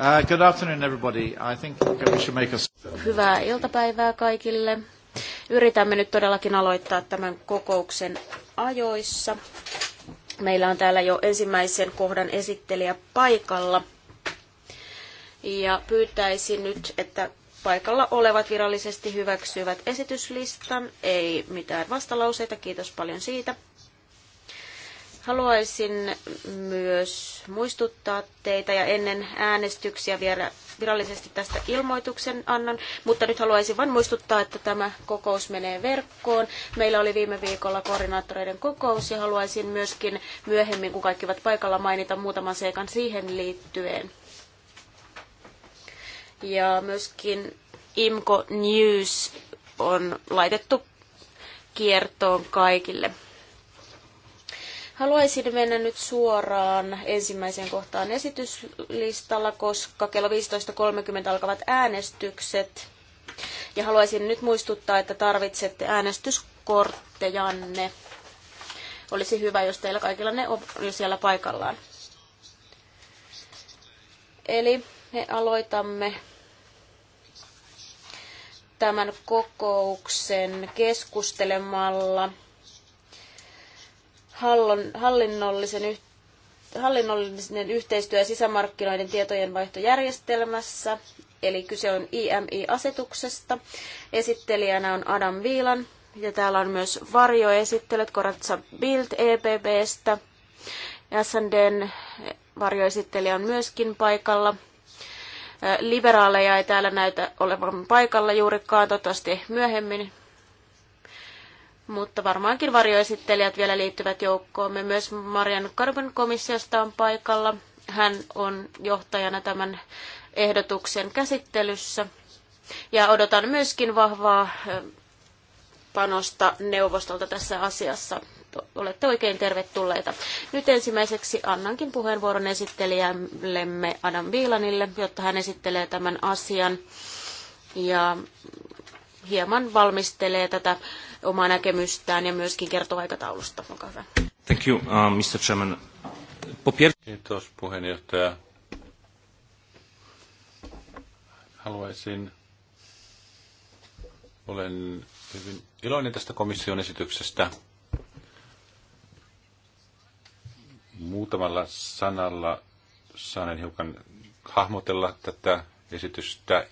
Uh, good afternoon everybody. I think we should make Hyvää iltapäivää kaikille. Yritämme nyt todellakin aloittaa tämän kokouksen ajoissa. Meillä on täällä jo ensimmäisen kohdan esittelijä paikalla. Ja pyytäisin nyt, että paikalla olevat virallisesti hyväksyvät esityslistan. Ei mitään vastalauseita, kiitos paljon siitä. Haluaisin myös muistuttaa teitä ja ennen äänestyksiä vielä virallisesti tästä ilmoituksen annan, mutta nyt haluaisin vain muistuttaa, että tämä kokous menee verkkoon. Meillä oli viime viikolla koordinaattoreiden kokous ja haluaisin myöskin myöhemmin, kun kaikki ovat paikalla, mainita muutaman seikan siihen liittyen. Ja myöskin Imco News on laitettu kiertoon kaikille. Haluaisin mennä nyt suoraan ensimmäiseen kohtaan esityslistalla, koska kello 15.30 alkavat äänestykset. Ja haluaisin nyt muistuttaa, että tarvitsette äänestyskorttejanne. Olisi hyvä, jos teillä kaikilla ne on jo siellä paikallaan. Eli me aloitamme tämän kokouksen keskustelemalla hallinnollisen yhteistyön hallinnollinen yhteistyö sisämarkkinoiden tietojenvaihtojärjestelmässä, eli kyse on IMI-asetuksesta. Esittelijänä on Adam Viilan, ja täällä on myös varjoesittelyt Koratsa Bild EPPstä. SNDn varjoesittelijä on myöskin paikalla. Liberaaleja ei täällä näytä olevan paikalla juurikaan, toivottavasti myöhemmin mutta varmaankin varjoesittelijät vielä liittyvät joukkoomme. Myös Marian Karben komissiosta on paikalla. Hän on johtajana tämän ehdotuksen käsittelyssä. Ja odotan myöskin vahvaa panosta neuvostolta tässä asiassa. Olette oikein tervetulleita. Nyt ensimmäiseksi annankin puheenvuoron esittelijällemme Adam Viilanille, jotta hän esittelee tämän asian ja hieman valmistelee tätä omaa näkemystään ja myöskin kertoa aikataulusta. Olkaa hyvä. Thank you, uh, Mr. Chairman. Popier- Kiitos puheenjohtaja. Haluaisin, olen hyvin iloinen tästä komission esityksestä. Muutamalla sanalla saan hiukan hahmotella tätä esitystä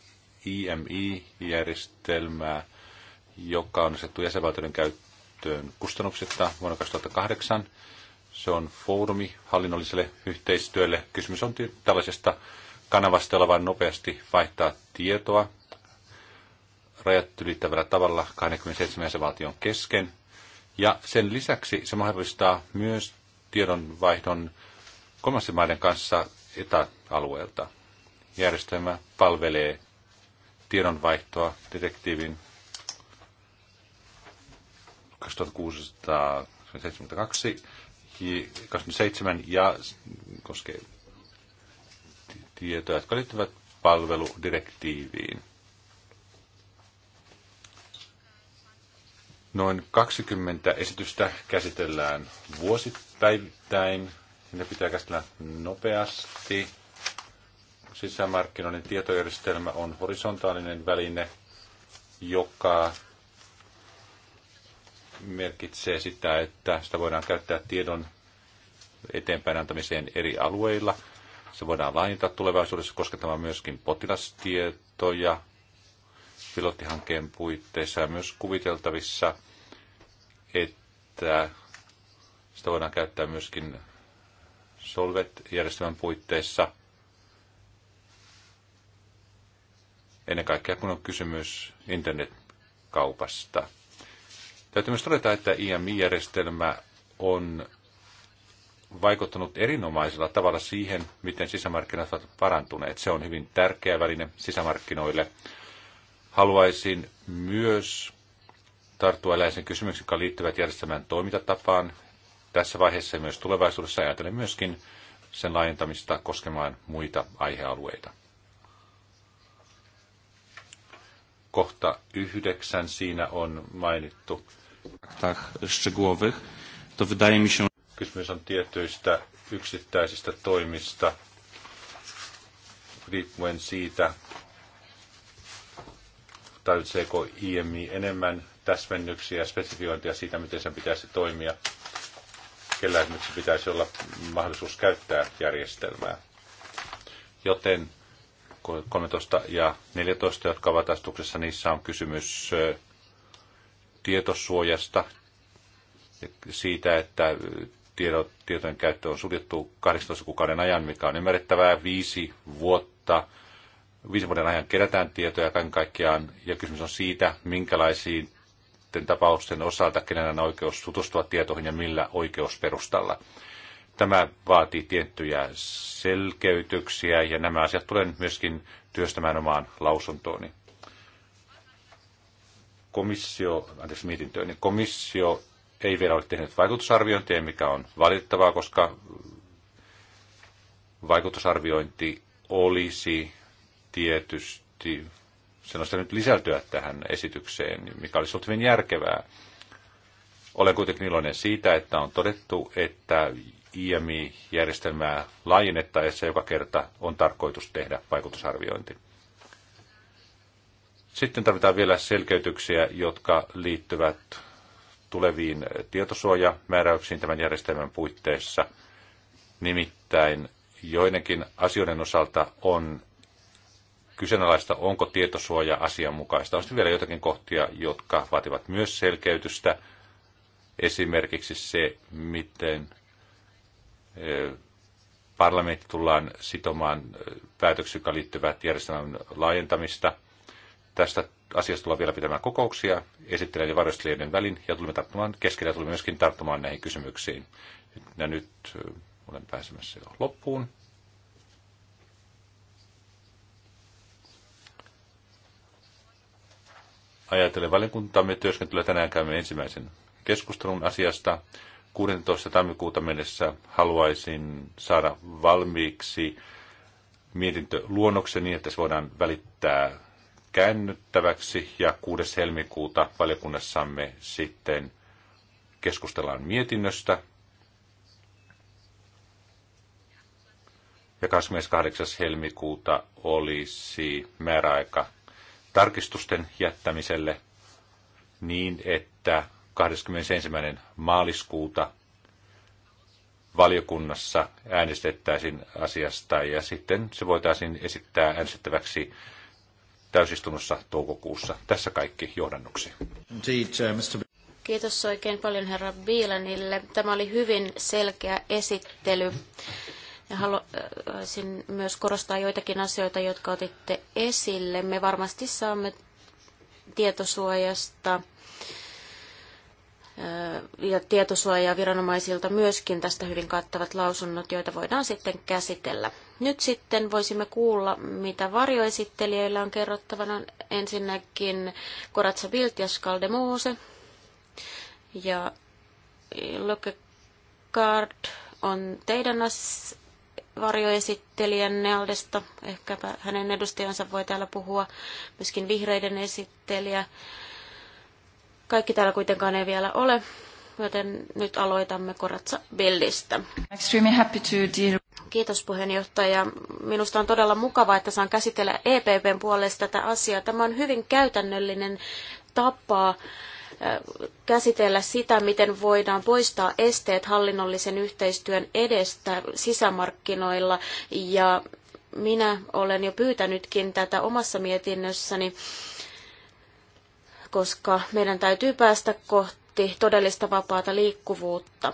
IMI-järjestelmää – joka on asettu jäsenvaltioiden käyttöön kustannuksetta vuonna 2008. Se on foorumi hallinnolliselle yhteistyölle. Kysymys on tällaisesta kanavasta, jolla vain nopeasti vaihtaa tietoa rajat ylittävällä tavalla 27 jäsenvaltion kesken. Ja sen lisäksi se mahdollistaa myös tiedonvaihdon kolmansien maiden kanssa etäalueelta. Järjestelmä palvelee tiedonvaihtoa detektiivin 2672 27 ja koskee tietoja, jotka liittyvät palveludirektiiviin. Noin 20 esitystä käsitellään vuosittain. Ne pitää käsitellä nopeasti. Sisämarkkinoiden tietojärjestelmä on horisontaalinen väline, joka merkitsee sitä, että sitä voidaan käyttää tiedon eteenpäin antamiseen eri alueilla. Se voidaan laajentaa tulevaisuudessa koskettamaan myöskin potilastietoja pilottihankkeen puitteissa ja myös kuviteltavissa, että sitä voidaan käyttää myöskin Solvet-järjestelmän puitteissa. Ennen kaikkea kun on kysymys internetkaupasta. Täytyy myös todeta, että IMI-järjestelmä on vaikuttanut erinomaisella tavalla siihen, miten sisämarkkinat ovat parantuneet. Se on hyvin tärkeä väline sisämarkkinoille. Haluaisin myös tarttua eläisen kysymyksiin, jotka liittyvät järjestelmän toimintatapaan. Tässä vaiheessa ja myös tulevaisuudessa ajatellen myöskin sen laajentamista koskemaan muita aihealueita. Kohta yhdeksän siinä on mainittu aktach szczegółowych, to wydaje mi się... Kysymys on tietyistä yksittäisistä toimista, riippuen siitä, tarvitseeko IMI enemmän täsmennyksiä ja spesifiointia siitä, miten sen pitäisi toimia, kellä esimerkiksi pitäisi olla mahdollisuus käyttää järjestelmää. Joten 13 ja 14, jotka ovat astuksessa, niissä on kysymys tietosuojasta, siitä, että tiedot, tietojen käyttö on suljettu 18 kuukauden ajan, mikä on ymmärrettävää, viisi vuotta, viisi vuoden ajan kerätään tietoja kaiken kaikkiaan, ja kysymys on siitä, minkälaisiin tapausten osalta, kenellä on oikeus tutustua tietoihin ja millä oikeusperustalla. Tämä vaatii tiettyjä selkeytyksiä, ja nämä asiat tulen myöskin työstämään omaan lausuntooni komissio, anteeksi mietintöön, niin komissio ei vielä ole tehnyt vaikutusarviointia, mikä on valitettavaa, koska vaikutusarviointi olisi tietysti sellaista nyt lisältyä tähän esitykseen, mikä olisi ollut hyvin järkevää. Olen kuitenkin iloinen siitä, että on todettu, että IMI-järjestelmää laajennettaessa joka kerta on tarkoitus tehdä vaikutusarviointi. Sitten tarvitaan vielä selkeytyksiä, jotka liittyvät tuleviin tietosuojamääräyksiin tämän järjestelmän puitteissa. Nimittäin joidenkin asioiden osalta on kyseenalaista, onko tietosuoja asianmukaista. On sitten vielä jotakin kohtia, jotka vaativat myös selkeytystä. Esimerkiksi se, miten e, parlamentti tullaan sitomaan e, päätöksiä, jotka liittyvät järjestelmän laajentamista – Tästä asiasta tullaan vielä pitämään kokouksia esittelijän ja varjostelijoiden välin ja tulemme tarttumaan keskellä ja tulemme myöskin tarttumaan näihin kysymyksiin. Ja nyt äh, olen pääsemässä jo loppuun. Ajatellen valiokuntamme työskentelyä tänään käymme ensimmäisen keskustelun asiasta. 16. tammikuuta mennessä haluaisin saada valmiiksi mietintöluonnoksen niin, että se voidaan välittää käännyttäväksi ja 6. helmikuuta valiokunnassamme sitten keskustellaan mietinnöstä. Ja 28. helmikuuta olisi määräaika tarkistusten jättämiselle niin, että 21. maaliskuuta valiokunnassa äänestettäisiin asiasta ja sitten se voitaisiin esittää äänestettäväksi täysistunnossa toukokuussa. Tässä kaikki johdannuksia. Uh, Kiitos oikein paljon herra Biilanille. Tämä oli hyvin selkeä esittely. Ja haluaisin myös korostaa joitakin asioita, jotka otitte esille. Me varmasti saamme tietosuojasta ja tietosuojaa viranomaisilta myöskin tästä hyvin kattavat lausunnot, joita voidaan sitten käsitellä. Nyt sitten voisimme kuulla, mitä varjoesittelijöillä on kerrottavana. Ensinnäkin Koratsa Bilt ja Skaldemose. Ja Lökekard on teidän varjoesittelijän Neldesta. Ehkäpä hänen edustajansa voi täällä puhua. Myöskin vihreiden esittelijä. Kaikki täällä kuitenkaan ei vielä ole, joten nyt aloitamme Koratsa Bildistä. Extremely happy to deal Kiitos puheenjohtaja. Minusta on todella mukavaa, että saan käsitellä EPPn puolesta tätä asiaa. Tämä on hyvin käytännöllinen tapa äh, käsitellä sitä, miten voidaan poistaa esteet hallinnollisen yhteistyön edestä sisämarkkinoilla. Ja minä olen jo pyytänytkin tätä omassa mietinnössäni, koska meidän täytyy päästä kohti todellista vapaata liikkuvuutta.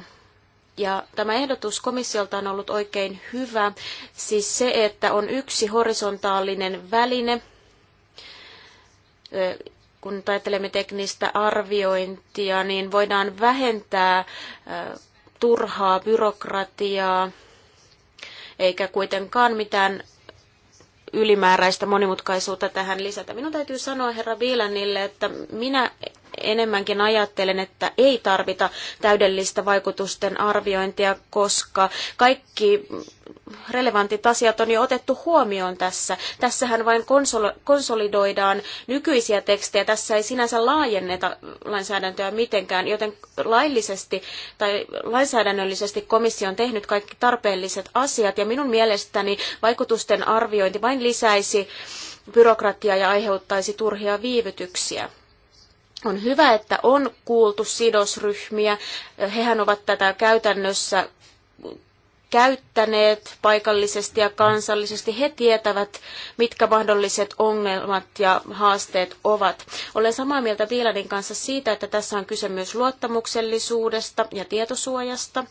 Ja tämä ehdotus komissiolta on ollut oikein hyvä, siis se, että on yksi horisontaalinen väline, kun ajattelemme teknistä arviointia, niin voidaan vähentää turhaa byrokratiaa, eikä kuitenkaan mitään ylimääräistä monimutkaisuutta tähän lisätä. Minun täytyy sanoa herra Viilanille, että minä enemmänkin ajattelen, että ei tarvita täydellistä vaikutusten arviointia, koska kaikki relevantit asiat on jo otettu huomioon tässä. Tässähän vain konsolidoidaan nykyisiä tekstejä. Tässä ei sinänsä laajenneta lainsäädäntöä mitenkään, joten laillisesti tai lainsäädännöllisesti komissio on tehnyt kaikki tarpeelliset asiat. Ja minun mielestäni vaikutusten arviointi vain lisäisi byrokratiaa ja aiheuttaisi turhia viivytyksiä. On hyvä, että on kuultu sidosryhmiä. Hehän ovat tätä käytännössä käyttäneet paikallisesti ja kansallisesti, he tietävät, mitkä mahdolliset ongelmat ja haasteet ovat. Olen samaa mieltä Viilanin kanssa siitä, että tässä on kyse myös luottamuksellisuudesta ja tietosuojasta.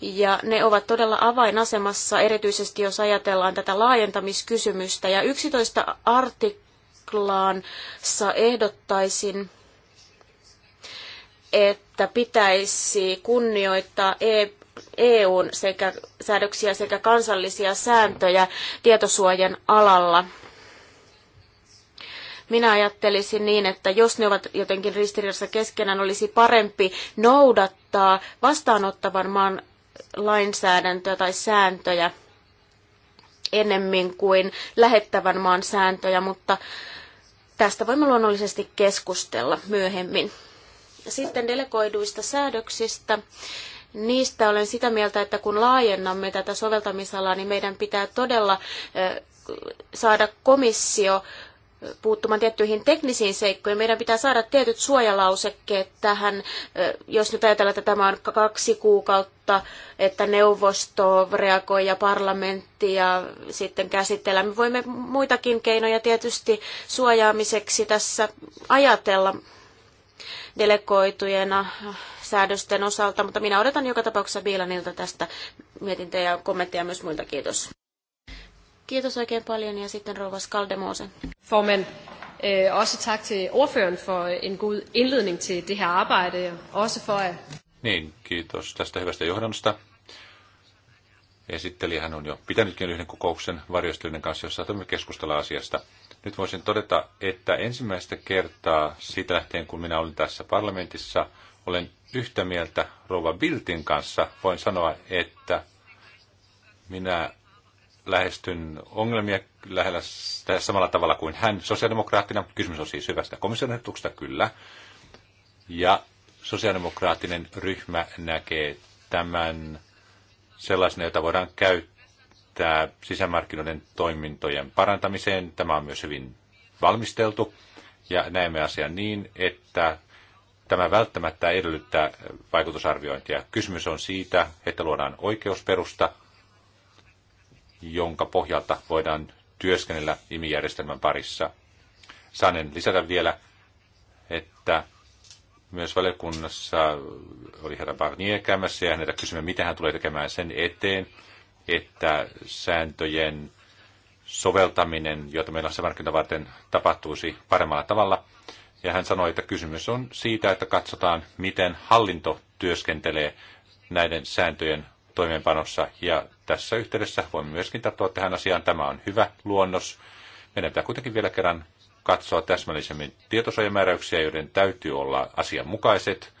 Ja ne ovat todella avainasemassa, erityisesti jos ajatellaan tätä laajentamiskysymystä. Ja 11 artiklaansa ehdottaisin, että pitäisi kunnioittaa e- EUn sekä säädöksiä sekä kansallisia sääntöjä tietosuojan alalla. Minä ajattelisin niin, että jos ne ovat jotenkin ristiriidassa keskenään, olisi parempi noudattaa vastaanottavan maan lainsäädäntöä tai sääntöjä ennemmin kuin lähettävän maan sääntöjä, mutta tästä voimme luonnollisesti keskustella myöhemmin. Sitten delegoiduista säädöksistä. Niistä olen sitä mieltä, että kun laajennamme tätä soveltamisalaa, niin meidän pitää todella saada komissio puuttumaan tiettyihin teknisiin seikkoihin. Meidän pitää saada tietyt suojalausekkeet tähän, jos nyt ajatellaan, että tämä on kaksi kuukautta, että neuvosto reagoi ja parlamentti ja sitten käsitellään. Me voimme muitakin keinoja tietysti suojaamiseksi tässä ajatella, delegoitujena säädösten osalta, mutta minä odotan joka tapauksessa Biilanilta tästä mietintöjä ja kommentteja myös muilta. Kiitos. Kiitos oikein paljon ja sitten rouva Skaldemose. Formen, eh, øh, også tak til ordføren for en god indledning til det her arbejde. Også for at... Niin, kiitos tästä hyvästä johdannosta. Esittelijähän on jo pitänytkin yhden kokouksen varjostelijan kanssa, jossa saamme keskustella asiasta. Nyt voisin todeta, että ensimmäistä kertaa siitä lähtien, kun minä olin tässä parlamentissa, olen yhtä mieltä Rova Biltin kanssa. Voin sanoa, että minä lähestyn ongelmia lähellä samalla tavalla kuin hän sosiaalidemokraattina. Kysymys on siis hyvästä komission kyllä. Ja sosiaalidemokraattinen ryhmä näkee tämän sellaisena, jota voidaan käyttää tähtää sisämarkkinoiden toimintojen parantamiseen. Tämä on myös hyvin valmisteltu ja näemme asian niin, että tämä välttämättä edellyttää vaikutusarviointia. Kysymys on siitä, että luodaan oikeusperusta, jonka pohjalta voidaan työskennellä imijärjestelmän parissa. Sanen lisätä vielä, että myös valiokunnassa oli herra Barnier käymässä ja häneltä kysymme, mitä hän tulee tekemään sen eteen, että sääntöjen soveltaminen, jota meillä on se markkinoita varten, tapahtuisi paremmalla tavalla. Ja hän sanoi, että kysymys on siitä, että katsotaan, miten hallinto työskentelee näiden sääntöjen toimeenpanossa. Ja tässä yhteydessä voimme myöskin tarttua tähän asiaan. Tämä on hyvä luonnos. Meidän pitää kuitenkin vielä kerran katsoa täsmällisemmin tietosuojamääräyksiä, joiden täytyy olla asianmukaiset.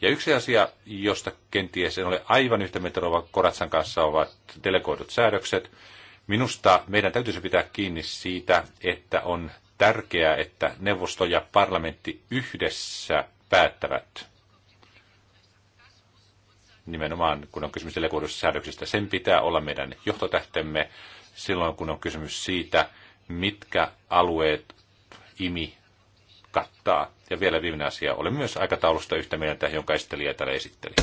Ja yksi asia, josta kenties en ole aivan yhtä mieltä Koratsan kanssa, ovat delegoidut säädökset. Minusta meidän täytyisi pitää kiinni siitä, että on tärkeää, että neuvosto ja parlamentti yhdessä päättävät nimenomaan kun on kysymys delegoidusta säädöksistä, sen pitää olla meidän johtotähtemme silloin, kun on kysymys siitä, mitkä alueet IMI kattaa. Ja vielä viimeinen asia, olen myös aikataulusta yhtä mieltä, jonka esittelijä täällä esitteli.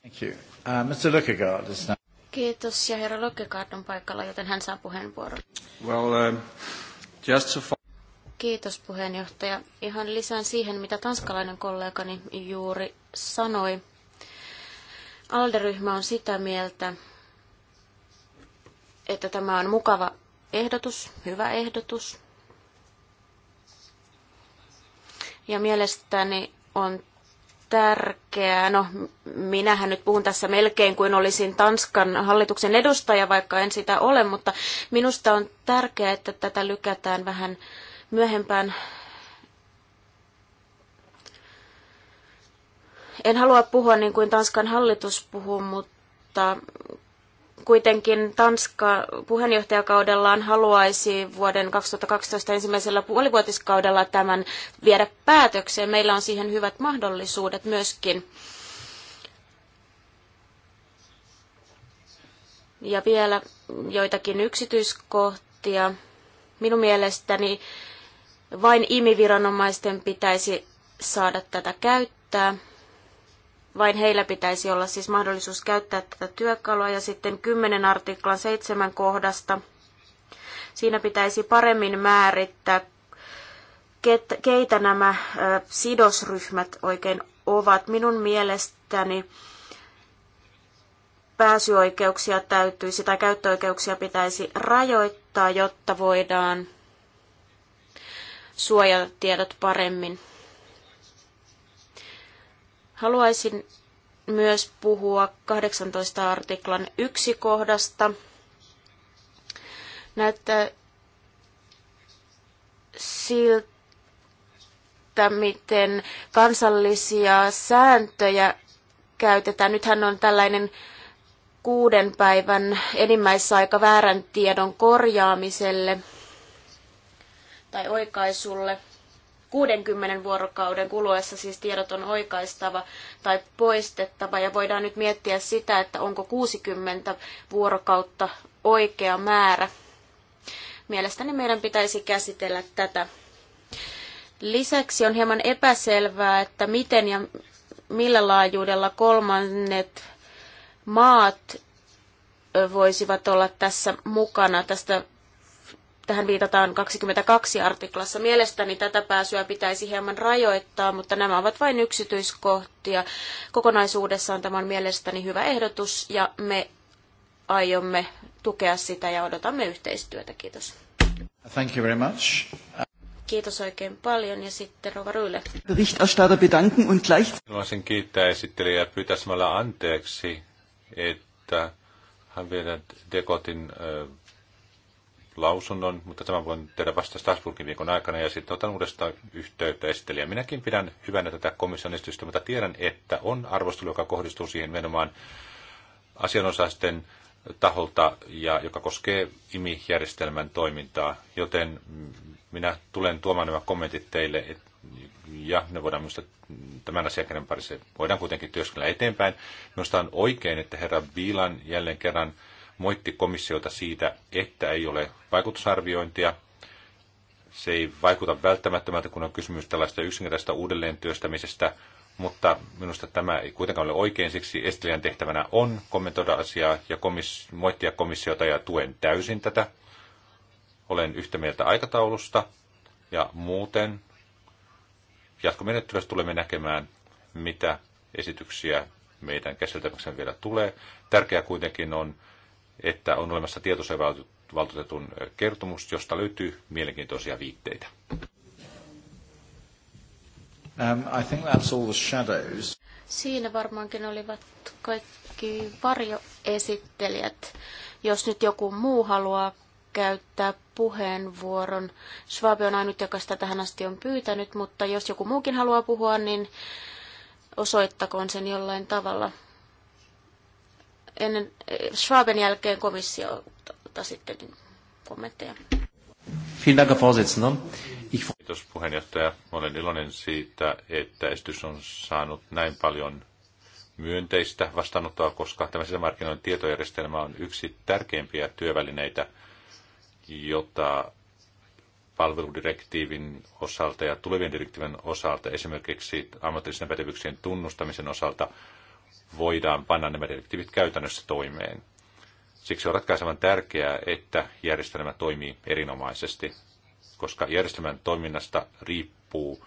Thank you. Uh, Mr. Lukegard is now... Kiitos, ja herra Lukegard on paikalla, joten hän saa puheenvuoron. Well, um, just so far... Kiitos puheenjohtaja. Ihan lisään siihen, mitä tanskalainen kollegani juuri sanoi. Alderyhmä on sitä mieltä, että tämä on mukava ehdotus, hyvä ehdotus, Ja mielestäni on tärkeää, no minähän nyt puhun tässä melkein kuin olisin Tanskan hallituksen edustaja, vaikka en sitä ole, mutta minusta on tärkeää, että tätä lykätään vähän myöhempään. En halua puhua niin kuin Tanskan hallitus puhuu, mutta kuitenkin Tanska puheenjohtajakaudellaan haluaisi vuoden 2012 ensimmäisellä puolivuotiskaudella tämän viedä päätökseen. Meillä on siihen hyvät mahdollisuudet myöskin. Ja vielä joitakin yksityiskohtia. Minun mielestäni vain imiviranomaisten pitäisi saada tätä käyttää vain heillä pitäisi olla siis mahdollisuus käyttää tätä työkalua. Ja sitten 10 artiklan 7 kohdasta, siinä pitäisi paremmin määrittää, keitä nämä sidosryhmät oikein ovat. Minun mielestäni pääsyoikeuksia täytyisi tai käyttöoikeuksia pitäisi rajoittaa, jotta voidaan suojata tiedot paremmin. Haluaisin myös puhua 18 artiklan yksi kohdasta. Näyttää siltä, miten kansallisia sääntöjä käytetään. Nythän on tällainen kuuden päivän enimmäisaika väärän tiedon korjaamiselle tai oikaisulle – 60 vuorokauden kuluessa siis tiedot on oikaistava tai poistettava ja voidaan nyt miettiä sitä, että onko 60 vuorokautta oikea määrä. Mielestäni meidän pitäisi käsitellä tätä. Lisäksi on hieman epäselvää, että miten ja millä laajuudella kolmannet maat voisivat olla tässä mukana. Tästä Tähän viitataan 22 artiklassa. Mielestäni tätä pääsyä pitäisi hieman rajoittaa, mutta nämä ovat vain yksityiskohtia. Kokonaisuudessaan tämä on mielestäni hyvä ehdotus ja me aiomme tukea sitä ja odotamme yhteistyötä. Kiitos. Thank you very much. Kiitos oikein paljon ja sitten Rova Ryle. Berichterstatter bedanken und gleich... Haluaisin kiittää esittelijää ja anteeksi, että hän vielä Dekotin lausunnon, mutta tämän voin tehdä vasta Strasbourgin viikon aikana ja sitten otan uudestaan yhteyttä esittelijä. Minäkin pidän hyvänä tätä komission esitystä, mutta tiedän, että on arvostelu, joka kohdistuu siihen menomaan asianosaisten taholta, ja joka koskee IMI-järjestelmän toimintaa, joten minä tulen tuomaan nämä kommentit teille, et, ja ne voidaan minusta tämän asiakirjan parissa, voidaan kuitenkin työskennellä eteenpäin. Minusta on oikein, että herra Biilan jälleen kerran moitti komissiota siitä, että ei ole vaikutusarviointia. Se ei vaikuta välttämättömältä, kun on kysymys tällaista yksinkertaisesta uudelleentyöstämisestä, mutta minusta tämä ei kuitenkaan ole oikein, siksi Estelian tehtävänä on kommentoida asiaa ja komis- moittia komissiota ja tuen täysin tätä. Olen yhtä mieltä aikataulusta ja muuten jatkomenettelyssä tulemme näkemään, mitä esityksiä meidän käsiteltäväksemme vielä tulee. Tärkeää kuitenkin on että on olemassa tietosuojavaltuutetun kertomus, josta löytyy mielenkiintoisia viitteitä. Um, I think that's all the shadows. Siinä varmaankin olivat kaikki varjoesittelijät. Jos nyt joku muu haluaa käyttää puheenvuoron. Schwab on ainut, joka sitä tähän asti on pyytänyt, mutta jos joku muukin haluaa puhua, niin osoittakoon sen jollain tavalla ennen eh, Schwaben jälkeen komissiolta sitten kommentteja. Kiitos puheenjohtaja. Olen iloinen siitä, että esitys on saanut näin paljon myönteistä vastaanottoa, koska tämä sisämarkkinoiden tietojärjestelmä on yksi tärkeimpiä työvälineitä, jota palveludirektiivin osalta ja tulevien direktiivin osalta, esimerkiksi ammatillisten pätevyyksien tunnustamisen osalta, voidaan panna nämä direktiivit käytännössä toimeen. Siksi on ratkaisevan tärkeää, että järjestelmä toimii erinomaisesti, koska järjestelmän toiminnasta riippuu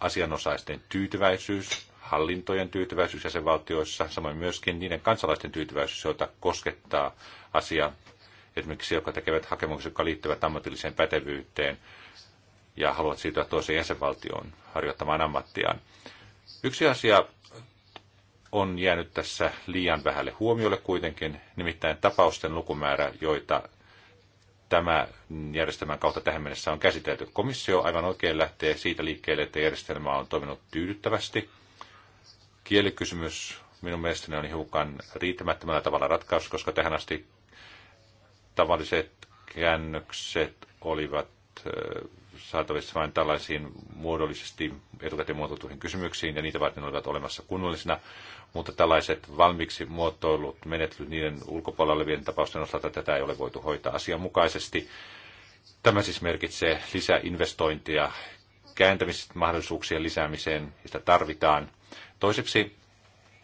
asianosaisten tyytyväisyys, hallintojen tyytyväisyys jäsenvaltioissa, samoin myöskin niiden kansalaisten tyytyväisyys, joita koskettaa asia, esimerkiksi jotka tekevät hakemuksia, jotka liittyvät ammatilliseen pätevyyteen ja haluavat siirtyä toiseen jäsenvaltioon harjoittamaan ammattiaan. Yksi asia, on jäänyt tässä liian vähälle huomiolle kuitenkin, nimittäin tapausten lukumäärä, joita tämä järjestelmän kautta tähän mennessä on käsitelty. Komissio aivan oikein lähtee siitä liikkeelle, että järjestelmä on toiminut tyydyttävästi. Kielikysymys minun mielestäni on hiukan riittämättömällä tavalla ratkaisu, koska tähän asti tavalliset käännökset olivat saatavissa vain tällaisiin muodollisesti etukäteen muotoutuihin kysymyksiin, ja niitä varten olivat olemassa kunnollisina mutta tällaiset valmiiksi muotoilut menetelyt niiden ulkopuolella olevien tapausten osalta tätä ei ole voitu hoitaa asianmukaisesti. Tämä siis merkitsee investointia, kääntämismahdollisuuksien lisäämiseen, ja sitä tarvitaan. Toiseksi,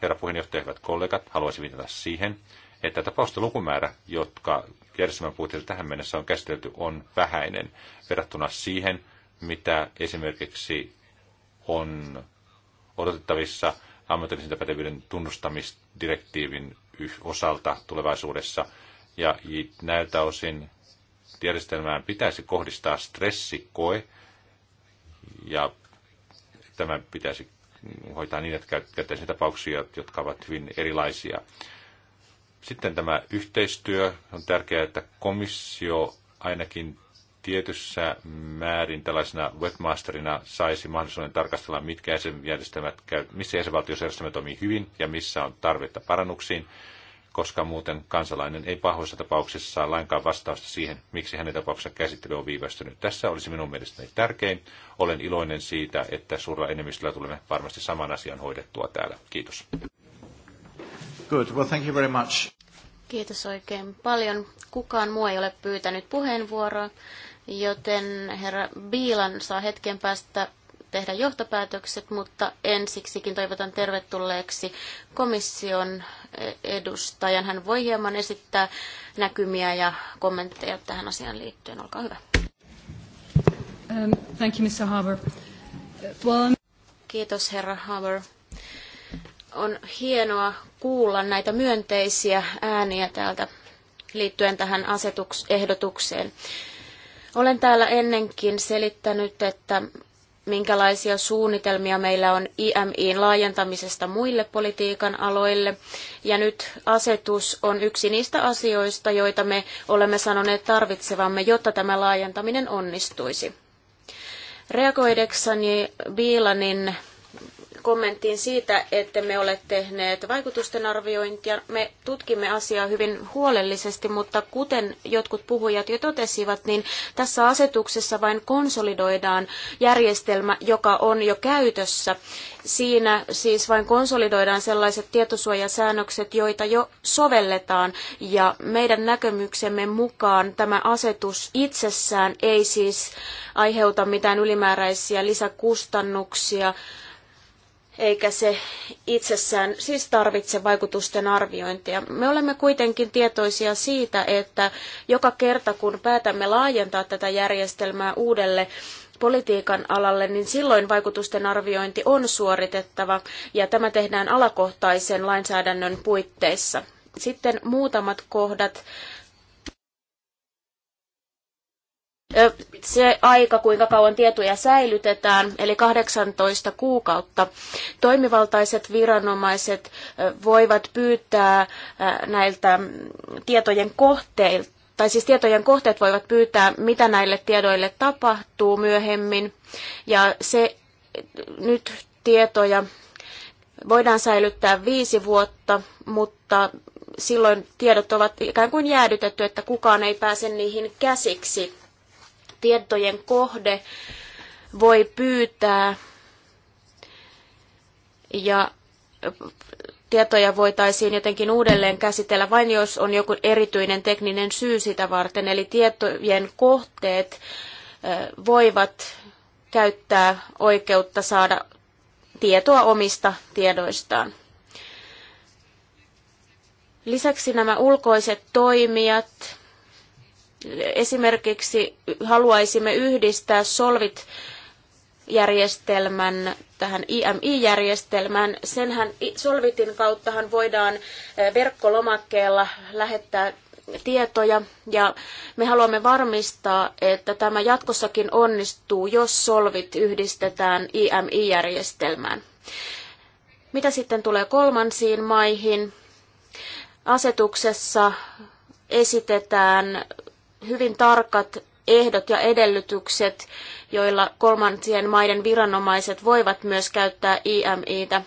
herra puheenjohtaja, hyvät kollegat, haluaisin viitata siihen, että tapausten lukumäärä, jotka järjestelmän puutteella tähän mennessä on käsitelty, on vähäinen verrattuna siihen, mitä esimerkiksi on odotettavissa – ammatillisen pätevyyden tunnustamisdirektiivin osalta tulevaisuudessa. Ja näiltä osin järjestelmään pitäisi kohdistaa stressikoe ja tämä pitäisi hoitaa niin, että käyttäisiin tapauksia, jotka ovat hyvin erilaisia. Sitten tämä yhteistyö. On tärkeää, että komissio ainakin tietyssä määrin tällaisena webmasterina saisi mahdollisuuden tarkastella, mitkä jäsenjärjestelmät, missä jäsenvaltioissa toimii hyvin ja missä on tarvetta parannuksiin, koska muuten kansalainen ei pahoissa tapauksissa saa lainkaan vastausta siihen, miksi hänen tapauksensa käsittely on viivästynyt. Tässä olisi minun mielestäni tärkein. Olen iloinen siitä, että suurella enemmistöllä tulemme varmasti saman asian hoidettua täällä. Kiitos. Good. Well, thank you very much. Kiitos oikein paljon. Kukaan muu ei ole pyytänyt puheenvuoroa, joten herra Biilan saa hetken päästä tehdä johtopäätökset, mutta ensiksikin toivotan tervetulleeksi komission edustajan. Hän voi hieman esittää näkymiä ja kommentteja tähän asiaan liittyen. Olkaa hyvä. Um, thank you, Mr. Harbour. Well, Kiitos, herra Harbour. On hienoa kuulla näitä myönteisiä ääniä täältä liittyen tähän asetuksehdotukseen. ehdotukseen olen täällä ennenkin selittänyt, että minkälaisia suunnitelmia meillä on IMIin laajentamisesta muille politiikan aloille. Ja nyt asetus on yksi niistä asioista, joita me olemme sanoneet tarvitsevamme, jotta tämä laajentaminen onnistuisi. Reagoidekseni Biilanin kommenttiin siitä, että me ole tehneet vaikutusten arviointia. Me tutkimme asiaa hyvin huolellisesti, mutta kuten jotkut puhujat jo totesivat, niin tässä asetuksessa vain konsolidoidaan järjestelmä, joka on jo käytössä. Siinä siis vain konsolidoidaan sellaiset tietosuojasäännökset, joita jo sovelletaan, ja meidän näkemyksemme mukaan tämä asetus itsessään ei siis aiheuta mitään ylimääräisiä lisäkustannuksia, eikä se itsessään siis tarvitse vaikutusten arviointia. Me olemme kuitenkin tietoisia siitä, että joka kerta kun päätämme laajentaa tätä järjestelmää uudelle politiikan alalle, niin silloin vaikutusten arviointi on suoritettava ja tämä tehdään alakohtaisen lainsäädännön puitteissa. Sitten muutamat kohdat se aika, kuinka kauan tietoja säilytetään, eli 18 kuukautta. Toimivaltaiset viranomaiset voivat pyytää näiltä tietojen kohteilta, tai siis tietojen kohteet voivat pyytää, mitä näille tiedoille tapahtuu myöhemmin, ja se nyt tietoja voidaan säilyttää viisi vuotta, mutta silloin tiedot ovat ikään kuin jäädytetty, että kukaan ei pääse niihin käsiksi tietojen kohde voi pyytää ja tietoja voitaisiin jotenkin uudelleen käsitellä vain jos on joku erityinen tekninen syy sitä varten. Eli tietojen kohteet voivat käyttää oikeutta saada tietoa omista tiedoistaan. Lisäksi nämä ulkoiset toimijat Esimerkiksi haluaisimme yhdistää solvit järjestelmän tähän IMI-järjestelmään. Senhän Solvitin kauttahan voidaan eh, verkkolomakkeella lähettää tietoja ja me haluamme varmistaa, että tämä jatkossakin onnistuu, jos solvit yhdistetään IMI-järjestelmään. Mitä sitten tulee kolmansiin maihin? Asetuksessa esitetään hyvin tarkat ehdot ja edellytykset, joilla kolmansien maiden viranomaiset voivat myös käyttää IMItä.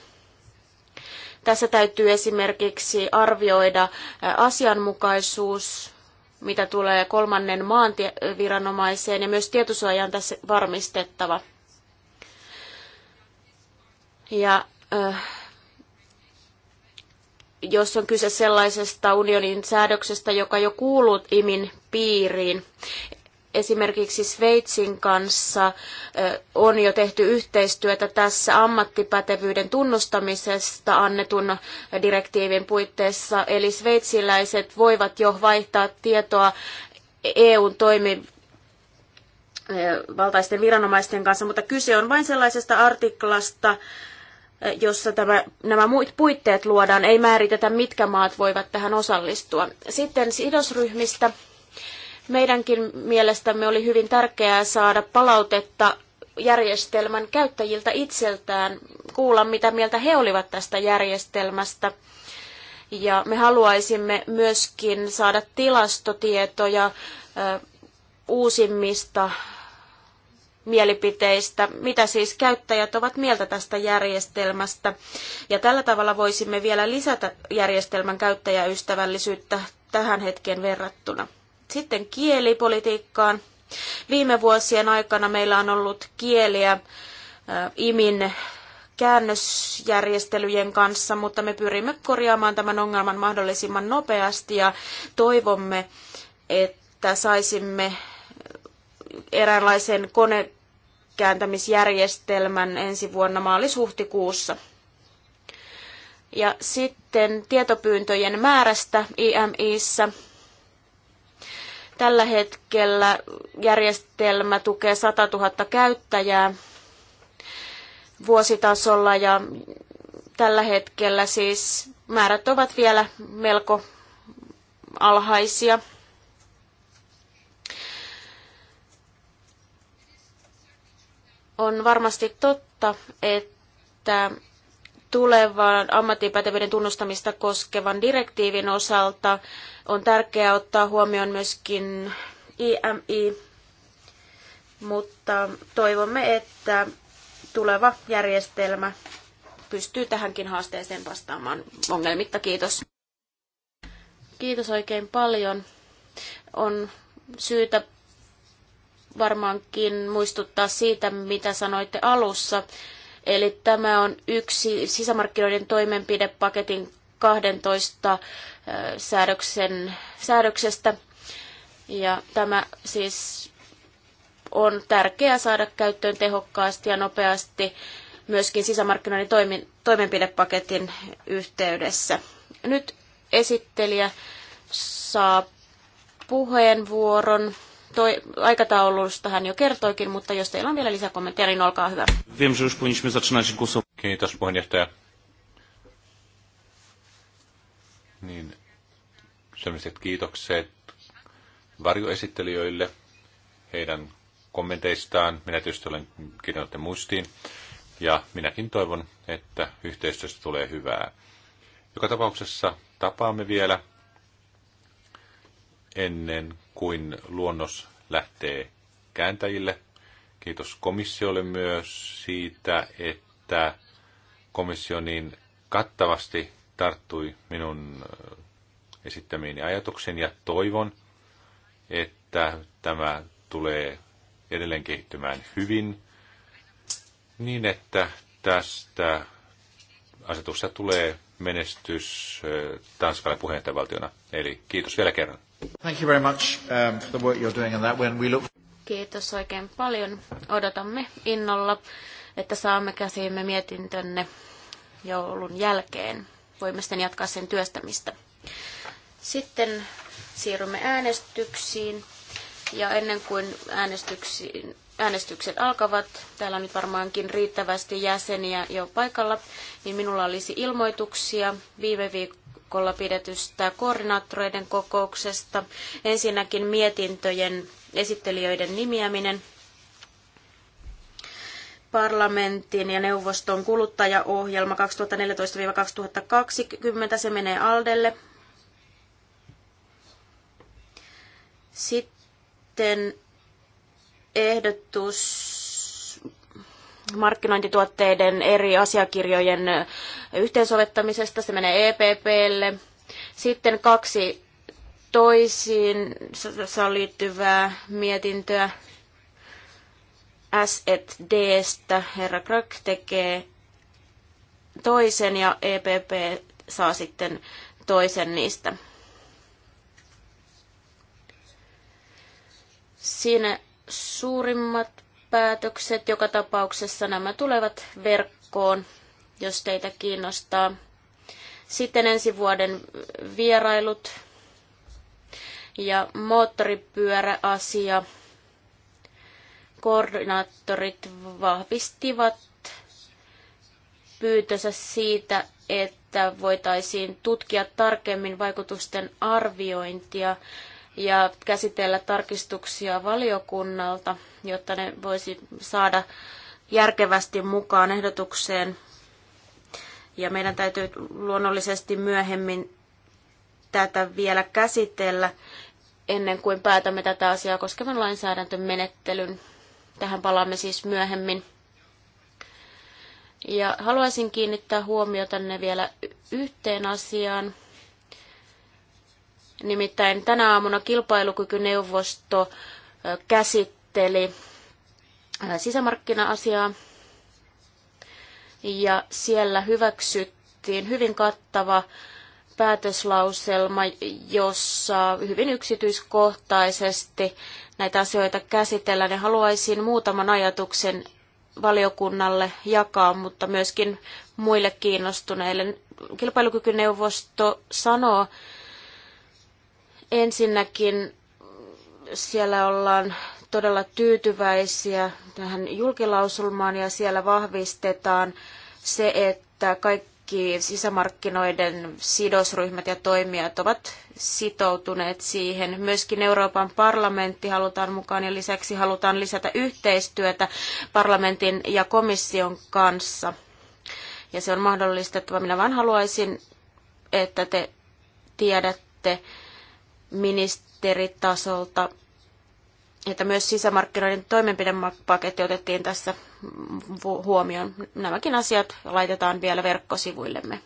Tässä täytyy esimerkiksi arvioida asianmukaisuus, mitä tulee kolmannen maan viranomaiseen, ja myös tietosuoja on tässä varmistettava. Ja äh, jos on kyse sellaisesta unionin säädöksestä, joka jo kuuluu IMIN piiriin. Esimerkiksi Sveitsin kanssa on jo tehty yhteistyötä tässä ammattipätevyyden tunnustamisesta annetun direktiivin puitteissa, eli sveitsiläiset voivat jo vaihtaa tietoa EUn toimi, valtaisten viranomaisten kanssa, mutta kyse on vain sellaisesta artiklasta, jossa tämä, nämä muut puitteet luodaan, ei määritetä, mitkä maat voivat tähän osallistua. Sitten sidosryhmistä. Meidänkin mielestämme oli hyvin tärkeää saada palautetta järjestelmän käyttäjiltä itseltään, kuulla mitä mieltä he olivat tästä järjestelmästä. Ja me haluaisimme myöskin saada tilastotietoja uusimmista mielipiteistä, mitä siis käyttäjät ovat mieltä tästä järjestelmästä. Ja tällä tavalla voisimme vielä lisätä järjestelmän käyttäjäystävällisyyttä tähän hetkeen verrattuna. Sitten kielipolitiikkaan. Viime vuosien aikana meillä on ollut kieliä IMIN käännösjärjestelyjen kanssa, mutta me pyrimme korjaamaan tämän ongelman mahdollisimman nopeasti ja toivomme, että saisimme eräänlaisen konekääntämisjärjestelmän ensi vuonna maalis-huhtikuussa. Ja sitten tietopyyntöjen määrästä IMIssä. Tällä hetkellä järjestelmä tukee 100 000 käyttäjää vuositasolla ja tällä hetkellä siis määrät ovat vielä melko alhaisia. On varmasti totta, että tulevan ammattipätevyyden tunnustamista koskevan direktiivin osalta on tärkeää ottaa huomioon myöskin IMI, mutta toivomme, että tuleva järjestelmä pystyy tähänkin haasteeseen vastaamaan ongelmitta. Kiitos. Kiitos oikein paljon. On syytä varmaankin muistuttaa siitä, mitä sanoitte alussa. Eli tämä on yksi sisämarkkinoiden toimenpidepaketin 12 säädöksen, säädöksestä. Ja tämä siis on tärkeää saada käyttöön tehokkaasti ja nopeasti myöskin sisämarkkinoiden toimi, toimenpidepaketin yhteydessä. Nyt esittelijä saa puheenvuoron. Toi, aikataulusta hän jo kertoikin, mutta jos teillä on vielä lisäkommentteja, niin olkaa hyvä. Wiem, że już powinniśmy zaczynać głosować. Kiitos puheenjohtaja. Niin, sellaiset kiitokset varjoesittelijöille heidän kommenteistaan. Minä tietysti olen kirjoittanut muistiin. Ja minäkin toivon, että yhteistyöstä tulee hyvää. Joka tapauksessa tapaamme vielä ennen kuin luonnos lähtee kääntäjille. Kiitos komissiolle myös siitä, että komissio niin kattavasti tarttui minun äh, esittämiini ajatuksen ja toivon, että tämä tulee edelleen kehittymään hyvin niin, että tästä asetusta tulee menestys äh, Tanskalle puheenjohtajavaltiona. Eli kiitos vielä kerran. Thank you very much um, for the work you're doing on that we look... Kiitos oikein paljon. Odotamme innolla, että saamme käsiimme mietintönne joulun jälkeen. Voimme sitten jatkaa sen työstämistä. Sitten siirrymme äänestyksiin. Ja ennen kuin äänestyksiin, äänestykset alkavat, täällä on nyt varmaankin riittävästi jäseniä jo paikalla, niin minulla olisi ilmoituksia. Viime viik- viikolla pidetystä koordinaattoreiden kokouksesta. Ensinnäkin mietintöjen esittelijöiden nimiäminen parlamentin ja neuvoston kuluttajaohjelma 2014-2020. Se menee Aldelle. Sitten ehdotus markkinointituotteiden eri asiakirjojen yhteensovittamisesta. Se menee EPPlle. Sitten kaksi toisiinsa liittyvää mietintöä S&Dstä. Herra Krak tekee toisen ja EPP saa sitten toisen niistä. Siinä suurimmat päätökset joka tapauksessa nämä tulevat verkkoon, jos teitä kiinnostaa. Sitten ensi vuoden vierailut ja moottoripyöräasia. Koordinaattorit vahvistivat pyytönsä siitä, että voitaisiin tutkia tarkemmin vaikutusten arviointia ja käsitellä tarkistuksia valiokunnalta, jotta ne voisi saada järkevästi mukaan ehdotukseen. Ja meidän täytyy luonnollisesti myöhemmin tätä vielä käsitellä ennen kuin päätämme tätä asiaa koskevan lainsäädäntömenettelyn. Tähän palaamme siis myöhemmin. Ja haluaisin kiinnittää huomiota ne vielä yhteen asiaan, Nimittäin tänä aamuna kilpailukykyneuvosto käsitteli sisämarkkina-asiaa ja siellä hyväksyttiin hyvin kattava päätöslauselma, jossa hyvin yksityiskohtaisesti näitä asioita käsitellään. Ja haluaisin muutaman ajatuksen valiokunnalle jakaa, mutta myöskin muille kiinnostuneille. Kilpailukykyneuvosto sanoo, Ensinnäkin siellä ollaan todella tyytyväisiä tähän julkilausulmaan ja siellä vahvistetaan se, että kaikki sisämarkkinoiden sidosryhmät ja toimijat ovat sitoutuneet siihen. Myöskin Euroopan parlamentti halutaan mukaan ja lisäksi halutaan lisätä yhteistyötä parlamentin ja komission kanssa. Ja se on mahdollistettava. Minä vain haluaisin, että te tiedätte, ministeritasolta, että myös sisämarkkinoiden toimenpidepaketti otettiin tässä huomioon. Nämäkin asiat laitetaan vielä verkkosivuillemme.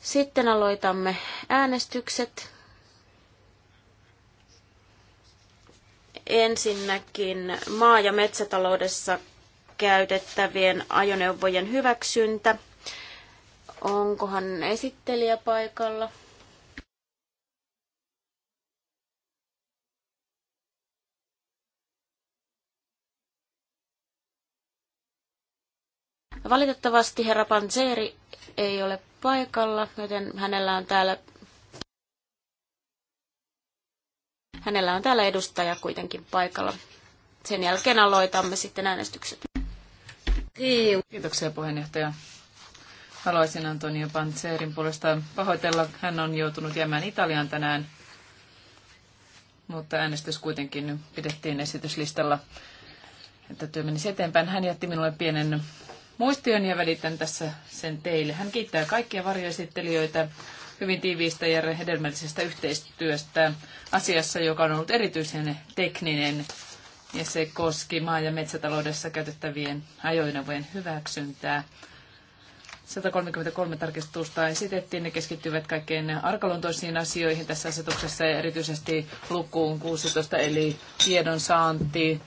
Sitten aloitamme äänestykset. Ensinnäkin maa- ja metsätaloudessa käytettävien ajoneuvojen hyväksyntä. Onkohan esittelijä paikalla? Valitettavasti herra Panzeri ei ole paikalla, joten hänellä on täällä Hänellä on täällä edustaja kuitenkin paikalla. Sen jälkeen aloitamme sitten äänestykset. Kiitoksia puheenjohtaja. Haluaisin Antonio Panzerin puolesta pahoitella. Hän on joutunut jäämään Italiaan tänään, mutta äänestys kuitenkin pidettiin esityslistalla, että työ menisi eteenpäin. Hän jätti minulle pienen muistion ja välitän tässä sen teille. Hän kiittää kaikkia varjoesittelijöitä hyvin tiiviistä ja hedelmällisestä yhteistyöstä asiassa, joka on ollut erityisen tekninen ja se koski maa- ja metsätaloudessa käytettävien ajoneuvojen hyväksyntää. 133 tarkistusta esitettiin. Ne keskittyvät kaikkein arkaluontoisiin asioihin tässä asetuksessa ja erityisesti lukuun 16 eli tiedon saanti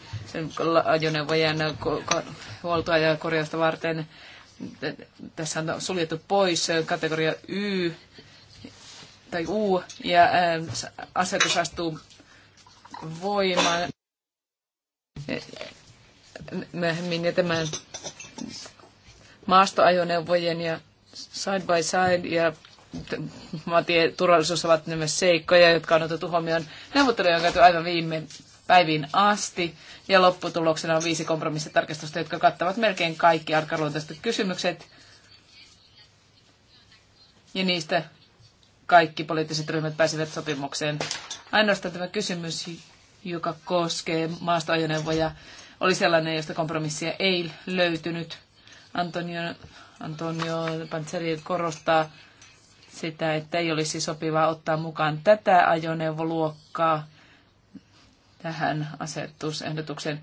ajoneuvojen huoltoa ja korjausta varten. Tässä on suljettu pois kategoria Y tai U ja äh, asetus astuu voimaan myöhemmin ja tämän maastoajoneuvojen ja side by side ja turvallisuus ovat myös seikkoja, jotka on otettu huomioon. Neuvotteluja on käyty aivan viime päiviin asti ja lopputuloksena on viisi kompromissitarkistusta, jotka kattavat melkein kaikki arkaluonteiset kysymykset. Ja niistä kaikki poliittiset ryhmät pääsivät sopimukseen. Ainoastaan tämä kysymys, joka koskee maastoajoneuvoja, oli sellainen, josta kompromissia ei löytynyt. Antonio, Antonio Panzeri korostaa sitä, että ei olisi sopivaa ottaa mukaan tätä ajoneuvoluokkaa tähän asetusehdotuksen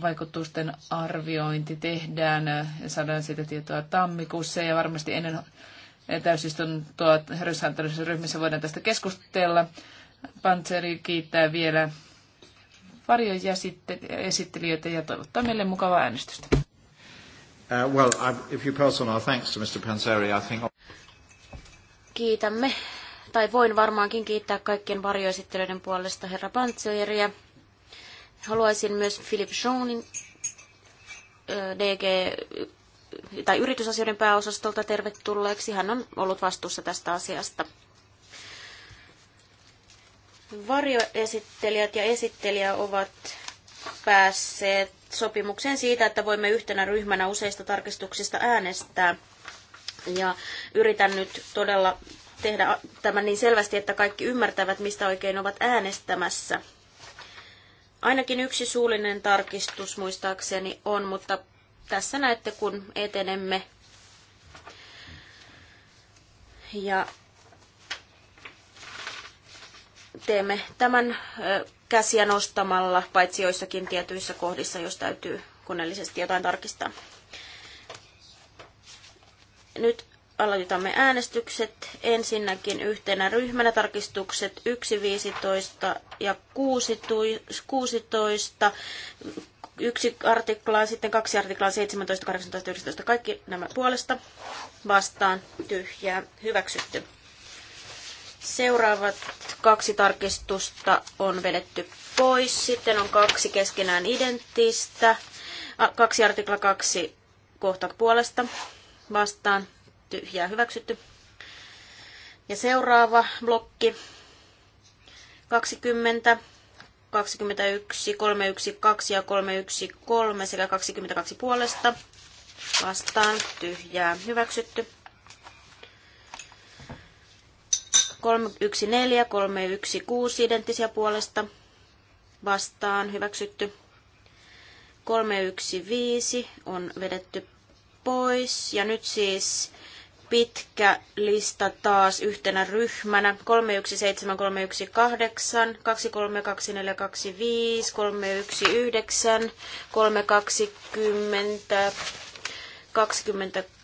vaikutusten arviointi tehdään ja saadaan sitä tietoa tammikuussa ja varmasti ennen täysistuntoa höryshantelussa ryhmissä voidaan tästä keskustella. Pantseri kiittää vielä varjoja esittelijöitä ja toivottaa meille mukavaa äänestystä. Uh, if you pass on our thanks to Mr. Panseri, I think... Kiitämme, tai voin varmaankin kiittää kaikkien varjoesittelyiden puolesta herra Pantseriä. Haluaisin myös Philip Schoenin DG tai yritysasioiden pääosastolta tervetulleeksi. Hän on ollut vastuussa tästä asiasta. Varjoesittelijät ja esittelijä ovat päässeet sopimukseen siitä, että voimme yhtenä ryhmänä useista tarkistuksista äänestää. Ja yritän nyt todella tehdä tämän niin selvästi, että kaikki ymmärtävät, mistä oikein ovat äänestämässä. Ainakin yksi suullinen tarkistus muistaakseni on, mutta tässä näette, kun etenemme. Ja teemme tämän käsiä nostamalla, paitsi joissakin tietyissä kohdissa, jos täytyy koneellisesti jotain tarkistaa. Nyt aloitamme äänestykset. Ensinnäkin yhtenä ryhmänä tarkistukset 1, 15 ja 16. Yksi artikla sitten kaksi artiklaa, 17, 18, 19. Kaikki nämä puolesta vastaan tyhjää hyväksytty. Seuraavat kaksi tarkistusta on vedetty pois. Sitten on kaksi keskenään identtistä. Kaksi artikla kaksi kohta puolesta vastaan tyhjää hyväksytty. Ja seuraava blokki 20, 21, 312 ja 313 sekä 22 puolesta vastaan tyhjää hyväksytty. 314, 316 identtisiä puolesta vastaan hyväksytty. 315 on vedetty pois. Ja nyt siis pitkä lista taas yhtenä ryhmänä. 317, 318, 232, 25, 319, 320, 26,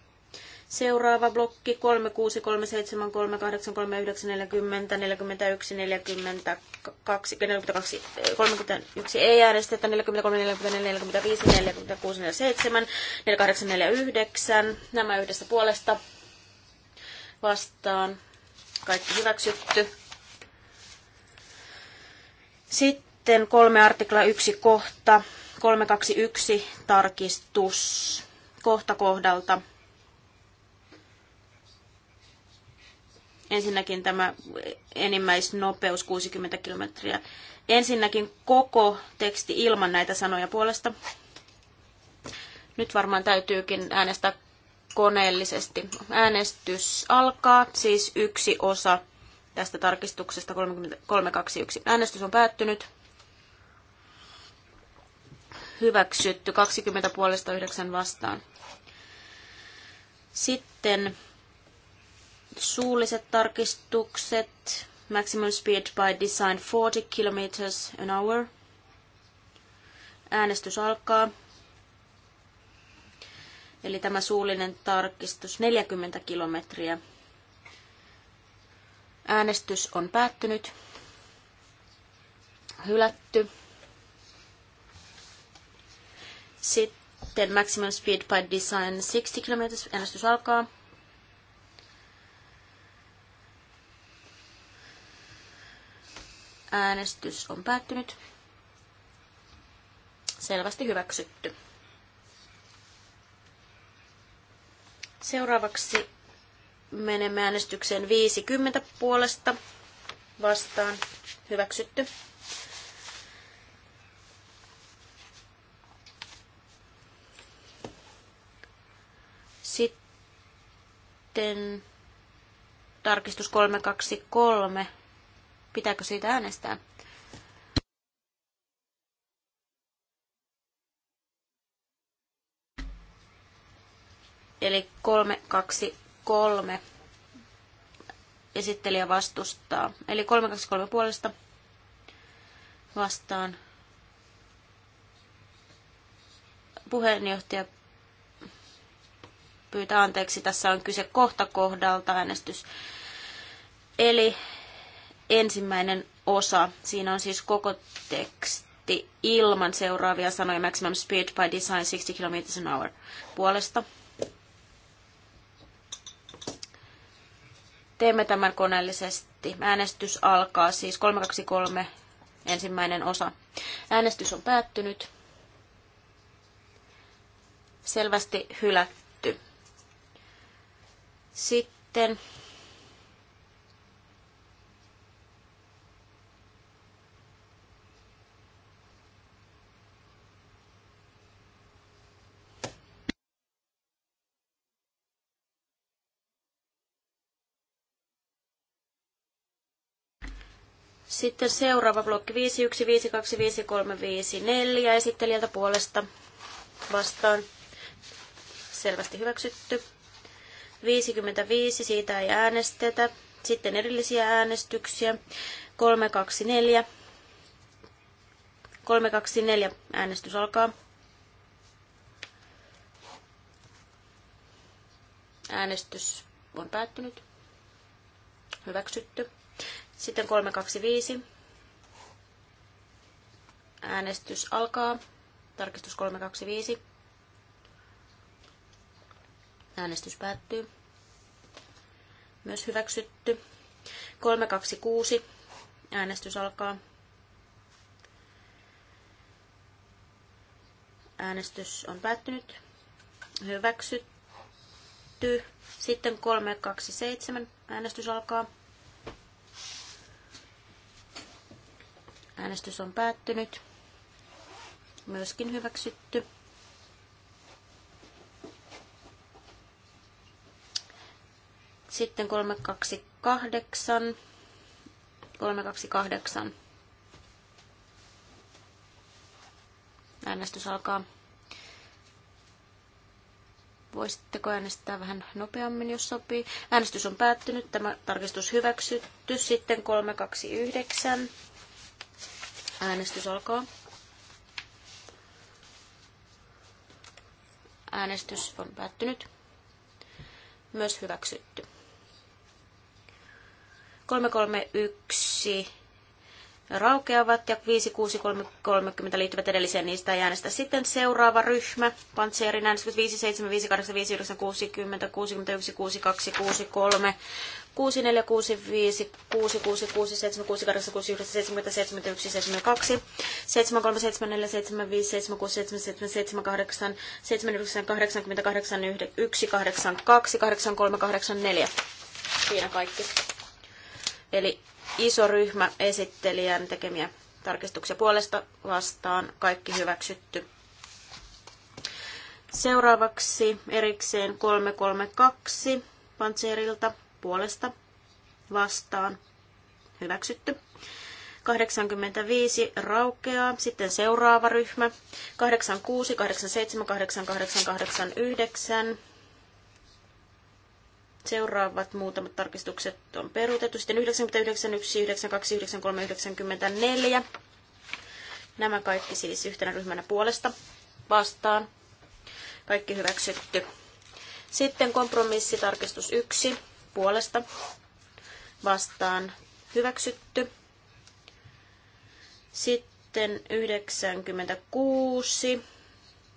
Seuraava blokki 36, ei äänestetä, 43, Nämä yhdessä puolesta vastaan. Kaikki hyväksytty. Sitten kolme artikla yksi kohta, 321 tarkistus kohta kohdalta Ensinnäkin tämä enimmäisnopeus 60 kilometriä. Ensinnäkin koko teksti ilman näitä sanoja puolesta. Nyt varmaan täytyykin äänestää koneellisesti. Äänestys alkaa, siis yksi osa tästä tarkistuksesta 321. Äänestys on päättynyt. Hyväksytty 20 puolesta 9 vastaan. Sitten Suulliset tarkistukset. Maximum speed by design 40 kilometers an hour. Äänestys alkaa. Eli tämä suullinen tarkistus 40 kilometriä. Äänestys on päättynyt. Hylätty. Sitten maximum speed by design 60 km. Äänestys alkaa. Äänestys on päättynyt. Selvästi hyväksytty. Seuraavaksi menemme äänestykseen 50 puolesta vastaan. Hyväksytty. Sitten tarkistus 323 Pitääkö siitä äänestää? Eli 323 esittelijä vastustaa. Eli kolme puolesta vastaan puheenjohtaja pyytää anteeksi. Tässä on kyse kohta kohdalta äänestys. Eli ensimmäinen osa. Siinä on siis koko teksti ilman seuraavia sanoja maximum speed by design 60 km an hour puolesta. Teemme tämän koneellisesti. Äänestys alkaa siis 323 ensimmäinen osa. Äänestys on päättynyt. Selvästi hylätty. Sitten Sitten seuraava blokki 51525354 esittelijältä puolesta vastaan. Selvästi hyväksytty. 55, siitä ei äänestetä. Sitten erillisiä äänestyksiä. 324. 324 äänestys alkaa. Äänestys on päättynyt. Hyväksytty. Sitten 325. Äänestys alkaa. Tarkistus 325. Äänestys päättyy. Myös hyväksytty. 326. Äänestys alkaa. Äänestys on päättynyt. Hyväksytty. Sitten 327. Äänestys alkaa. Äänestys on päättynyt. Myöskin hyväksytty. Sitten 328. 328. Äänestys alkaa. Voisitteko äänestää vähän nopeammin, jos sopii? Äänestys on päättynyt. Tämä tarkistus hyväksytty. Sitten 329. Äänestys alkaa. Äänestys on päättynyt. Myös hyväksytty. 331 raukeavat ja 5630 liittyvät edelliseen niistä ei äänestä. Sitten seuraava ryhmä, Pantseerin äänestys 57, 58, 59, 60, 61, 62, 63, 64, 65, 66, 67, 68, 69, 70, 71, 72, 73, 74, 75, 76, 77, 78, 79, 80, 81, 82, 83, 84. Siinä kaikki. Eli iso ryhmä esittelijän tekemiä tarkistuksia puolesta vastaan. Kaikki hyväksytty. Seuraavaksi erikseen 332 pantserilta puolesta vastaan. Hyväksytty. 85 raukeaa. Sitten seuraava ryhmä. 86, 87, 88, 89 Seuraavat muutamat tarkistukset on peruutettu. Sitten 99, 1, 92, 93, 94. Nämä kaikki siis yhtenä ryhmänä puolesta vastaan. Kaikki hyväksytty. Sitten kompromissitarkistus 1 puolesta vastaan hyväksytty. Sitten 96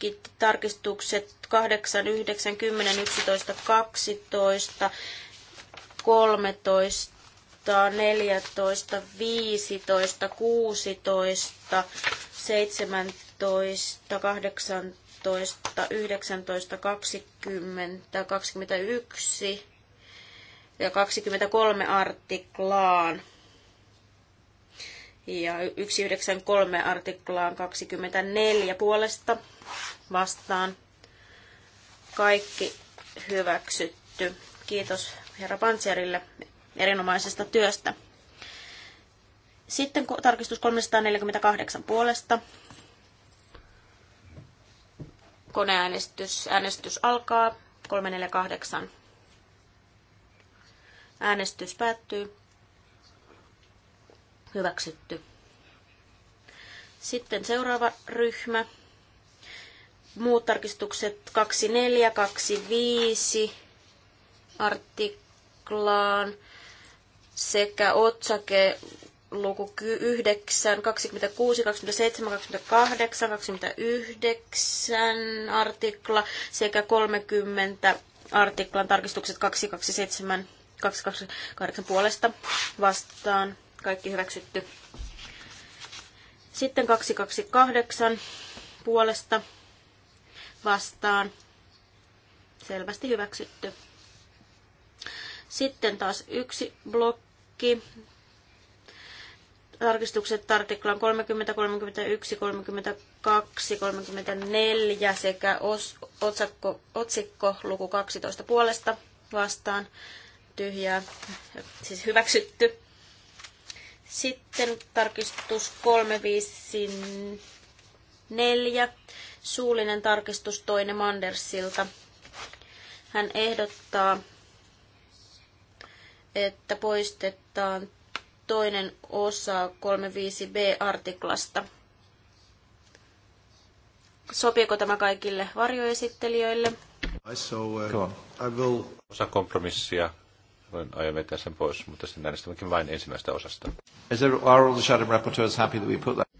kaikki tarkistukset 8, 9, 10, 11, 12, 13, 14, 15, 16, 17, 18, 19, 20, 21 ja 23 artiklaan. Ja 193 artiklaan 24 puolesta vastaan kaikki hyväksytty. Kiitos herra Panserille erinomaisesta työstä. Sitten tarkistus 348 puolesta. Koneäänestys. Äänestys alkaa. 348. Äänestys päättyy. Hyväksytty. Sitten seuraava ryhmä. Muut tarkistukset 24, 25 artiklaan sekä otsake luku 9, 26, 27, 28, 29 artikla sekä 30 artiklan tarkistukset 227, 228 puolesta vastaan kaikki hyväksytty. Sitten 228 puolesta vastaan. Selvästi hyväksytty. Sitten taas yksi blokki. Tarkistukset artiklaan 30, 31, 32, 34 sekä os, otsakko, otsikko luku 12 puolesta vastaan tyhjää, siis hyväksytty. Sitten tarkistus 354, suullinen tarkistus toinen Mandersilta. Hän ehdottaa, että poistetaan toinen osa 35b-artiklasta. Sopiiko tämä kaikille varjoesittelijöille? So, uh, Osa kompromissia aion vetää sen pois, mutta sitten äänestämmekin vain ensimmäistä osasta.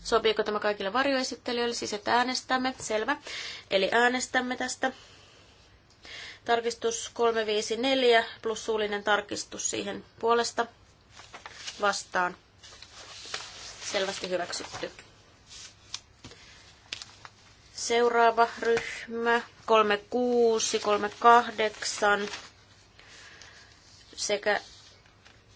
Sopiiko tämä kaikille varjoesittelijöille? Siis että äänestämme, selvä. Eli äänestämme tästä. Tarkistus 354 plus suullinen tarkistus siihen puolesta vastaan. Selvästi hyväksytty. Seuraava ryhmä 36, 38, sekä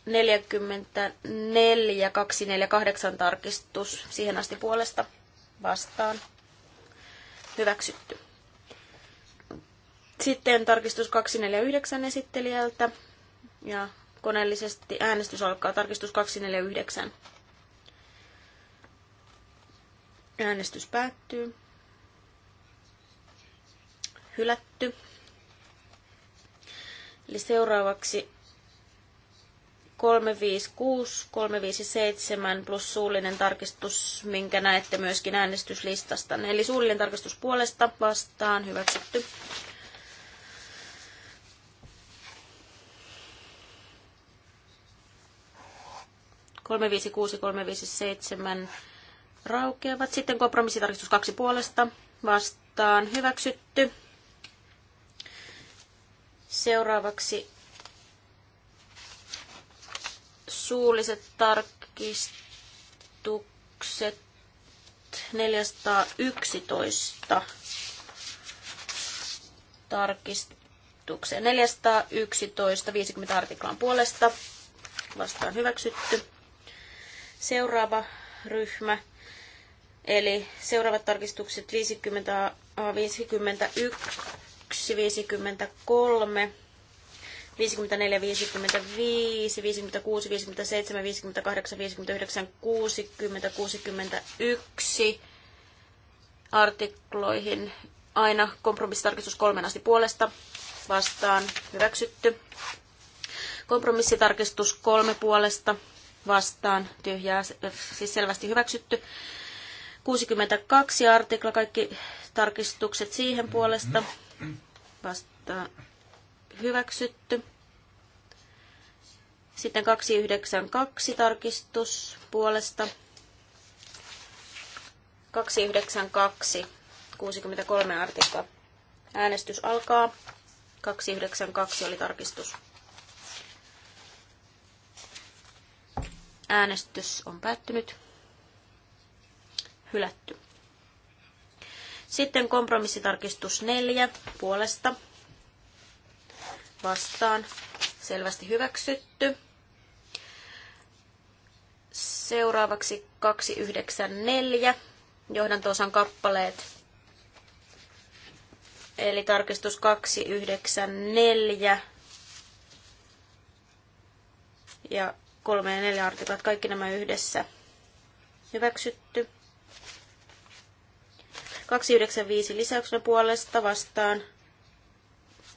44248 tarkistus siihen asti puolesta vastaan hyväksytty. Sitten tarkistus 249 esittelijältä ja koneellisesti äänestys alkaa tarkistus 249. Äänestys päättyy. Hylätty. Eli seuraavaksi 356, 357 plus suullinen tarkistus, minkä näette myöskin äänestyslistasta. Eli suullinen tarkistus puolesta vastaan hyväksytty. Kolme viisi kuusi, kolme viisi seitsemän raukeavat. Sitten kompromissitarkistus kaksi puolesta vastaan hyväksytty. Seuraavaksi suulliset tarkistukset 411 tarkistukseen. 411, 50 artiklan puolesta vastaan hyväksytty. Seuraava ryhmä, eli seuraavat tarkistukset 50, 51, 53, 54, 55, 56, 57, 58, 59, 60, 61 artikloihin aina kompromissitarkistus kolmen asti puolesta vastaan hyväksytty. Kompromissitarkistus kolme puolesta vastaan tyhjää, siis selvästi hyväksytty. 62 artikla, kaikki tarkistukset siihen puolesta vastaan hyväksytty. Sitten 292 tarkistus puolesta. 292, 63 artikla. Äänestys alkaa. 292 oli tarkistus. Äänestys on päättynyt. Hylätty. Sitten kompromissitarkistus 4 puolesta vastaan selvästi hyväksytty. Seuraavaksi 294 johdantoosan kappaleet. Eli tarkistus 294 ja 3 ja 4 artiklat, kaikki nämä yhdessä hyväksytty. 295 lisäyksenä puolesta vastaan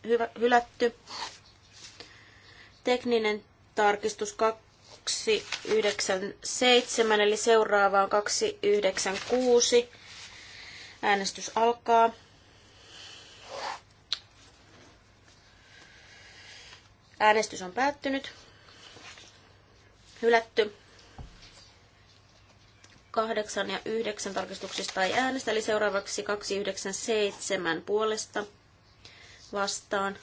hyvä, hylätty. Tekninen tarkistus 297, eli seuraavaan 296. Äänestys alkaa. Äänestys on päättynyt. Hylätty. 8 ja 9 tarkistuksista ei äänestä, eli seuraavaksi 297 puolesta vastaan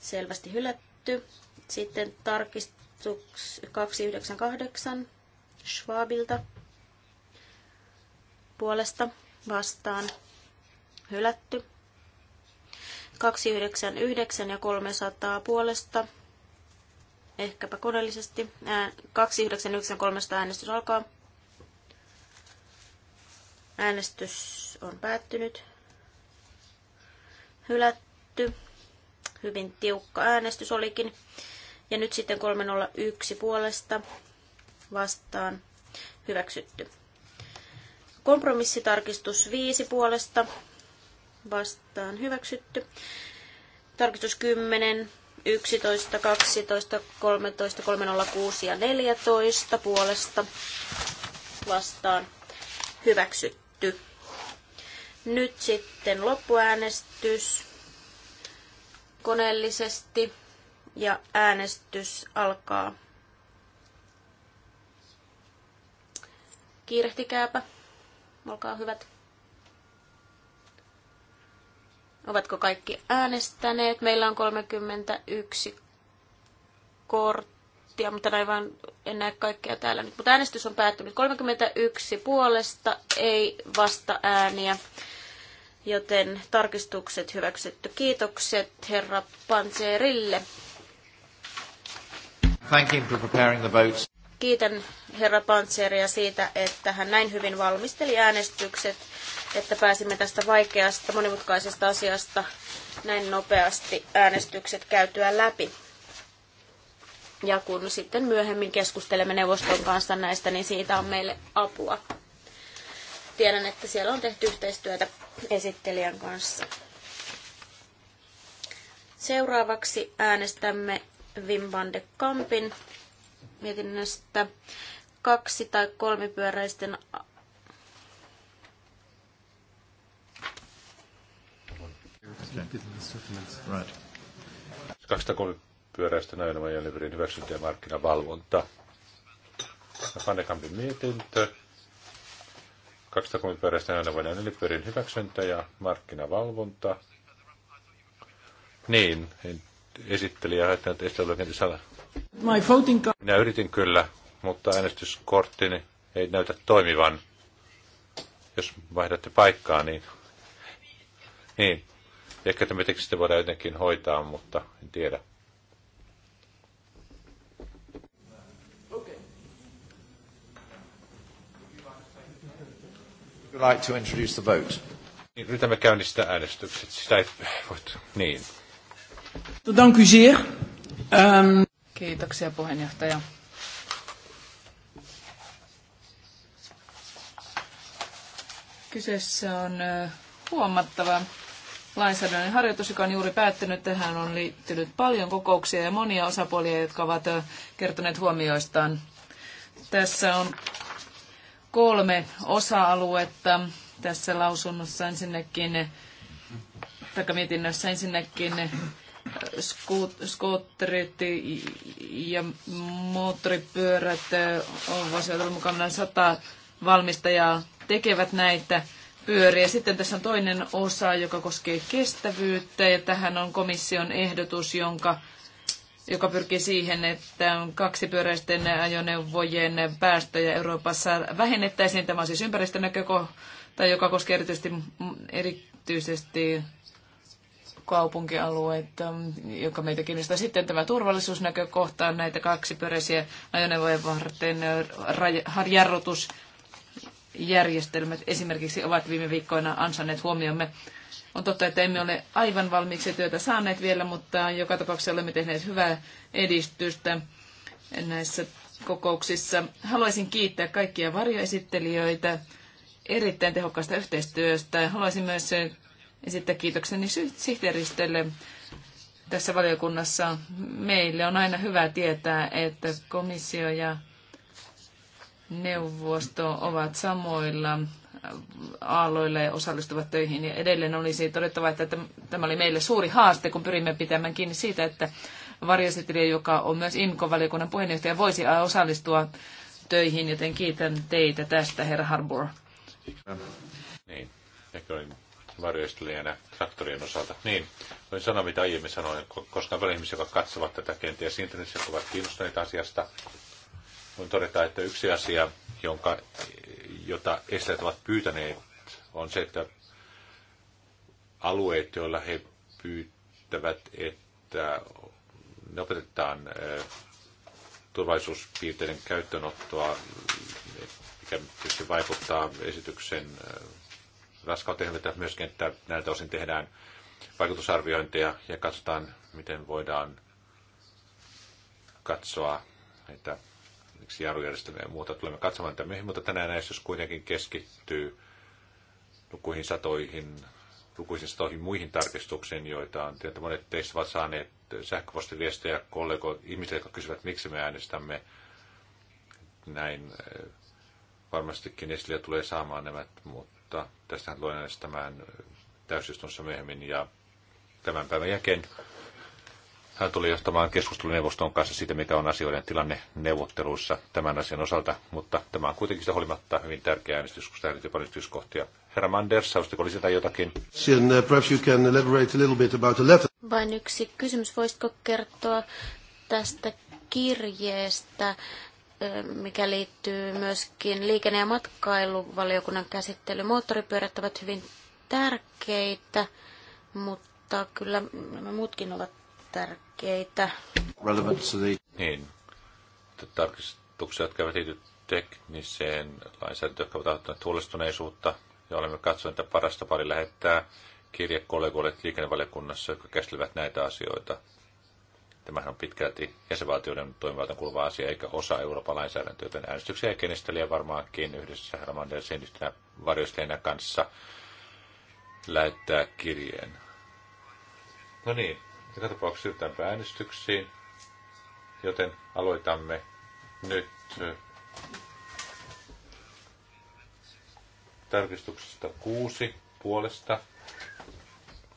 selvästi hylätty. Sitten tarkistuks 298 Schwabilta puolesta vastaan hylätty. 299 ja 300 puolesta, ehkäpä kodellisesti. 299 300 äänestys alkaa. Äänestys on päättynyt. Hylätty hylätty. Hyvin tiukka äänestys olikin. Ja nyt sitten 301 puolesta vastaan hyväksytty. Kompromissitarkistus 5 puolesta vastaan hyväksytty. Tarkistus 10, 11, 12, 13, 306 ja 14 puolesta vastaan hyväksytty. Nyt sitten loppuäänestys koneellisesti ja äänestys alkaa. Kiirehtikääpä, olkaa hyvät. Ovatko kaikki äänestäneet? Meillä on 31 korttia, mutta näin vaan en näe kaikkea täällä nyt. Mutta äänestys on päättynyt. 31 puolesta, ei vasta ääniä joten tarkistukset hyväksytty. Kiitokset herra Panzerille. Thank him for preparing the votes. Kiitän herra Panzeria siitä, että hän näin hyvin valmisteli äänestykset, että pääsimme tästä vaikeasta, monimutkaisesta asiasta näin nopeasti äänestykset käytyä läpi. Ja kun sitten myöhemmin keskustelemme neuvoston kanssa näistä, niin siitä on meille apua tiedän, että siellä on tehty yhteistyötä esittelijän kanssa. Seuraavaksi äänestämme Wim van de Kampin mietinnöstä kaksi- tai kolmipyöräisten Right. 203 pyöräisten ajoneuvojen jäljivrin hyväksyntä ja markkinavalvonta. Fannekampin mietintö. 230 peräistä aina voidaan yliperin hyväksyntä ja markkinavalvonta. Niin, esittelijä ajattelin, että esittelijä kenties My Minä yritin kyllä, mutta äänestyskorttini ei näytä toimivan. Jos vaihdatte paikkaa, niin... Niin, ehkä tämä tekstit voidaan jotenkin hoitaa, mutta en tiedä. like to introduce the vote. Niin, yritämme käynnistää äänestykset. Sitä ei voit. Niin. Dank u zeer. Um... Kiitoksia puheenjohtaja. Kyseessä on huomattava lainsäädännön harjoitus, joka on juuri päättynyt. Tähän on liittynyt paljon kokouksia ja monia osapuolia, jotka ovat kertoneet huomioistaan. Tässä on kolme osa-aluetta tässä lausunnossa ensinnäkin, tai mietinnössä ensinnäkin äh, skootterit ja moottoripyörät äh, on olla mukana sata valmistajaa tekevät näitä pyöriä. Sitten tässä on toinen osa, joka koskee kestävyyttä ja tähän on komission ehdotus, jonka joka pyrkii siihen, että kaksipyöräisten ajoneuvojen päästöjä Euroopassa vähennettäisiin. Tämä on siis ympäristönäkökohta, joka koskee erityisesti, erityisesti kaupunkialueita, joka meitä kiinnostaa. Sitten tämä turvallisuusnäkökohta on näitä kaksipyöräisiä ajoneuvoja varten jarrutusjärjestelmät esimerkiksi ovat viime viikkoina ansanneet huomiomme. On totta, että emme ole aivan valmiiksi työtä saaneet vielä, mutta joka tapauksessa olemme tehneet hyvää edistystä näissä kokouksissa. Haluaisin kiittää kaikkia varjoesittelijöitä erittäin tehokkaasta yhteistyöstä. Haluaisin myös esittää kiitokseni sihteeristölle tässä valiokunnassa. Meille on aina hyvä tietää, että komissio ja neuvosto ovat samoilla aalloille ja osallistuvat töihin. Ja edelleen olisi todettava, että tämä oli meille suuri haaste, kun pyrimme pitämään kiinni siitä, että varjoesittelijä, joka on myös IMKO-valiokunnan puheenjohtaja, voisi osallistua töihin, joten kiitän teitä tästä, herra Harbour. Niin, näköinen varjoistelijana traktorien osalta. Niin, voin sanoa mitä aiemmin sanoin, koska on paljon ihmisiä, jotka katsovat tätä kenties internetissä, jotka ovat kiinnostuneita asiasta. Voin todeta, että yksi asia, jonka jota estäjät ovat pyytäneet, on se, että alueet, joilla he pyytävät, että ne opetetaan eh, turvallisuuspiirteiden käyttöönottoa, mikä tietysti vaikuttaa esityksen eh, raskauteen, että myöskin, että näiltä osin tehdään vaikutusarviointeja ja katsotaan, miten voidaan katsoa, että esimerkiksi jarrujärjestelmiä ja muuta. Tulemme katsomaan tätä myöhemmin, mutta tänään näissä kuitenkin keskittyy lukuihin satoihin, lukuisiin satoihin muihin tarkistuksiin, joita on tietysti monet teistä ovat saaneet sähköpostiviestejä kollegoilta, ihmisiltä, jotka kysyvät, miksi me äänestämme näin. Eh, varmastikin esille tulee saamaan nämä, mutta tästähän tulee äänestämään täysistunnossa myöhemmin ja tämän päivän jälkeen hän tuli johtamaan keskusteluneuvoston kanssa siitä, mikä on asioiden tilanne neuvotteluissa tämän asian osalta, mutta tämä on kuitenkin sitä huolimatta hyvin tärkeä äänestys, koska tämä paljon yksityiskohtia. Herra Manders, haluaisitko lisätä jotakin? Uh, Vain yksi kysymys. Voisitko kertoa tästä kirjeestä, mikä liittyy myöskin liikenne- ja matkailuvaliokunnan käsittelyyn. Moottoripyörät ovat hyvin tärkeitä, mutta kyllä nämä muutkin ovat tärkeitä tärkeitä. Niin, tarkistukset, jotka eivät liity tekniseen lainsäädäntöön, jotka ovat aiheuttaneet huolestuneisuutta, ja olemme katsoneet, että parasta pari lähettää kirjekollegoille liikennevaliokunnassa, jotka käsittelevät näitä asioita. Tämähän on pitkälti jäsenvaltioiden toimivaltaan kuuluva asia, eikä osa Euroopan lainsäädäntöä, joten äänestyksiä kenestelijä varmaankin yhdessä Ramandelsin yhtenä varjostelijana kanssa lähettää kirjeen. No niin, joka tapauksessa siirrytään äänestyksiin, joten aloitamme nyt äh, tarkistuksesta kuusi puolesta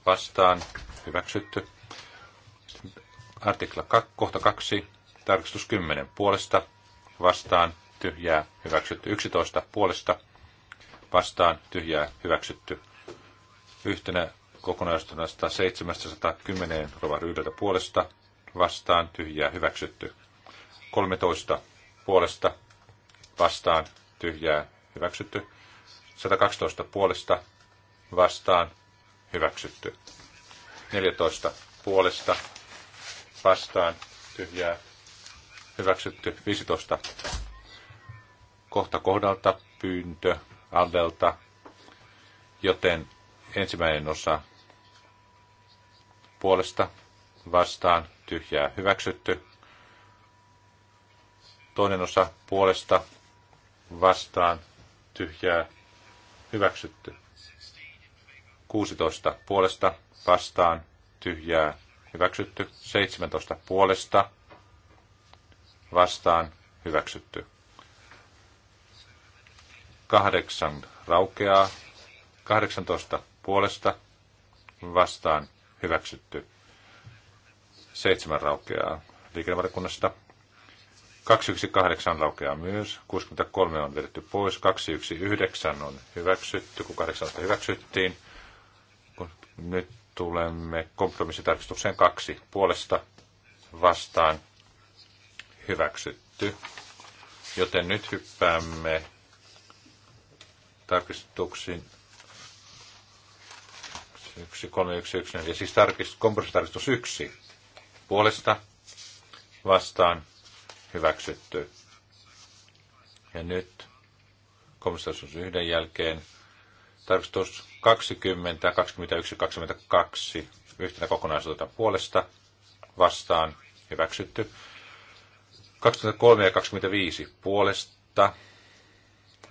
vastaan hyväksytty. Artikla kohta kaksi tarkistus kymmenen puolesta vastaan tyhjää hyväksytty. Yksitoista puolesta vastaan tyhjää hyväksytty. Yhtenä kokonaisuutena 1710 rovan yhdeltä puolesta vastaan tyhjää hyväksytty. 13 puolesta vastaan tyhjää hyväksytty. 112 puolesta vastaan hyväksytty. 14 puolesta vastaan tyhjää hyväksytty. 15 kohta kohdalta pyyntö Aldelta, joten ensimmäinen osa puolesta vastaan tyhjää hyväksytty. Toinen osa puolesta vastaan tyhjää hyväksytty. 16 puolesta vastaan tyhjää hyväksytty. 17 puolesta vastaan hyväksytty. Kahdeksan raukeaa. 18 puolesta vastaan hyväksytty. Seitsemän raukeaa liikennevaliokunnasta. 218 raukeaa myös, 63 on vedetty pois, 219 on hyväksytty, kun 18 hyväksyttiin. Nyt tulemme kompromissitarkistukseen kaksi puolesta vastaan hyväksytty. Joten nyt hyppäämme tarkistuksiin 1, 3, 1, 1, 4, siis tarkistus, kompromissitarkistus 1 puolesta vastaan hyväksytty. Ja nyt kompromissitarkistus yhden jälkeen tarkistus 20, 21, 22 yhtenä kokonaisuutena puolesta vastaan hyväksytty. 23 ja 25 puolesta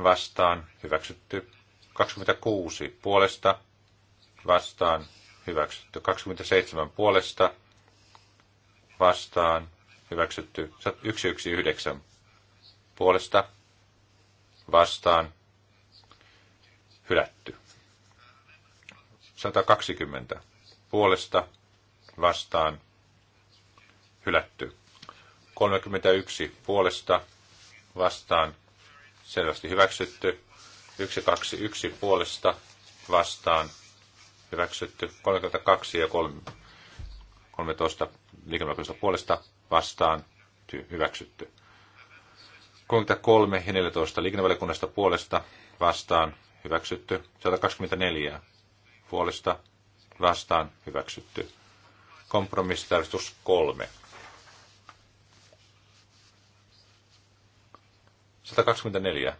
vastaan hyväksytty. 26 puolesta vastaan hyväksytty. 27 puolesta vastaan hyväksytty. 119 puolesta vastaan hylätty. 120 puolesta vastaan hylätty. 31 puolesta vastaan selvästi hyväksytty. 121 puolesta vastaan hyväksytty 32 ja 13 liikennevalkoisesta puolesta vastaan hyväksytty. 33 ja 14 liikennevaliokunnasta puolesta vastaan hyväksytty. 124 puolesta vastaan hyväksytty. Kompromissitarkistus 3. 124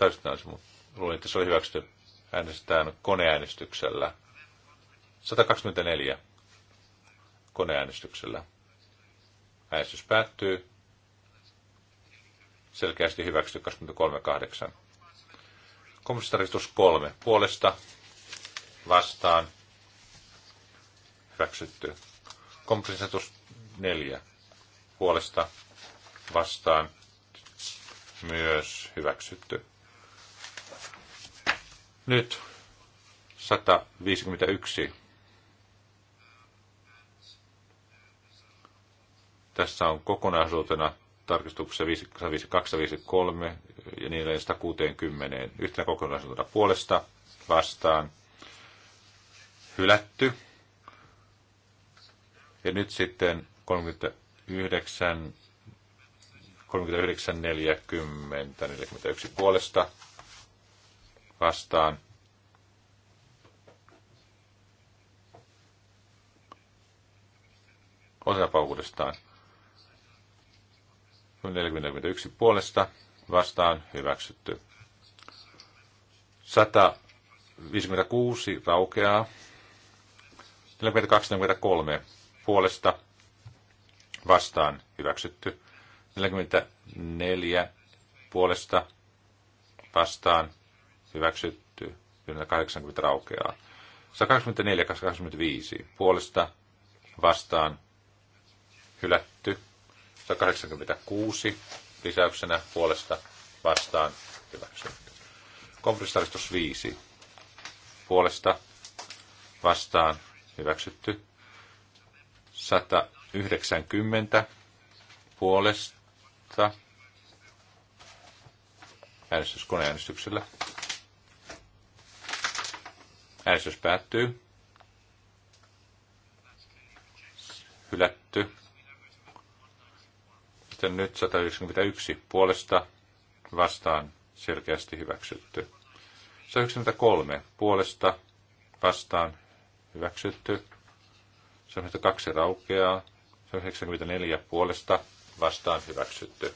Tarkistetaan se, mutta luulen, että se oli hyväksytty. Äänestetään koneäänestyksellä. 124 koneäänestyksellä. Äänestys päättyy. Selkeästi hyväksytty 23.8. Kompromissitarkistus 3. Puolesta vastaan hyväksytty. Kompromissitarkistus 4. Puolesta vastaan myös hyväksytty. Nyt 151. Tässä on kokonaisuutena tarkistuksessa 253 ja niin edelleen 160 yhtenä kokonaisuutena puolesta vastaan hylätty. Ja nyt sitten 39, 39 40, 41 puolesta vastaan. Otetaanpa uudestaan. 41 puolesta vastaan hyväksytty. 156 raukeaa. 42-43 puolesta vastaan hyväksytty. 44 puolesta vastaan hyväksytty, 80 raukeaa. 184 25 puolesta vastaan hylätty, 186 lisäyksenä puolesta vastaan hyväksytty. Kompristallistus 5 puolesta vastaan hyväksytty, 190 puolesta äänestyskoneäänestyksellä. Äänestys päättyy. Hylätty. Sitten nyt 191 puolesta vastaan selkeästi hyväksytty. 193 puolesta vastaan hyväksytty. 192 raukeaa. 194 puolesta vastaan hyväksytty.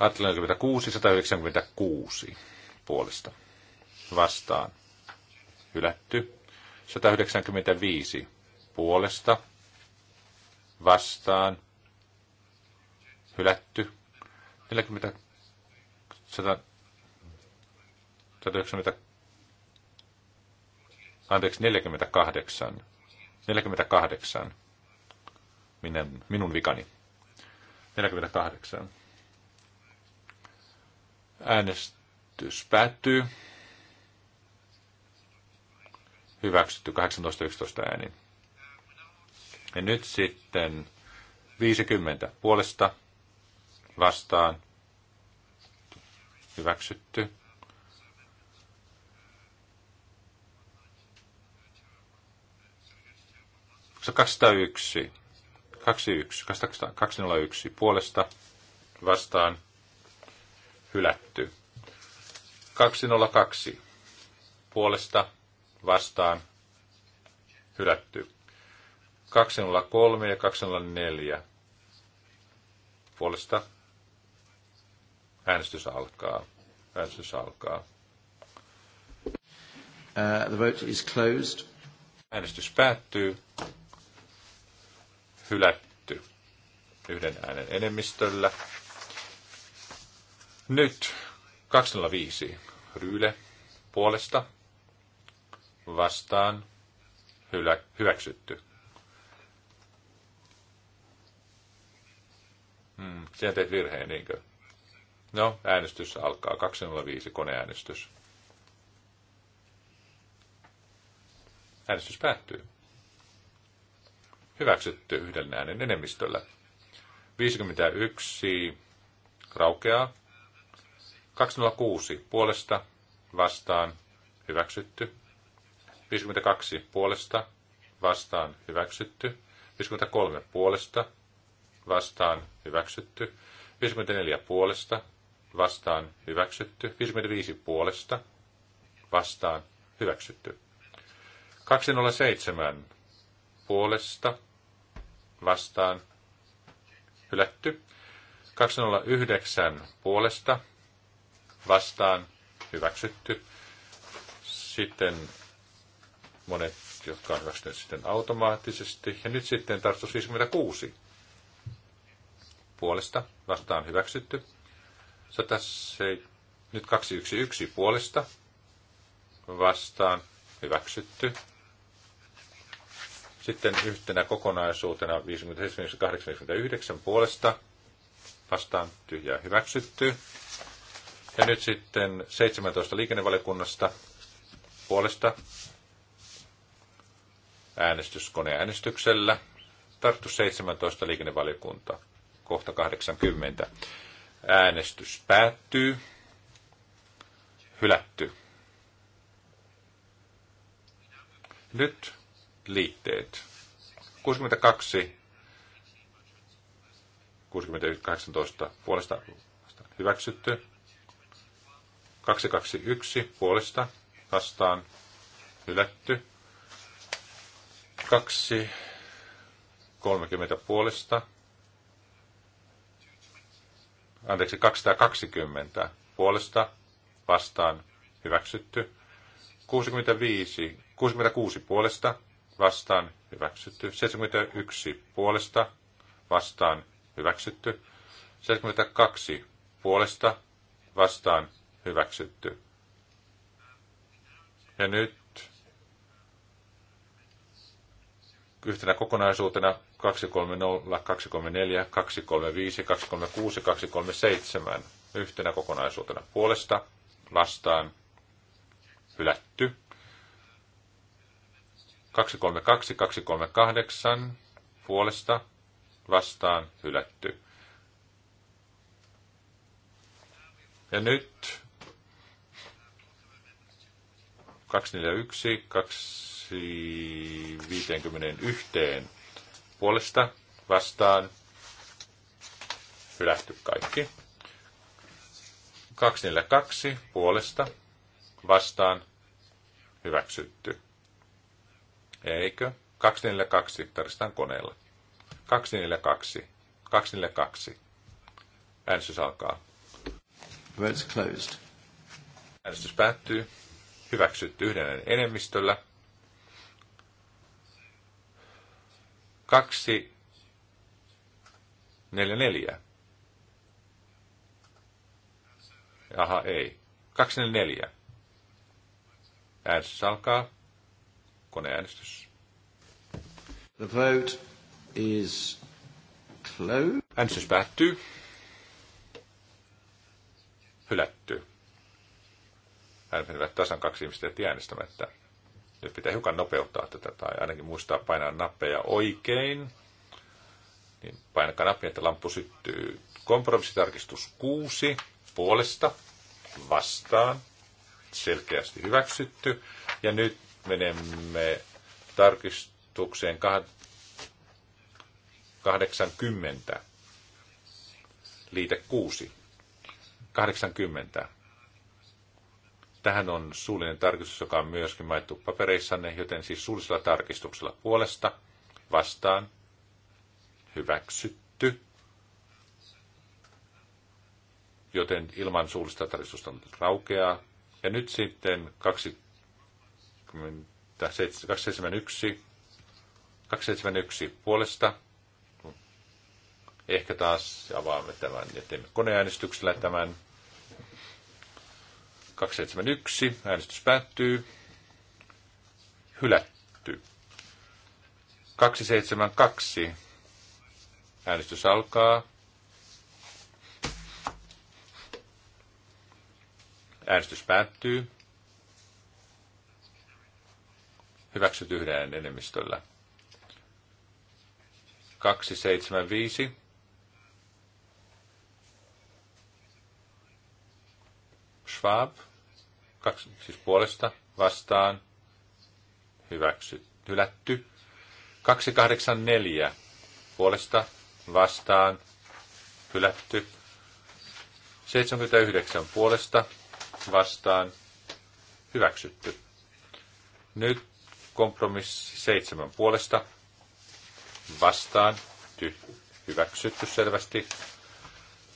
Atlantin 46, 196 puolesta vastaan. Hylätty. 195 puolesta vastaan. Hylätty. 40, 100, 190, anteeksi, 48. 48. Minen, minun vikani. 48. Äänestys päättyy hyväksytty 18.11 äänin. Ja nyt sitten 50 puolesta vastaan hyväksytty. Se 201, 21, 201 puolesta vastaan hylätty. 202 puolesta vastaan hylätty. 203 ja 204 puolesta äänestys alkaa. Äänestys alkaa. Uh, the vote is closed. Äänestys päättyy. Hylätty yhden äänen enemmistöllä. Nyt 205 Ryyle puolesta vastaan hyväksytty. Hmm, sinä teet virheen, niinkö? No, äänestys alkaa. 205 koneäänestys. Äänestys päättyy. Hyväksytty yhden äänen enemmistöllä. 51 raukeaa. 206 puolesta vastaan hyväksytty. 52 puolesta vastaan hyväksytty. 53 puolesta vastaan hyväksytty. 54 puolesta vastaan hyväksytty. 55 puolesta vastaan hyväksytty. 207 puolesta vastaan hylätty. 209 puolesta vastaan hyväksytty. Sitten monet, jotka on hyväksyneet sitten automaattisesti. Ja nyt sitten tarkistus 56 puolesta vastaan hyväksytty. 107, nyt 211 puolesta vastaan hyväksytty. Sitten yhtenä kokonaisuutena 5789 puolesta vastaan tyhjää hyväksytty. Ja nyt sitten 17 liikennevaliokunnasta puolesta äänestyskoneäänestyksellä. Tarttu 17 liikennevaliokunta, kohta 80. Äänestys päättyy. Hylätty. Nyt liitteet. 62, 6018 puolesta vastaan. hyväksytty. 221 puolesta vastaan hylätty kaksi, kolmekymmentä puolesta. Anteeksi, 220 puolesta vastaan hyväksytty. 65, 66 puolesta vastaan hyväksytty. 71 puolesta vastaan hyväksytty. 72 puolesta vastaan hyväksytty. Ja nyt yhtenä kokonaisuutena 230, 234, 235, 236, 237 yhtenä kokonaisuutena puolesta vastaan hylätty. 232, 238 puolesta vastaan hylätty. Ja nyt 241, 2 51 puolesta vastaan. Hylähty kaikki. 242 puolesta vastaan. Hyväksytty. Eikö? 242 tarvitaan koneella. 242. 242. Äänestys alkaa. Votes closed. Äänestys päättyy. Hyväksytty yhden enemmistöllä. Kaksi, neljä, neljä. Aha, ei. Kaksi, neljä, neljä. Äänestys alkaa. Koneäänestys. The vote is closed. Äänestys päättyy. Hylätty. Äänet menivät tasan kaksi ihmistä jätti äänestämättä. Nyt pitää hiukan nopeuttaa tätä tai ainakin muistaa painaa nappeja oikein. Niin painakaa nappia, että lamppu syttyy. Kompromissitarkistus 6 puolesta vastaan. Selkeästi hyväksytty. Ja nyt menemme tarkistukseen 80. Liite 6. 80 Tähän on suullinen tarkistus, joka on myöskin mainittu papereissanne, joten siis suullisella tarkistuksella puolesta vastaan hyväksytty. Joten ilman suullista tarkistusta raukeaa. Ja nyt sitten 271, 271 puolesta. Ehkä taas avaamme tämän ja teemme koneäänestyksellä tämän. 271. Äänestys päättyy. Hylätty. 272. Äänestys alkaa. Äänestys päättyy. Hyväksyt yhden enemmistöllä. 275. Schwab kaksi, siis puolesta, vastaan, hyväksy, hylätty. 284 puolesta, vastaan, hylätty. 79 puolesta, vastaan, hyväksytty. Nyt kompromissi 7 puolesta, vastaan, ty, hyväksytty selvästi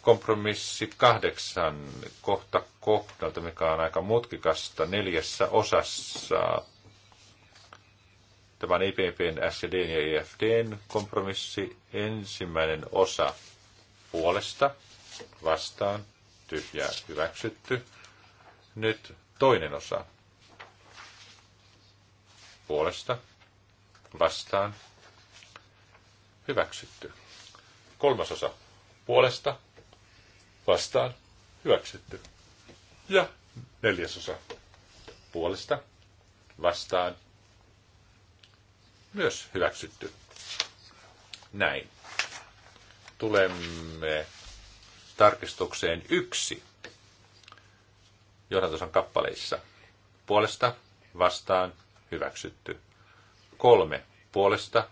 kompromissi kahdeksan kohta kohdalta, mikä on aika mutkikasta neljässä osassa. Tämä on IPPn, SCDn ja IFDn e kompromissi. Ensimmäinen osa puolesta, vastaan, tyhjä hyväksytty. Nyt toinen osa puolesta, vastaan, hyväksytty. Kolmas osa puolesta, vastaan hyväksytty. Ja neljäsosa puolesta vastaan myös hyväksytty. Näin. Tulemme tarkistukseen yksi johdantosan kappaleissa. Puolesta vastaan hyväksytty. Kolme puolesta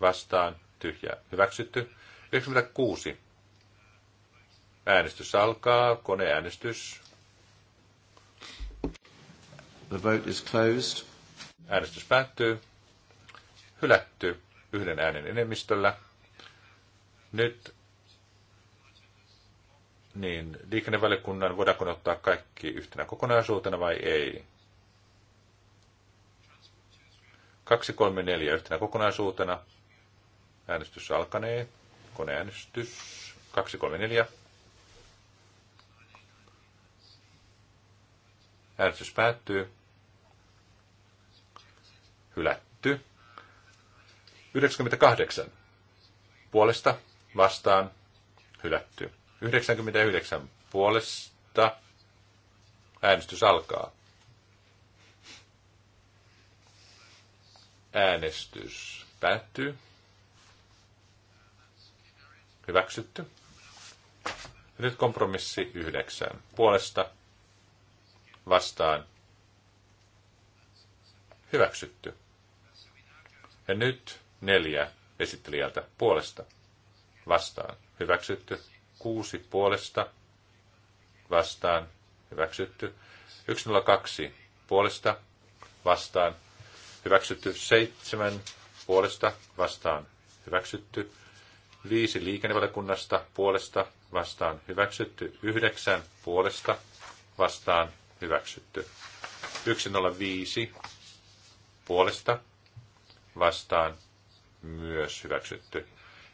vastaan tyhjä hyväksytty. 96 Äänestys alkaa, koneäänestys. The vote is closed. Äänestys päättyy. Hylätty yhden äänen enemmistöllä. Nyt niin, liikennevaliokunnan voidaanko ottaa kaikki yhtenä kokonaisuutena vai ei? 2, 3, 4 yhtenä kokonaisuutena. Äänestys alkanee. Koneäänestys. 2, 3, 4. Äänestys päättyy. Hylätty. 98. Puolesta vastaan hylätty. 99 puolesta äänestys alkaa. Äänestys päättyy. Hyväksytty. Nyt kompromissi yhdeksän. Puolesta vastaan hyväksytty. Ja nyt neljä esittelijältä puolesta vastaan hyväksytty. Kuusi puolesta vastaan hyväksytty. 102 puolesta vastaan hyväksytty. Seitsemän puolesta vastaan hyväksytty. Viisi liikennevaliokunnasta puolesta vastaan hyväksytty. Yhdeksän puolesta vastaan hyväksytty. 105 puolesta vastaan myös hyväksytty.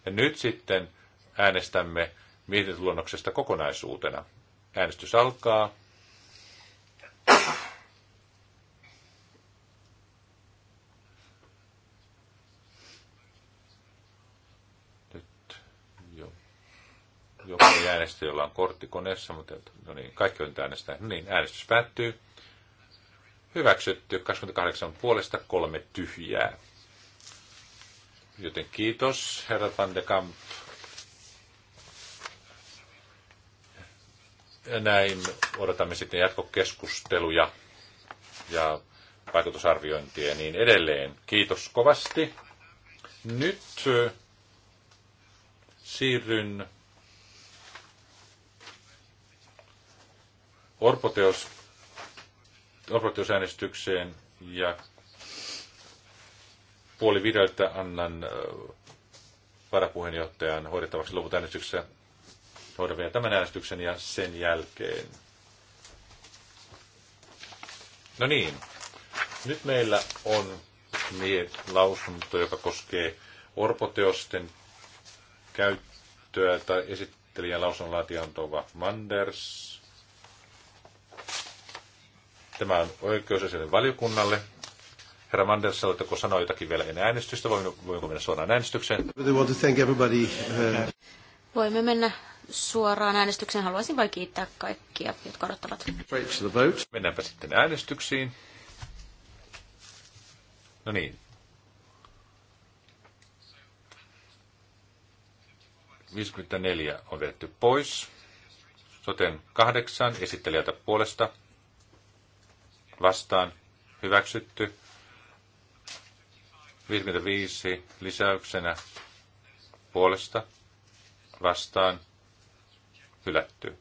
Ja nyt sitten äänestämme mietintöluonnoksesta kokonaisuutena. Äänestys alkaa. äänestä, jolla on kortti koneessa, mutta no niin, kaikki on äänestää. No niin, äänestys päättyy. Hyväksytty 28 puolesta kolme tyhjää. Joten kiitos, herra Van de Kamp. Ja näin odotamme sitten jatkokeskusteluja ja vaikutusarviointia ja niin edelleen. Kiitos kovasti. Nyt äh, siirryn Orpoteos, orpoteosäänestykseen ja puoli viideltä annan varapuheenjohtajan hoidettavaksi luvut äänestyksessä Hoidan vielä tämän äänestyksen ja sen jälkeen. No niin, nyt meillä on lausunto, joka koskee orpoteosten käyttöä tai esittelijän lausunnonlaatija laatijan Tova Manders. Tämä on oikeusasioiden valiokunnalle. Herra Manders, oletteko sanoa jotakin vielä ennen äänestystä? voimme mennä suoraan äänestykseen? Uh, voimme mennä suoraan äänestykseen. Haluaisin vain kiittää kaikkia, jotka odottavat. Mennäänpä sitten äänestyksiin. No niin. neljä on vedetty pois. Soten kahdeksan esittelijältä puolesta vastaan hyväksytty. 55 lisäyksenä puolesta vastaan hylätty.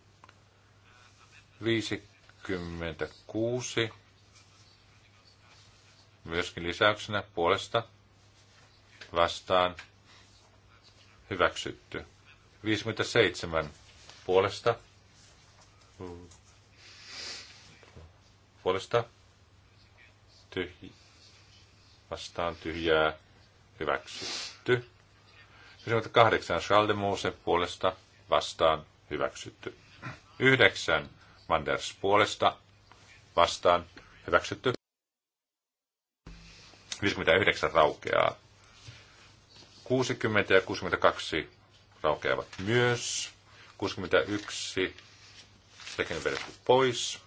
56 myöskin lisäyksenä puolesta vastaan hyväksytty. 57 puolesta puolesta tyhj- vastaan tyhjää hyväksytty. kahdeksan, Schaldemose puolesta vastaan hyväksytty. Yhdeksän, Manders puolesta vastaan hyväksytty. 59 raukeaa. 60 ja 62 raukeavat myös. 61 sekin vedetty pois.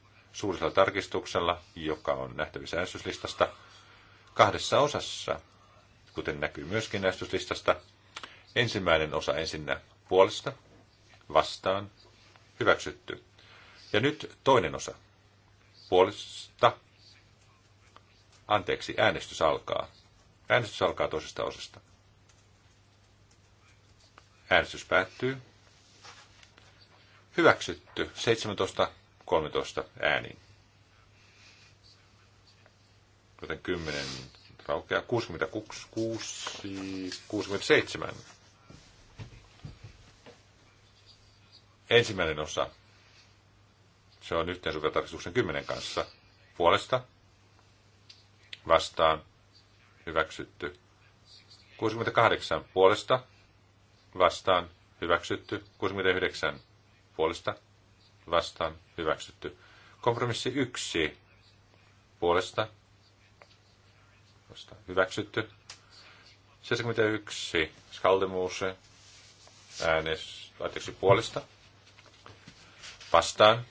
suurisella tarkistuksella, joka on nähtävissä äänestyslistasta kahdessa osassa, kuten näkyy myöskin äänestyslistasta. Ensimmäinen osa ensinnä puolesta, vastaan, hyväksytty. Ja nyt toinen osa puolesta, anteeksi, äänestys alkaa. Äänestys alkaa toisesta osasta. Äänestys päättyy. Hyväksytty 17 13 äänin. Joten 10 raukeaa 66, 67. Ensimmäinen osa. Se on yhteensuvertarkistuksen 10 kanssa. Puolesta vastaan hyväksytty. 68 puolesta vastaan hyväksytty. 69 puolesta vastaan hyväksytty. Kompromissi 1 puolesta vastaan hyväksytty. 71 Skaldemuse äänes, anteeksi, puolesta vastaan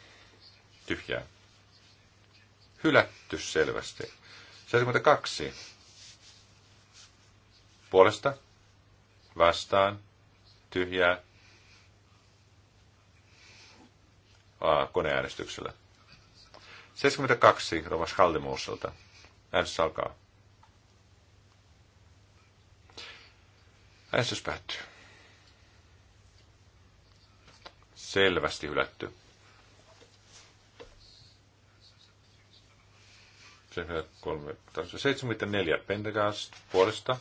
tyhjää. Hylätty selvästi. 72 puolesta vastaan tyhjää koneäänestyksellä. 72 Rovas Haldemuusselta. Äänestys alkaa. Äänestys päättyy. Selvästi hylätty. Se 74 Pentagast puolesta.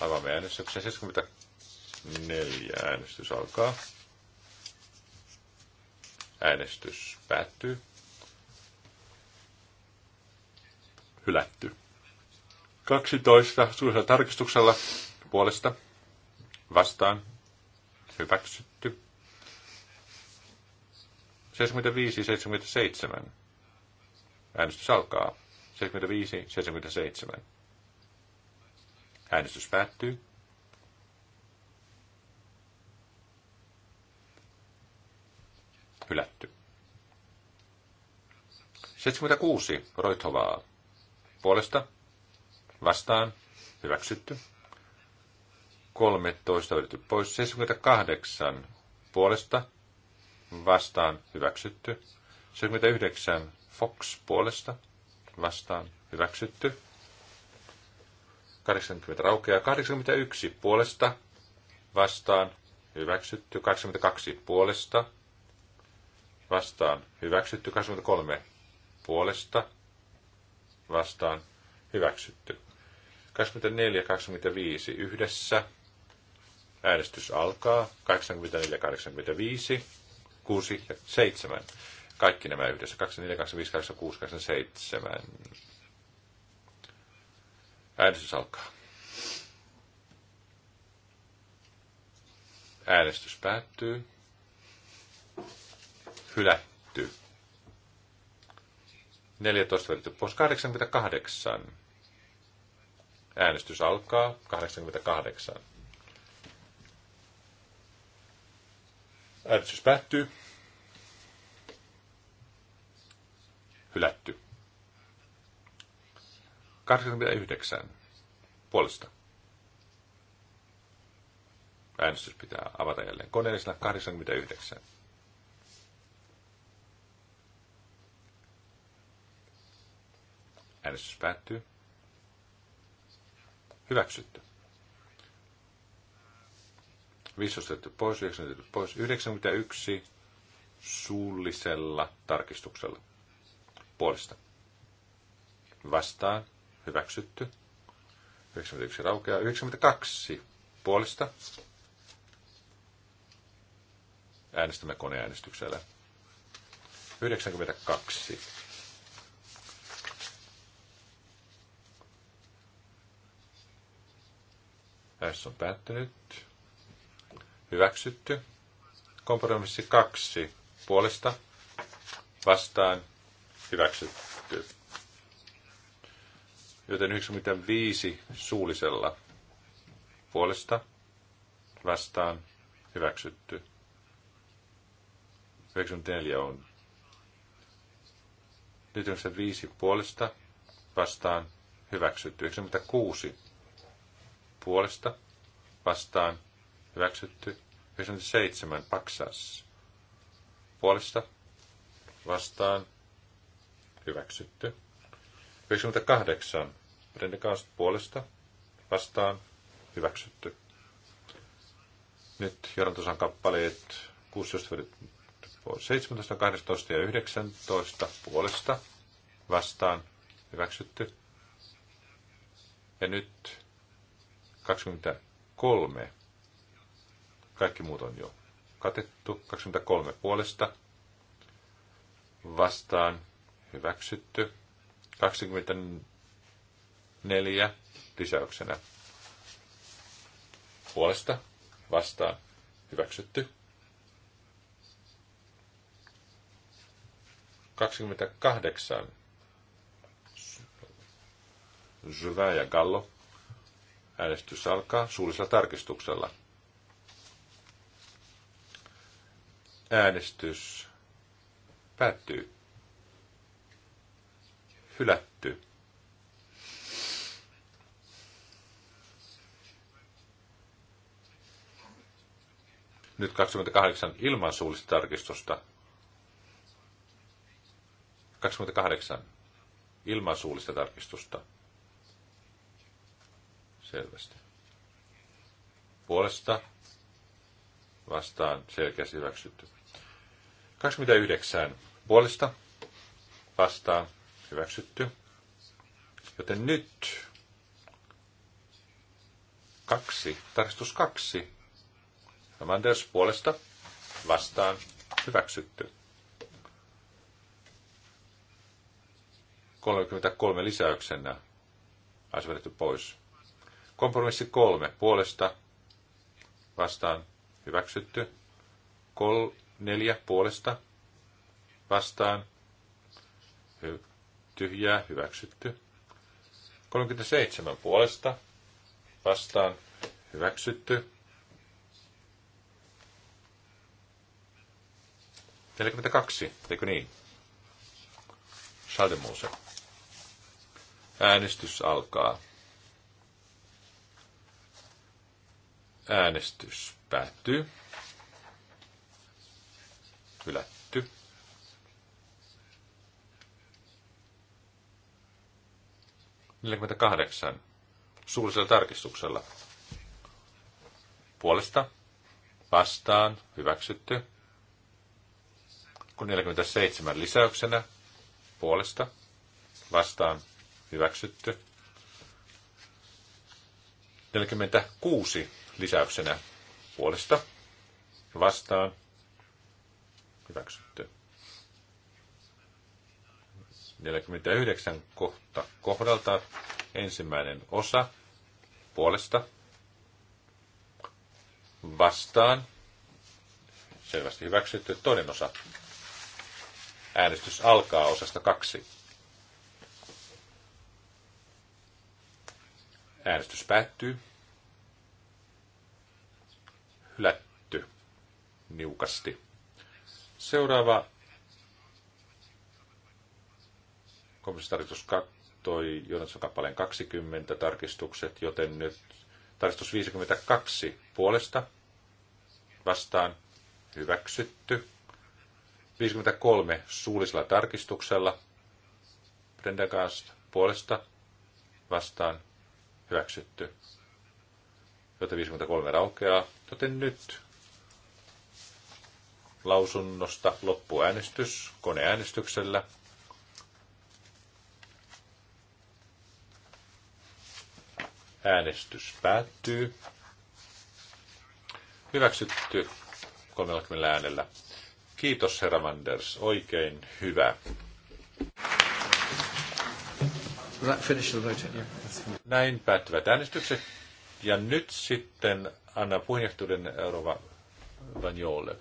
Avaamme äänestyksen. 74 äänestys alkaa. Äänestys päättyy. Hylätty. 12 suurella tarkistuksella puolesta vastaan hyväksytty. 75-77. Äänestys alkaa. 75-77. Äänestys päättyy. hylätty. 76. Roithovaa. Puolesta. Vastaan. Hyväksytty. 13. Vedetty pois. 78. Puolesta. Vastaan. Hyväksytty. 79. Fox. Puolesta. Vastaan. Hyväksytty. 80 raukeaa. 81. Puolesta. Vastaan. Hyväksytty. 82. Puolesta vastaan hyväksytty, 23 puolesta vastaan hyväksytty. 24 25 yhdessä. Äänestys alkaa. 84, 85, 6 ja 7. Kaikki nämä yhdessä. 24, 25, 26, 27. Äänestys alkaa. Äänestys päättyy hylätty. 14 vedetty pois. 88. Äänestys alkaa. 88. Äänestys päättyy. Hylätty. 89. Puolesta. Äänestys pitää avata jälleen koneellisena 89. Äänestys päättyy. Hyväksytty. 15 otettu pois, 9 otettu pois, 91 suullisella tarkistuksella puolesta. Vastaan, hyväksytty. 91 raukeaa, 92 puolesta. Äänestämme koneäänestyksellä. 92 Äänestys on päättynyt. Hyväksytty. Kompromissi kaksi puolesta vastaan hyväksytty. Joten 95 suullisella puolesta vastaan hyväksytty. 94 on. Nyt 95 puolesta vastaan hyväksytty. 96 puolesta vastaan hyväksytty. 97 paksas puolesta vastaan hyväksytty. 98 Brendekaas puolesta vastaan hyväksytty. Nyt Jorantosan kappaleet 16 17, 18 ja 19 puolesta vastaan hyväksytty. Ja nyt 23. Kaikki muut on jo katettu. 23 puolesta vastaan hyväksytty. 24 lisäyksenä puolesta vastaan hyväksytty. 28 Jyvä ja Gallo Äänestys alkaa suullisella tarkistuksella. Äänestys päättyy. Hylätty. Nyt 28 ilman suullista tarkistusta. 28 ilman suullista tarkistusta selvästi. Puolesta vastaan selkeästi hyväksytty. 29 puolesta vastaan hyväksytty. Joten nyt kaksi, tarkistus kaksi. Manders puolesta vastaan hyväksytty. 33 lisäyksenä asetettu pois. Kompromissi kolme puolesta vastaan hyväksytty. Kol, neljä puolesta vastaan hy, tyhjää hyväksytty. 37 puolesta vastaan hyväksytty. 42, eikö niin? Schaldemuse. Äänestys alkaa. Äänestys päättyy. Hylätty. Neljäkymmentäkahdeksan. Suullisella tarkistuksella. Puolesta. Vastaan. Hyväksytty. Kun 47 lisäyksenä. Puolesta. Vastaan. Hyväksytty. 46 lisäyksenä puolesta vastaan hyväksytty. 49 kohta kohdalta ensimmäinen osa puolesta vastaan. Selvästi hyväksytty toinen osa. Äänestys alkaa osasta kaksi. Äänestys päättyy hylätty niukasti. Seuraava komissaritus kattoi Jonatson kappaleen 20 tarkistukset, joten nyt tarkistus 52 puolesta vastaan hyväksytty. 53 suullisella tarkistuksella Prendagast puolesta vastaan hyväksytty joten 53 raukeaa. Joten nyt lausunnosta loppuäänestys koneäänestyksellä. Äänestys päättyy. Hyväksytty 30 äänellä. Kiitos herra Manders, oikein hyvä. Näin päättyvät äänestykset. Ja nyt sitten anna puheenjohtajuuden Eurova Vanjolle.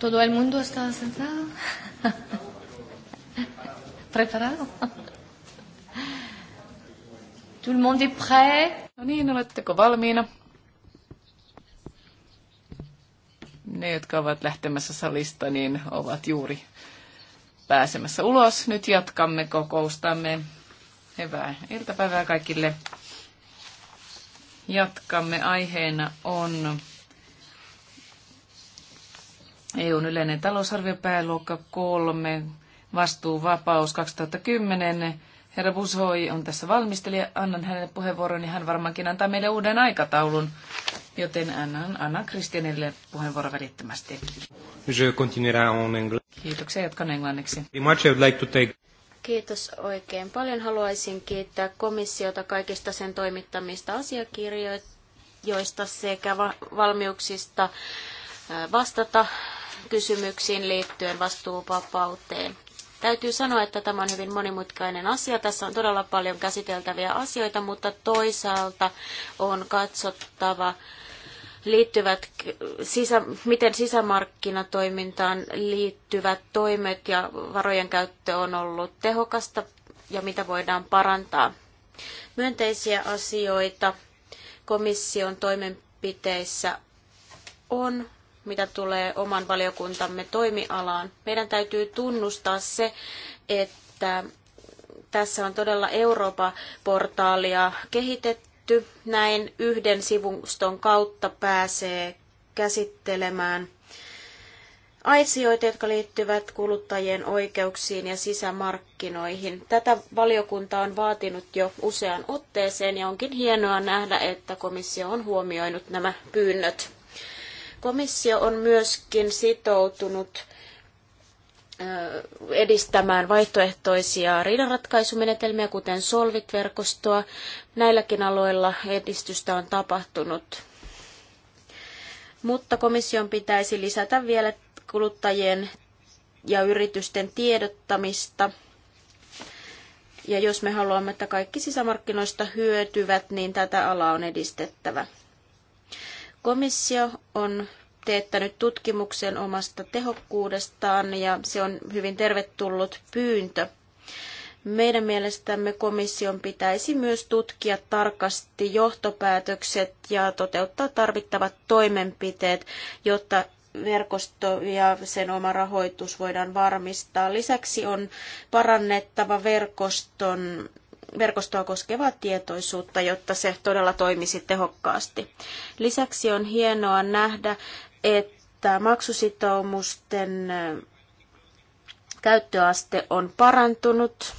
¿Todo el mundo está sentado? ¿Preparado? Todo el mundo está preparado. No niin, oletteko valmiina? Ne, jotka ovat lähtemässä salista, niin ovat juuri pääsemässä ulos. Nyt jatkamme kokoustamme. Hyvää iltapäivää kaikille. Jatkamme. Aiheena on EUn yleinen talousarviopääluokka 3, vastuuvapaus 2010. Herra Bushoi on tässä valmistelija. Annan hänelle puheenvuoron, niin hän varmaankin antaa meille uuden aikataulun. Joten annan Anna Kristianille puheenvuoron välittömästi. Kiitoksia, jatkan englanniksi. Much would like to take... Kiitos oikein paljon. Haluaisin kiittää komissiota kaikista sen toimittamista asiakirjoista sekä valmiuksista vastata kysymyksiin liittyen vastuuvapauteen. Täytyy sanoa, että tämä on hyvin monimutkainen asia. Tässä on todella paljon käsiteltäviä asioita, mutta toisaalta on katsottava, liittyvät, sisä, miten sisämarkkinatoimintaan liittyvät toimet ja varojen käyttö on ollut tehokasta ja mitä voidaan parantaa. Myönteisiä asioita komission toimenpiteissä on mitä tulee oman valiokuntamme toimialaan. Meidän täytyy tunnustaa se, että tässä on todella Eurooppa-portaalia kehitetty. Näin yhden sivuston kautta pääsee käsittelemään asioita, jotka liittyvät kuluttajien oikeuksiin ja sisämarkkinoihin. Tätä valiokunta on vaatinut jo useaan otteeseen ja onkin hienoa nähdä, että komissio on huomioinut nämä pyynnöt. Komissio on myöskin sitoutunut edistämään vaihtoehtoisia riidanratkaisumenetelmiä, kuten Solvit-verkostoa. Näilläkin aloilla edistystä on tapahtunut. Mutta komission pitäisi lisätä vielä kuluttajien ja yritysten tiedottamista. Ja jos me haluamme, että kaikki sisämarkkinoista hyötyvät, niin tätä alaa on edistettävä. Komissio on teettänyt tutkimuksen omasta tehokkuudestaan ja se on hyvin tervetullut pyyntö. Meidän mielestämme komission pitäisi myös tutkia tarkasti johtopäätökset ja toteuttaa tarvittavat toimenpiteet, jotta verkosto ja sen oma rahoitus voidaan varmistaa. Lisäksi on parannettava verkoston verkostoa koskevaa tietoisuutta, jotta se todella toimisi tehokkaasti. Lisäksi on hienoa nähdä, että maksusitoumusten käyttöaste on parantunut,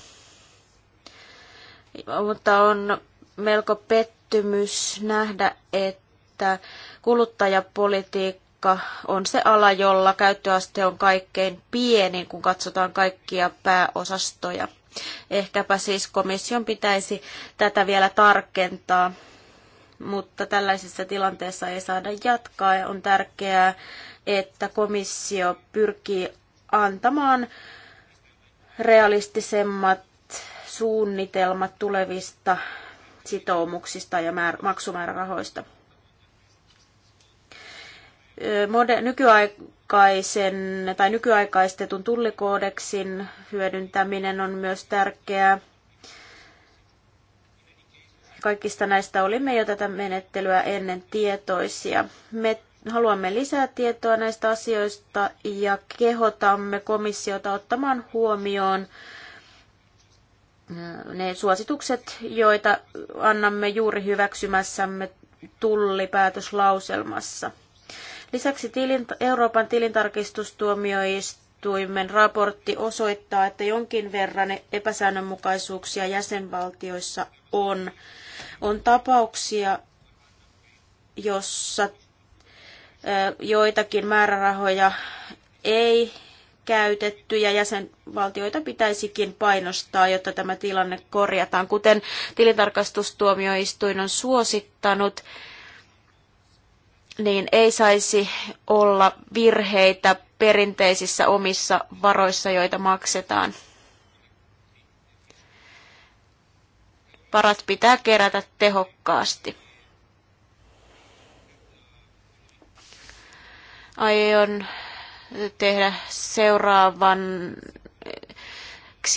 mutta on melko pettymys nähdä, että kuluttajapolitiikka on se ala, jolla käyttöaste on kaikkein pienin, kun katsotaan kaikkia pääosastoja. Ehkäpä siis komission pitäisi tätä vielä tarkentaa, mutta tällaisessa tilanteessa ei saada jatkaa ja on tärkeää, että komissio pyrkii antamaan realistisemmat suunnitelmat tulevista sitoumuksista ja määr- maksumäärärahoista nykyaikaisen tai nykyaikaistetun tullikoodeksin hyödyntäminen on myös tärkeää. Kaikista näistä olimme jo tätä menettelyä ennen tietoisia. Me haluamme lisää tietoa näistä asioista ja kehotamme komissiota ottamaan huomioon äh, ne suositukset, joita annamme juuri hyväksymässämme tullipäätöslauselmassa. Lisäksi tilin, Euroopan tilintarkistustuomioistuimen raportti osoittaa, että jonkin verran epäsäännönmukaisuuksia jäsenvaltioissa on. On tapauksia, jossa joitakin määrärahoja ei käytetty ja jäsenvaltioita pitäisikin painostaa, jotta tämä tilanne korjataan. Kuten tilintarkastustuomioistuin on suosittanut, niin ei saisi olla virheitä perinteisissä omissa varoissa, joita maksetaan. Varat pitää kerätä tehokkaasti. Aion tehdä seuraavan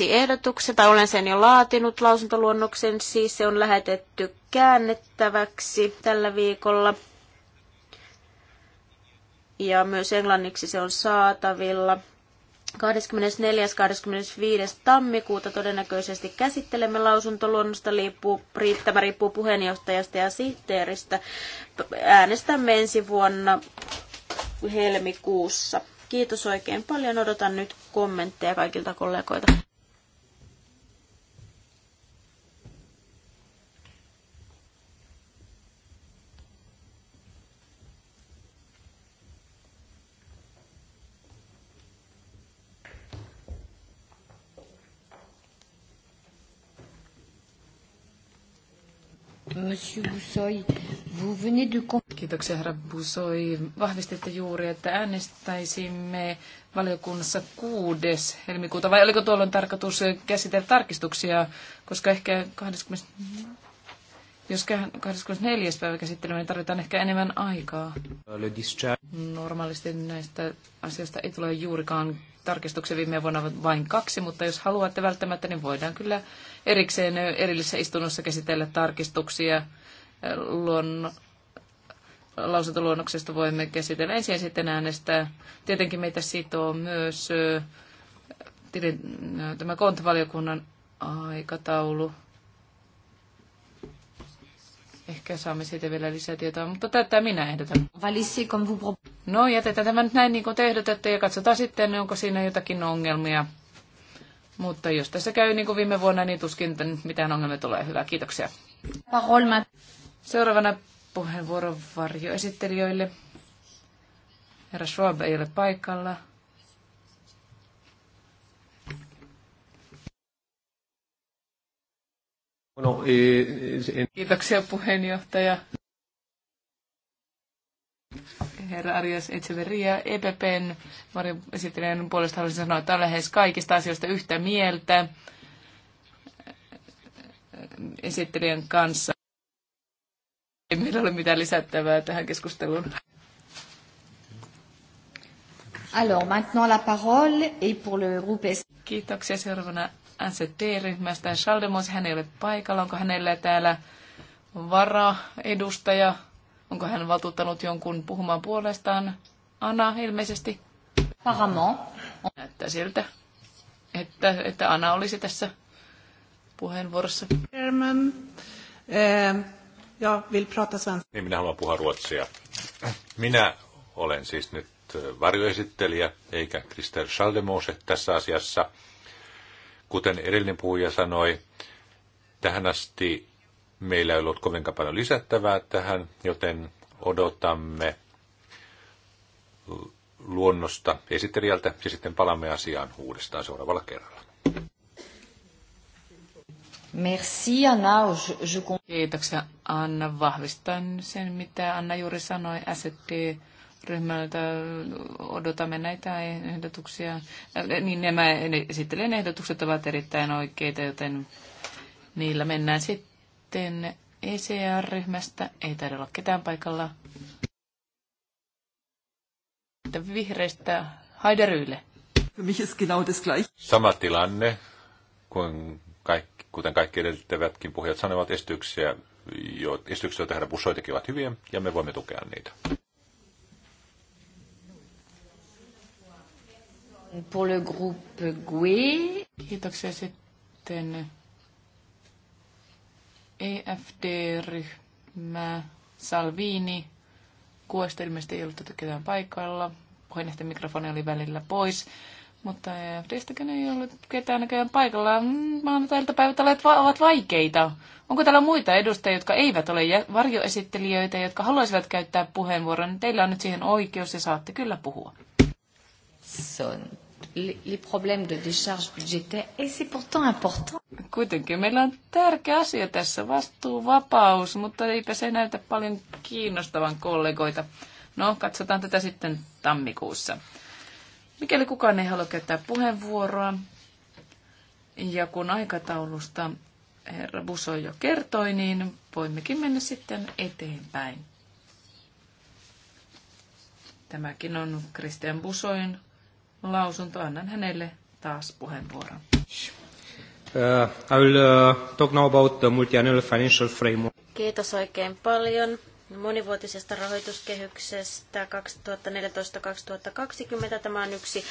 ehdotuksen, tai olen sen jo laatinut lausuntoluonnoksen, siis se on lähetetty käännettäväksi tällä viikolla ja myös englanniksi se on saatavilla. 24. 25. tammikuuta todennäköisesti käsittelemme lausuntoluonnosta, liippuu, tämä riippuu puheenjohtajasta ja sihteeristä. Äänestämme ensi vuonna helmikuussa. Kiitos oikein paljon, odotan nyt kommentteja kaikilta kollegoilta. Monsieur vous venez de... Kiitoksia, herra Busoi. Vahvistitte juuri, että äänestäisimme valiokunnassa 6. helmikuuta, vai oliko tuolloin tarkoitus käsitellä tarkistuksia, koska ehkä 20... Jos 24. päivä käsittelemme, niin tarvitaan ehkä enemmän aikaa. Normaalisti näistä asioista ei tule juurikaan tarkistuksia viime vuonna vain kaksi, mutta jos haluatte välttämättä, niin voidaan kyllä erikseen erillisessä istunnossa käsitellä tarkistuksia. Luon, lausuntoluonnoksesta voimme käsitellä ensin ja sitten äänestää. Tietenkin meitä sitoo myös tämä kontavaliokunnan aikataulu. Ehkä saamme siitä vielä lisää tietoa, mutta tätä minä ehdotan. No, jätetään tämä nyt näin niin kuin te ehdotatte ja katsotaan sitten, onko siinä jotakin ongelmia. Mutta jos tässä käy niin kuin viime vuonna, niin tuskin mitään ongelmia tulee. Hyvä, kiitoksia. Seuraavana puheenvuoron varjoesittelijöille. Herra Schwab ei ole paikalla. No, en... Kiitoksia puheenjohtaja. Herra Arias Echeverria, EPPn esittelijän puolesta haluaisin sanoa, että on lähes kaikista asioista yhtä mieltä esittelijän kanssa. Ei meillä ole mitään lisättävää tähän keskusteluun. Alors, maintenant la parole est pour le groupe Kiitoksia seuraavana ST-ryhmästä. Schaldemus, hän ei ole paikalla. Onko hänellä täällä varaedustaja? Onko hän valtuuttanut jonkun puhumaan puolestaan? Anna ilmeisesti. Paramo. Näyttää siltä, että, että Anna olisi tässä puheenvuorossa. German. Eh, ja vill prata svenska. Niin, minä haluan puhua ruotsia. Minä olen siis nyt varjoesittelijä, eikä Kristel Schaldemose tässä asiassa. Kuten edellinen puhuja sanoi, tähän asti meillä ei ollut kovin paljon lisättävää tähän, joten odotamme luonnosta esittelijältä ja sitten palamme asiaan uudestaan seuraavalla kerralla. Merci Anna. Kiitoksia Anna. Vahvistan sen, mitä Anna juuri sanoi. SD ryhmältä odotamme näitä ehdotuksia. Äh, niin nämä esittelen ehdotukset ovat erittäin oikeita, joten niillä mennään sitten ECR-ryhmästä. Ei taida olla ketään paikalla. Vihreistä Haider Sama tilanne kuin kaikki, kuten kaikki edeltävätkin puhujat sanovat, estyksiä jo, estyksiä joita herra Bussoi hyviä, ja me voimme tukea niitä. Pour le groupe GUE. Kiitoksia sitten EFD-ryhmä Salvini. Kuosta ilmeisesti ei ollut ketään paikalla. Puheenjohtajan mikrofoni oli välillä pois. Mutta EFDstäkään ei ollut ketään näköjään paikalla. Maanantai-iltapäivät ovat vaikeita. Onko täällä muita edustajia, jotka eivät ole varjoesittelijöitä, jotka haluaisivat käyttää puheenvuoron? Teillä on nyt siihen oikeus ja saatte kyllä puhua. on les problèmes de décharge budgétaire, et c'est pourtant important. Kuitenkin meillä on tärkeä asia tässä, vastuuvapaus, mutta eipä se näytä paljon kiinnostavan kollegoita. No, katsotaan tätä sitten tammikuussa. Mikäli kukaan ei halua käyttää puheenvuoroa, ja kun aikataulusta herra Buso jo kertoi, niin voimmekin mennä sitten eteenpäin. Tämäkin on Christian Busoin lausunto. Annan hänelle taas puheenvuoron. Uh, I will uh, talk now about the multi-annual financial framework. Kiitos oikein paljon monivuotisesta rahoituskehyksestä 2014-2020. Tämä on yksi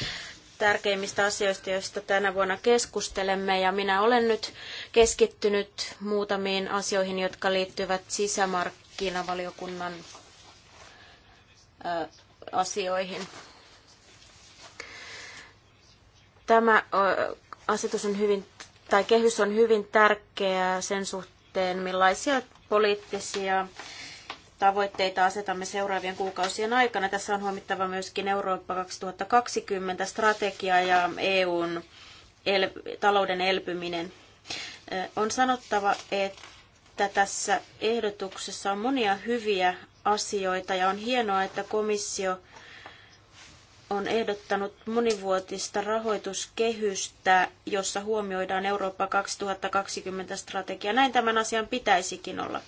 tärkeimmistä asioista, joista tänä vuonna keskustelemme. Ja minä olen nyt keskittynyt muutamiin asioihin, jotka liittyvät sisämarkkinavaliokunnan asioihin. Tämä asetus on hyvin, tai kehys on hyvin tärkeä sen suhteen, millaisia poliittisia tavoitteita asetamme seuraavien kuukausien aikana. Tässä on huomittava myöskin Eurooppa 2020 strategia ja EUn el- talouden elpyminen. On sanottava, että tässä ehdotuksessa on monia hyviä asioita ja on hienoa, että komissio on ehdottanut monivuotista rahoituskehystä, jossa huomioidaan Eurooppa 2020 strategia. Näin tämän asian pitäisikin olla.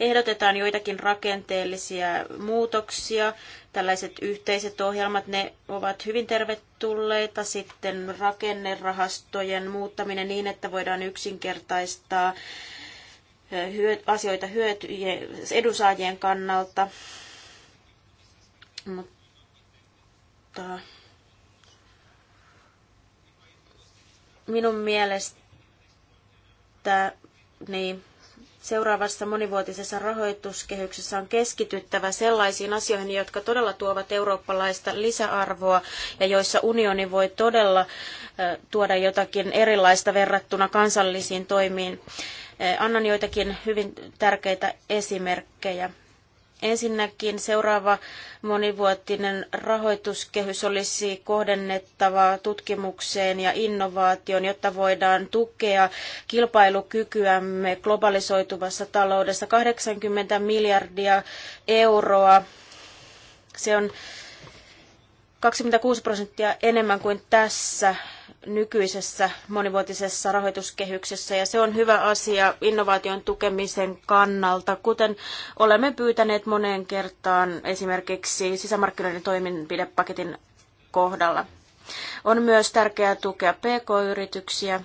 Ehdotetaan joitakin rakenteellisia muutoksia. Tällaiset yhteiset ohjelmat, ne ovat hyvin tervetulleita. Sitten rakennerahastojen muuttaminen niin, että voidaan yksinkertaistaa asioita hyötyjen, edunsaajien kannalta. Mutta muuttaa. Minun mielestä niin seuraavassa monivuotisessa rahoituskehyksessä on keskityttävä sellaisiin asioihin, jotka todella tuovat eurooppalaista lisäarvoa ja joissa unioni voi todella tuoda jotakin erilaista verrattuna kansallisiin toimiin. Annan joitakin hyvin tärkeitä esimerkkejä. Ensinnäkin seuraava monivuotinen rahoituskehys olisi kohdennettava tutkimukseen ja innovaatioon, jotta voidaan tukea kilpailukykyämme globalisoituvassa taloudessa. 80 miljardia euroa. Se on 26 prosenttia enemmän kuin tässä nykyisessä monivuotisessa rahoituskehyksessä ja se on hyvä asia innovaation tukemisen kannalta, kuten olemme pyytäneet moneen kertaan esimerkiksi sisämarkkinoiden toimenpidepaketin kohdalla. On myös tärkeää tukea pk-yrityksiä.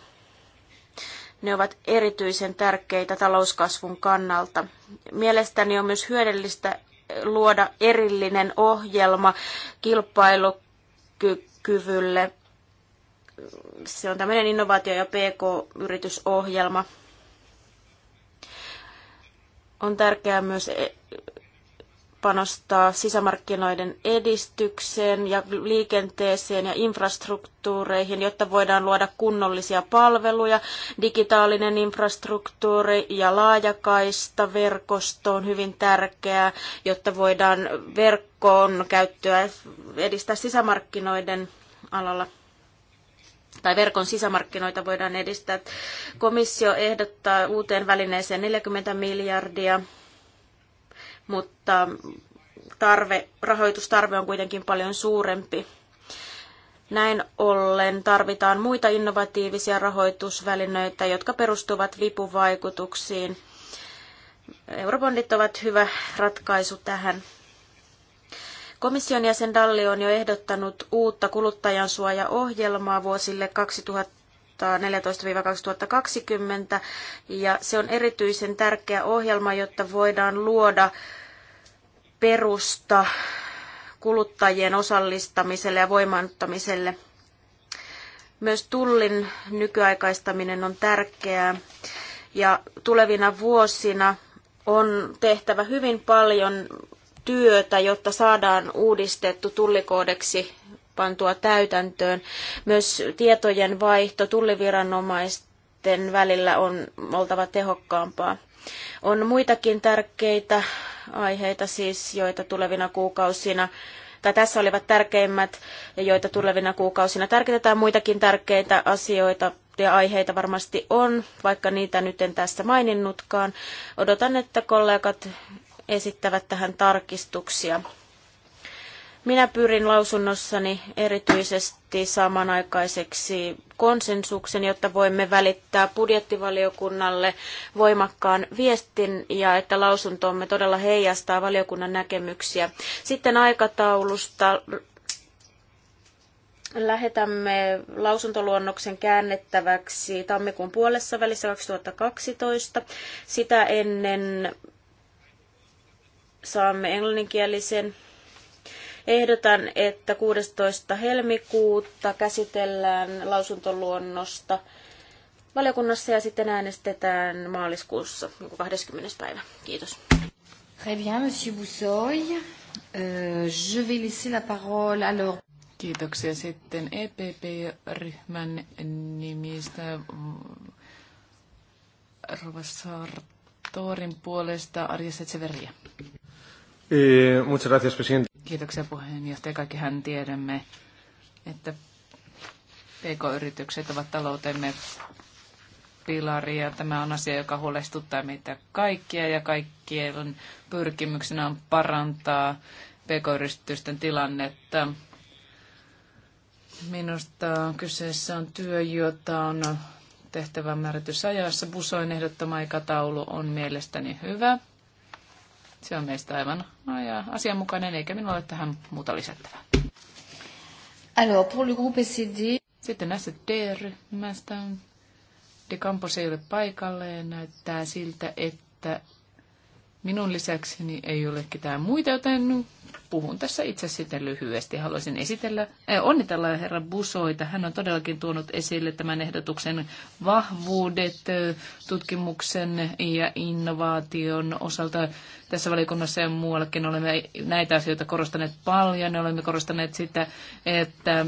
Ne ovat erityisen tärkeitä talouskasvun kannalta. Mielestäni on myös hyödyllistä, luoda erillinen ohjelma kilpailukyvylle. Se on tämmöinen innovaatio- ja pk-yritysohjelma. On tärkeää myös panostaa sisämarkkinoiden edistykseen ja liikenteeseen ja infrastruktuureihin, jotta voidaan luoda kunnollisia palveluja. Digitaalinen infrastruktuuri ja laajakaista verkosto on hyvin tärkeää, jotta voidaan verkkoon käyttöä edistää sisämarkkinoiden alalla tai verkon sisämarkkinoita voidaan edistää. Komissio ehdottaa uuteen välineeseen 40 miljardia mutta tarve, rahoitustarve on kuitenkin paljon suurempi. Näin ollen tarvitaan muita innovatiivisia rahoitusvälineitä, jotka perustuvat vipuvaikutuksiin. Eurobondit ovat hyvä ratkaisu tähän. Komission jäsen Dalli on jo ehdottanut uutta kuluttajansuojaohjelmaa vuosille 2014-2020 ja se on erityisen tärkeä ohjelma, jotta voidaan luoda perusta kuluttajien osallistamiselle ja voimannuttamiselle. Myös tullin nykyaikaistaminen on tärkeää ja tulevina vuosina on tehtävä hyvin paljon työtä, jotta saadaan uudistettu tullikoodeksi pantua täytäntöön. Myös tietojen vaihto tulliviranomaisten välillä on oltava tehokkaampaa. On muitakin tärkeitä aiheita siis, joita tulevina kuukausina tai tässä olivat tärkeimmät, joita tulevina kuukausina tarkitaan. Muitakin tärkeitä asioita ja aiheita varmasti on, vaikka niitä nyt en tässä maininnutkaan. Odotan, että kollegat esittävät tähän tarkistuksia. Minä pyrin lausunnossani erityisesti samanaikaiseksi konsensuksen, jotta voimme välittää budjettivaliokunnalle voimakkaan viestin ja että lausuntomme todella heijastaa valiokunnan näkemyksiä. Sitten aikataulusta lähetämme lausuntoluonnoksen käännettäväksi tammikuun puolessa välissä 2012. Sitä ennen saamme englanninkielisen Ehdotan, että 16. helmikuuta käsitellään lausuntoluonnosta valiokunnassa ja sitten äänestetään maaliskuussa, joku niin 20. päivä. Kiitos. Très bien, monsieur Boussoy. Euh, je vais laisser la parole alors. Kiitoksia sitten EPP-ryhmän nimistä Rova Sartorin puolesta Arja Setseveria. Eh, muchas gracias, Kiitoksia puheenjohtaja. Kaikkihan tiedämme, että PK-yritykset ovat taloutemme pilari ja tämä on asia, joka huolestuttaa meitä kaikkia ja kaikkien pyrkimyksenä on parantaa pk-yritysten tilannetta. Minusta kyseessä on työ, jota on tehtävän määrätyssä ajassa. Busoin ehdottama aikataulu on mielestäni hyvä. Se on meistä aivan asianmukainen, eikä minulla ole tähän muuta lisättävää. Alors, pour le groupe SD... Sitten SD-ryhmästä. De Campos ei ole paikalleen. Näyttää siltä, että Minun lisäkseni ei ole ketään muita, joten puhun tässä itse sitten lyhyesti. Haluaisin esitellä, eh, onnitella herra Busoita. Hän on todellakin tuonut esille tämän ehdotuksen vahvuudet äh, tutkimuksen ja innovaation osalta. Tässä valikunnassa ja muuallakin olemme näitä asioita korostaneet paljon. Olemme korostaneet sitä, että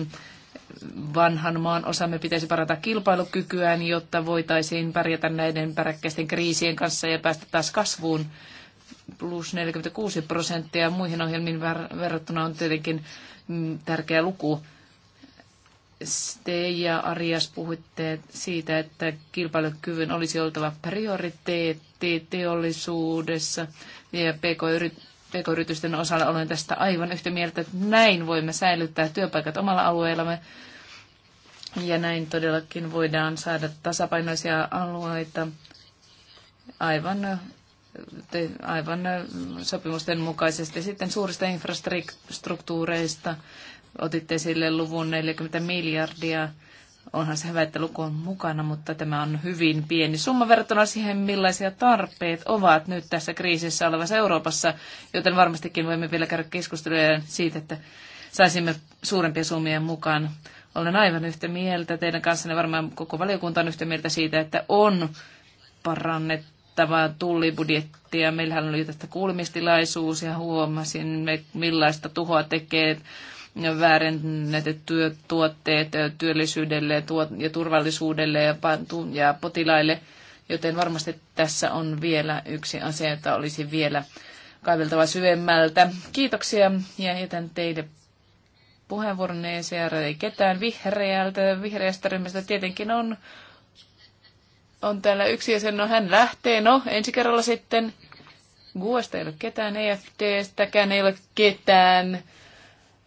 vanhan maan osamme pitäisi parata kilpailukykyään, jotta voitaisiin pärjätä näiden päräkkäisten kriisien kanssa ja päästä taas kasvuun plus 46 prosenttia. Muihin ohjelmiin verrattuna on tietenkin mm, tärkeä luku. Te ja Arias puhuitte siitä, että kilpailukyvyn olisi oltava prioriteetti teollisuudessa ja pk pk-yritysten osalla olen tästä aivan yhtä mieltä, että näin voimme säilyttää työpaikat omalla alueellamme. Ja näin todellakin voidaan saada tasapainoisia alueita aivan aivan sopimusten mukaisesti. Sitten suurista infrastruktuureista otitte sille luvun 40 miljardia. Onhan se hyvä, että luku on mukana, mutta tämä on hyvin pieni summa verrattuna siihen, millaisia tarpeet ovat nyt tässä kriisissä olevassa Euroopassa, joten varmastikin voimme vielä käydä keskusteluja siitä, että saisimme suurempia summia mukaan. Olen aivan yhtä mieltä teidän kanssanne, varmaan koko valiokunta on yhtä mieltä siitä, että on parannettu kattavaa tullibudjettia. Meillähän oli tästä kuulemistilaisuus ja huomasin, millaista tuhoa tekee väärennetettyä tuotteet työllisyydelle ja turvallisuudelle ja potilaille. Joten varmasti tässä on vielä yksi asia, jota olisi vielä kaiveltava syvemmältä. Kiitoksia ja jätän teille puheenvuoron ECR ei ketään vihreältä. Vihreästä ryhmästä tietenkin on on täällä yksi jäsen, no hän lähtee, no ensi kerralla sitten. Guesta ei ole ketään, EFDstäkään ei ole ketään,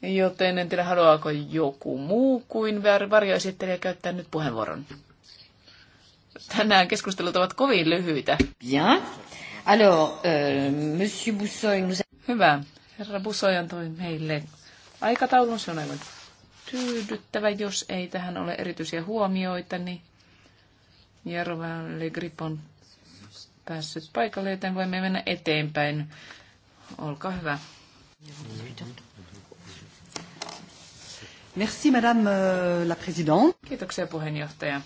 joten en tiedä haluaako joku muu kuin varjoesittelijä käyttää nyt puheenvuoron. Tänään keskustelut ovat kovin lyhyitä. Bien. Alors, euh, monsieur Boussoy nous... Hyvä. Herra Bussoy antoi meille aikataulun. Se on aivan tyydyttävä, jos ei tähän ole erityisiä huomioita, niin Jarova Grip on päässyt paikalle, joten voimme mennä eteenpäin. Olkaa hyvä. Merci, madame euh, la présidente. Kiitoksia puheenjohtaja.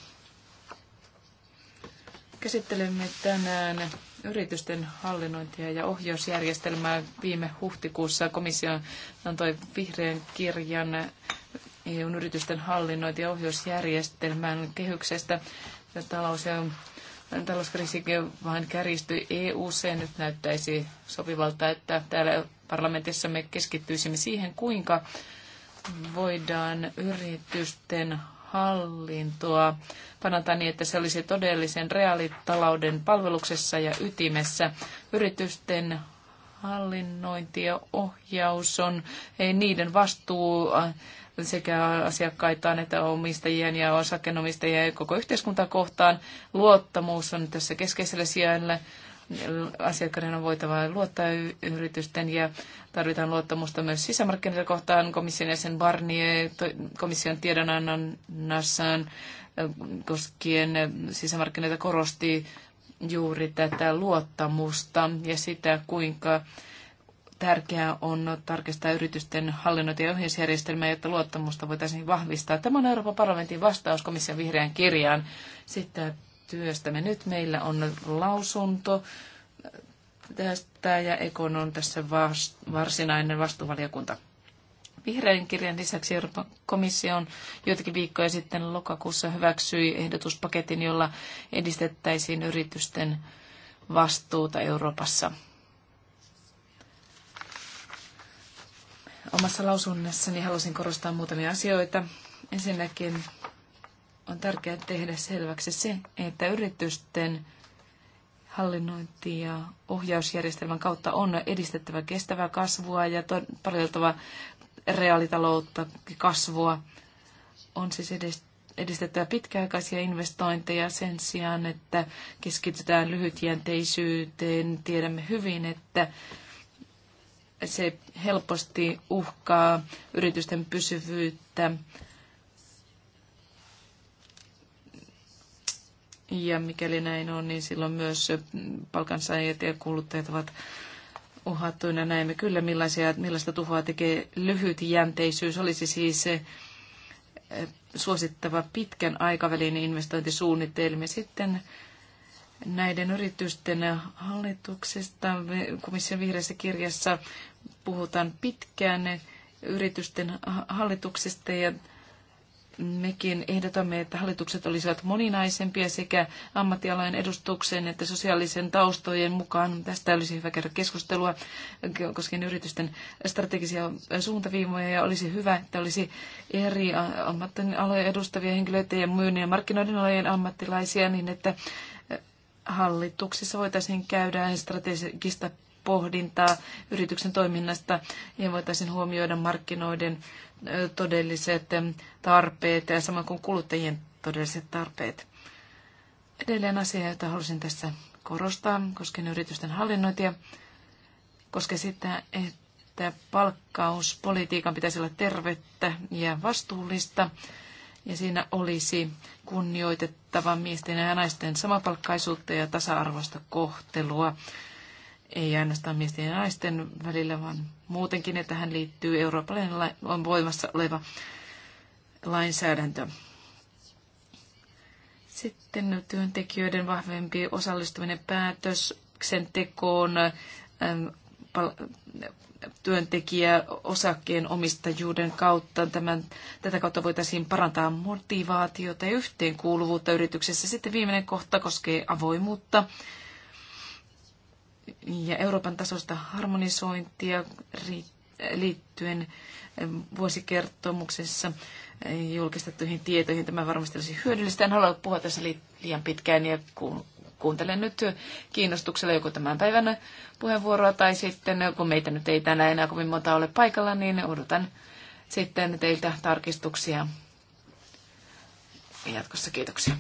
Käsittelemme tänään yritysten hallinnointia ja ohjausjärjestelmää. Viime huhtikuussa komissio antoi vihreän kirjan eu yritysten hallinnointi- ja ohjausjärjestelmän kehyksestä ja talous ja talouskriisikin vain kärjistyi EU-se. Nyt näyttäisi sopivalta, että täällä parlamentissa me keskittyisimme siihen, kuinka voidaan yritysten hallintoa panata niin, että se olisi todellisen reaalitalouden palveluksessa ja ytimessä. Yritysten hallinnointi ja ohjaus on ei niiden vastuu sekä asiakkaitaan että omistajien ja osakkeenomistajien ja koko yhteiskuntaa kohtaan. Luottamus on tässä keskeisellä sijainnilla. Asiakkaiden on voitava luottaa yritysten ja tarvitaan luottamusta myös sisämarkkinoita kohtaan. Komission jäsen Barnier komission tiedonannassaan äh, koskien äh, sisämarkkinoita korosti juuri tätä luottamusta ja sitä, kuinka tärkeää on tarkistaa yritysten hallinnot ja ohjausjärjestelmää, jotta luottamusta voitaisiin vahvistaa. Tämä on Euroopan parlamentin vastaus komission vihreään kirjaan. Sitten työstämme nyt. Meillä on lausunto tästä ja Ekon on tässä varsinainen vastuuvaliokunta. Vihreän kirjan lisäksi Euroopan komissio on joitakin viikkoja sitten lokakuussa hyväksyi ehdotuspaketin, jolla edistettäisiin yritysten vastuuta Euroopassa. Omassa lausunnassani halusin korostaa muutamia asioita. Ensinnäkin on tärkeää tehdä selväksi se, että yritysten hallinnointi- ja ohjausjärjestelmän kautta on edistettävä kestävää kasvua ja paljoltava reaalitaloutta, kasvua. On siis edistettävä pitkäaikaisia investointeja sen sijaan, että keskitytään lyhytjänteisyyteen. Tiedämme hyvin, että se helposti uhkaa yritysten pysyvyyttä. Ja mikäli näin on, niin silloin myös palkansaajat ja kuluttajat ovat uhattuina. Näemme kyllä, millaisia, millaista tuhoa tekee lyhyt jänteisyys. Olisi siis se eh, suosittava pitkän aikavälin investointisuunnitelmi Sitten näiden yritysten hallituksesta. Komission vihreässä kirjassa puhutaan pitkään yritysten hallituksesta ja mekin ehdotamme, että hallitukset olisivat moninaisempia sekä ammattialojen edustuksen että sosiaalisen taustojen mukaan. Tästä olisi hyvä käydä keskustelua koskien yritysten strategisia suuntaviimoja ja olisi hyvä, että olisi eri ammattialojen edustavia henkilöitä ja myynnin ja markkinoiden alojen ammattilaisia niin, että hallituksissa voitaisiin käydä strategista pohdintaa yrityksen toiminnasta ja voitaisiin huomioida markkinoiden todelliset tarpeet ja samoin kuin kuluttajien todelliset tarpeet. Edelleen asia, jota halusin tässä korostaa, koskien yritysten hallinnointia, koskee sitä, että palkkauspolitiikan pitäisi olla tervettä ja vastuullista ja siinä olisi kunnioitettava miesten ja naisten samapalkkaisuutta ja tasa-arvoista kohtelua. Ei ainoastaan miesten ja naisten välillä, vaan muutenkin, että tähän liittyy eurooppalainen on voimassa oleva lainsäädäntö. Sitten työntekijöiden vahvempi osallistuminen päätöksentekoon työntekijä osakkeen omistajuuden kautta. Tämän, tätä kautta voitaisiin parantaa motivaatiota ja yhteenkuuluvuutta yrityksessä. Sitten viimeinen kohta koskee avoimuutta ja Euroopan tasosta harmonisointia liittyen eh, vuosikertomuksessa eh, julkistettuihin tietoihin. Tämä varmasti olisi hyödyllistä. En halua puhua tässä liian pitkään ja kuuntelen nyt kiinnostuksella joko tämän päivän puheenvuoroa tai sitten, kun meitä nyt ei tänään enää kovin monta ole paikalla, niin odotan sitten teiltä tarkistuksia jatkossa. Kiitoksia.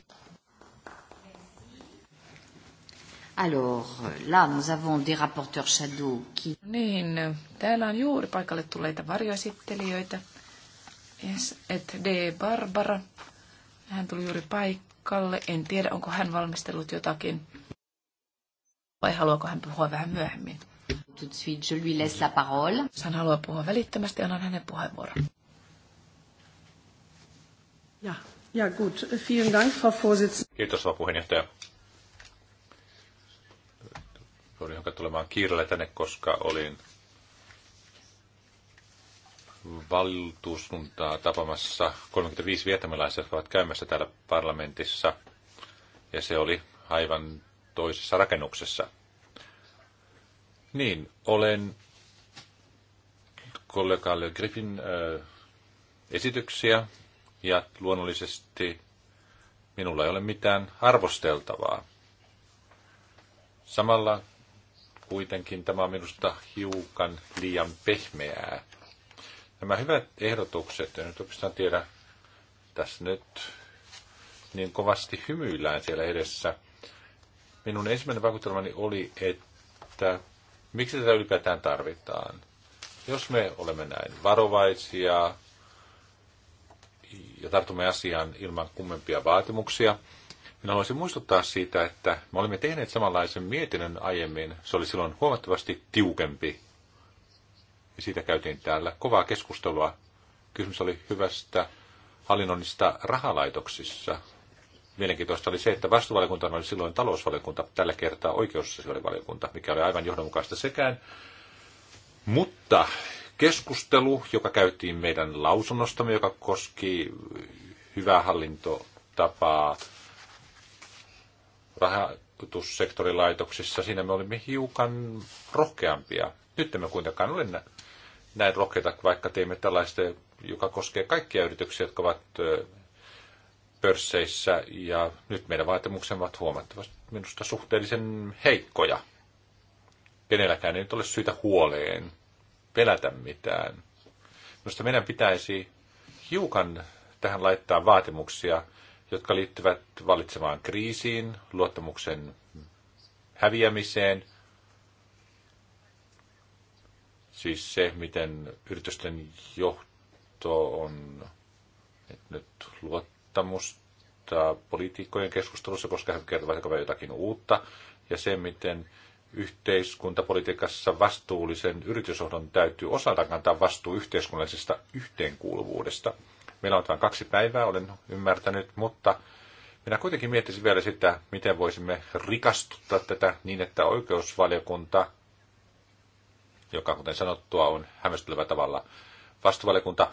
Alors, là, nous avons des rapporteurs shadow qui... No niin, täällä on juuri paikalle tulleita varjoesittelijöitä. Yes, et de Barbara, hän tuli juuri paikalle. Kalle, En tiedä, onko hän valmistellut jotakin vai haluaako hän puhua vähän myöhemmin. Tout de suite, je lui laisse la parole. Jos hän haluaa puhua välittömästi, annan hänen puheenvuoron. Ja, ja gut. Vielen Dank, Frau Vorsitzende. Kiitos, Frau puheenjohtaja. Joudun tulemaan kiireellä tänne, koska olin valtuuskuntaa tapaamassa 35 vietnamilaisia, jotka ovat käymässä täällä parlamentissa. Ja se oli aivan toisessa rakennuksessa. Niin, olen kollegalle Griffin äh, esityksiä ja luonnollisesti minulla ei ole mitään arvosteltavaa. Samalla kuitenkin tämä on minusta hiukan liian pehmeää Nämä hyvät ehdotukset, en nyt oikeastaan tiedä, tässä nyt niin kovasti hymyillään siellä edessä. Minun ensimmäinen vaikutelmani oli, että miksi tätä ylipäätään tarvitaan. Jos me olemme näin varovaisia ja tartumme asiaan ilman kummempia vaatimuksia, minä niin haluaisin muistuttaa siitä, että me olimme tehneet samanlaisen mietinnön aiemmin. Se oli silloin huomattavasti tiukempi ja siitä käytiin täällä kovaa keskustelua. Kysymys oli hyvästä hallinnonnista rahalaitoksissa. Mielenkiintoista oli se, että vastuvaliokunta oli silloin talousvaliokunta, tällä kertaa oikeusasioiden mikä oli aivan johdonmukaista sekään. Mutta keskustelu, joka käytiin meidän lausunnostamme, joka koski hyvää hallintotapaa rahoitussektorilaitoksissa, siinä me olimme hiukan rohkeampia. Nyt emme kuitenkaan ole näin rohkeita, vaikka teemme tällaista, joka koskee kaikkia yrityksiä, jotka ovat pörsseissä, ja nyt meidän vaatimuksemme ovat huomattavasti minusta suhteellisen heikkoja. Kenelläkään ei nyt ole syytä huoleen, pelätä mitään. Minusta meidän pitäisi hiukan tähän laittaa vaatimuksia, jotka liittyvät valitsemaan kriisiin, luottamuksen häviämiseen – Siis se, miten yritysten johto on nyt luottamusta poliitikkojen keskustelussa, koska he kertovat aika jotakin uutta, ja se, miten yhteiskuntapolitiikassa vastuullisen yritysohdon täytyy osata kantaa vastuu yhteiskunnallisesta yhteenkuuluvuudesta. Meillä on vain kaksi päivää, olen ymmärtänyt, mutta minä kuitenkin miettisin vielä sitä, miten voisimme rikastuttaa tätä niin, että oikeusvaliokunta joka, kuten sanottua, on hämmästyttävä tavalla vastuvalikunta.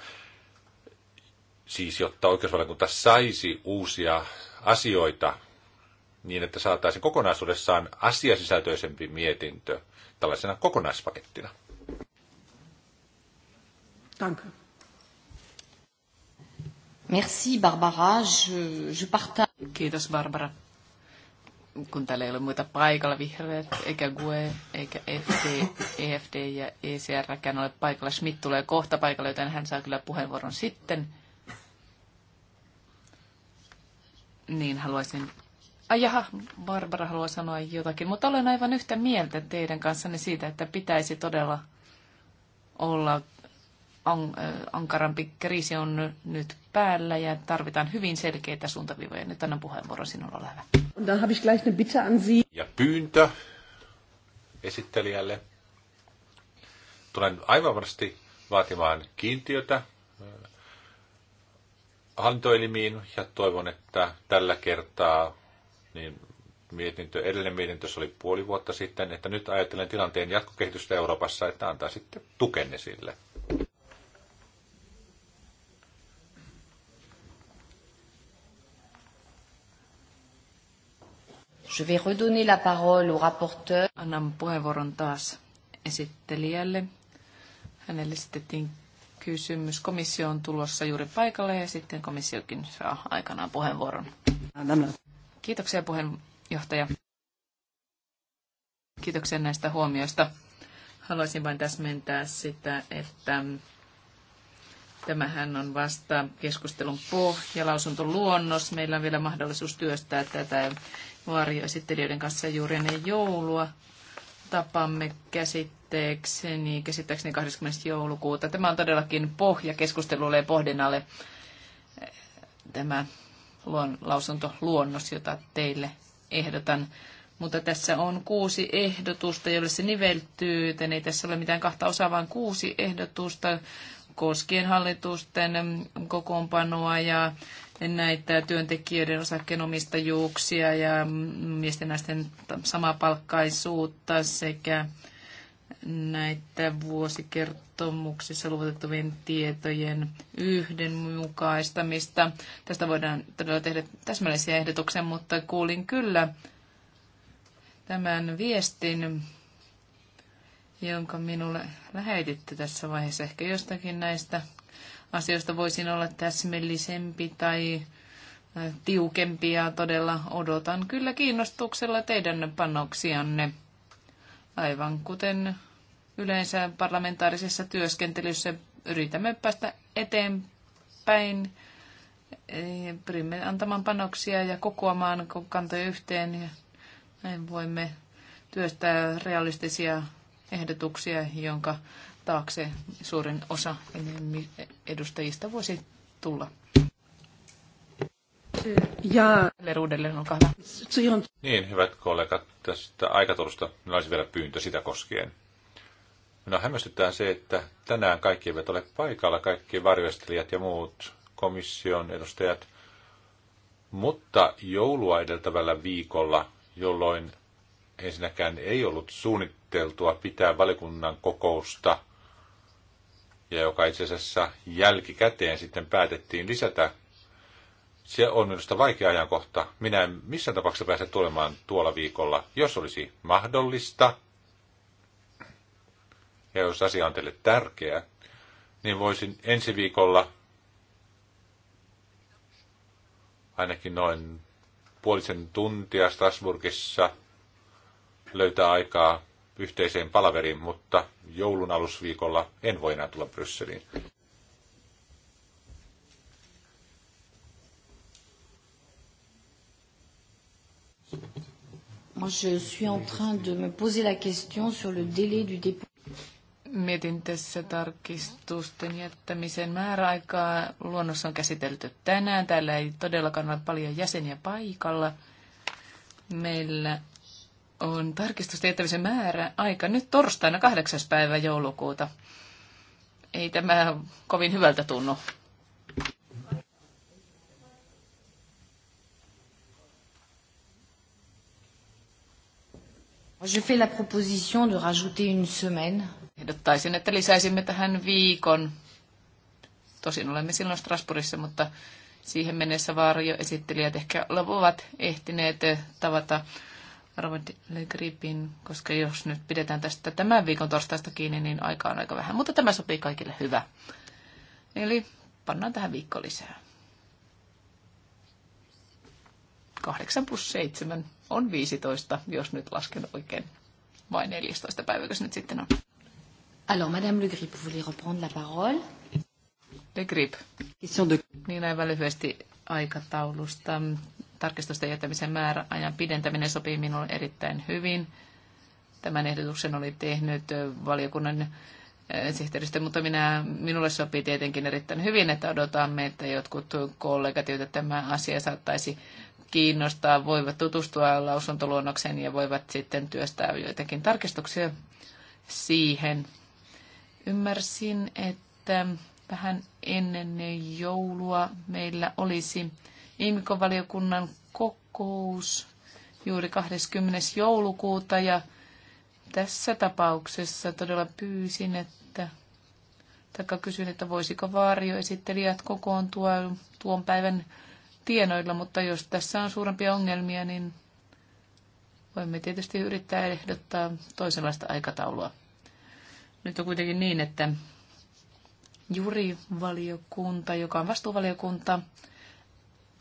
siis jotta oikeusvaliokunta saisi uusia asioita niin, että saataisiin kokonaisuudessaan asiasisältöisempi mietintö tällaisena kokonaispakettina. Danke. Merci Barbara, je, je Kiitos Barbara kun täällä ei ole muita paikalla, vihreät, eikä GUE, eikä FD, EFD ja ECRkään ole paikalla. Schmidt tulee kohta paikalle, joten hän saa kyllä puheenvuoron sitten. Niin, haluaisin... Ai jaha, Barbara haluaa sanoa jotakin, mutta olen aivan yhtä mieltä teidän kanssanne siitä, että pitäisi todella olla ankarampi kriisi on nyt päällä ja tarvitaan hyvin selkeitä suuntaviivoja. Nyt annan puheenvuoron sinulle, ole hyvä. Ja pyyntö esittelijälle. Tulen aivan varmasti vaatimaan kiintiötä hallintoelimiin ja toivon, että tällä kertaa niin mietintö, edellinen mietintö se oli puoli vuotta sitten, että nyt ajattelen tilanteen jatkokehitystä Euroopassa, että antaa sitten tukenne sille. Je vais redonner la parole au rapporteur. Annan puheenvuoron taas esittelijälle. Hänelle esitettiin kysymys. Komissio on tulossa juuri paikalle ja sitten komissiokin saa aikanaan puheenvuoron. Kiitoksia puheenjohtaja. Kiitoksia näistä huomioista. Haluaisin vain täsmentää sitä, että tämähän on vasta keskustelun pohja, lausuntoluonnos. Meillä on vielä mahdollisuus työstää tätä varjoesittelijöiden kanssa juuri ennen joulua. Tapamme käsitteekseni, käsittääkseni 20. joulukuuta. Tämä on todellakin pohja keskustelulle ja pohdinnalle tämä luon, lausuntoluonnos, jota teille ehdotan. Mutta tässä on kuusi ehdotusta, joille se niveltyy, joten ei tässä ole mitään kahta osaa, vaan kuusi ehdotusta koskien hallitusten kokoonpanoa ja näitä työntekijöiden osakkeenomistajuuksia ja miesten naisten samapalkkaisuutta sekä näitä vuosikertomuksissa luvutettavien tietojen yhdenmukaistamista. Tästä voidaan todella tehdä täsmällisiä ehdotuksia, mutta kuulin kyllä tämän viestin, jonka minulle lähetitte tässä vaiheessa. Ehkä jostakin näistä asioista voisin olla täsmällisempi tai tiukempi ja todella odotan kyllä kiinnostuksella teidän panoksianne. Aivan kuten yleensä parlamentaarisessa työskentelyssä yritämme päästä eteenpäin, e, pyrimme antamaan panoksia ja kokoamaan kantoja yhteen ja näin voimme työstää realistisia ehdotuksia, jonka taakse suurin osa edustajista voisi tulla. Ja... Uudelleen, olkaa hyvä. Niin, hyvät kollegat, tästä aikataulusta minulla olisi vielä pyyntö sitä koskien. Minä hämmästytään se, että tänään kaikki eivät ole paikalla, kaikki varjostelijat ja muut komission edustajat. Mutta joulua edeltävällä viikolla, jolloin ensinnäkään ei ollut suunniteltua pitää valikunnan kokousta – ja joka itse asiassa jälkikäteen sitten päätettiin lisätä. Se on minusta vaikea ajankohta. Minä en missään tapauksessa pääse tulemaan tuolla viikolla, jos olisi mahdollista. Ja jos asia on teille tärkeä, niin voisin ensi viikolla ainakin noin puolisen tuntia Strasburgissa löytää aikaa yhteiseen palaveriin, mutta joulun alusviikolla en voi enää tulla Brysseliin. Je suis en train de me poser la question sur le délai du dépôt. Mietin tässä tarkistusten jättämisen määräaikaa. Luonnos on käsitelty tänään. Täällä ei todellakaan ole paljon jäseniä paikalla. Meillä on tarkistustehtävisen määrä aika nyt torstaina 8. päivä joulukuuta. Ei tämä kovin hyvältä tunnu. Je fais la proposition de rajouter une semaine. Ehdottaisin, että lisäisimme tähän viikon. Tosin olemme silloin Strasbourgissa, mutta siihen mennessä vaarjo esittelijät ehkä ovat ehtineet tavata Robert Le Grippin, koska jos nyt pidetään tästä tämän viikon torstaista kiinni, niin aika on aika vähän. Mutta tämä sopii kaikille hyvä. Eli pannaan tähän viikko lisää. 8 plus 7 on 15, jos nyt lasken oikein. Vai 14 päiväkös nyt sitten on. Alors, Madame Le Grip, vous voulez reprendre la parole? Le Grip. Question de... Niin aivan lyhyesti aikataulusta tarkistusten jättämisen määräajan pidentäminen sopii minulle erittäin hyvin. Tämän ehdotuksen oli tehnyt valiokunnan sihteeristö, mutta minä, minulle sopii tietenkin erittäin hyvin, että odotamme, että jotkut kollegat, joita tämä asia saattaisi kiinnostaa, voivat tutustua lausuntoluonnokseen ja voivat sitten työstää joitakin tarkistuksia siihen. Ymmärsin, että vähän ennen joulua meillä olisi Imikovaliokunnan kokous juuri 20. joulukuuta ja tässä tapauksessa todella pyysin, että taikka kysyin, että voisiko varjoesittelijät kokoontua tuon päivän tienoilla, mutta jos tässä on suurempia ongelmia, niin voimme tietysti yrittää ehdottaa toisenlaista aikataulua. Nyt on kuitenkin niin, että juurivaliokunta, joka on vastuuvaliokunta,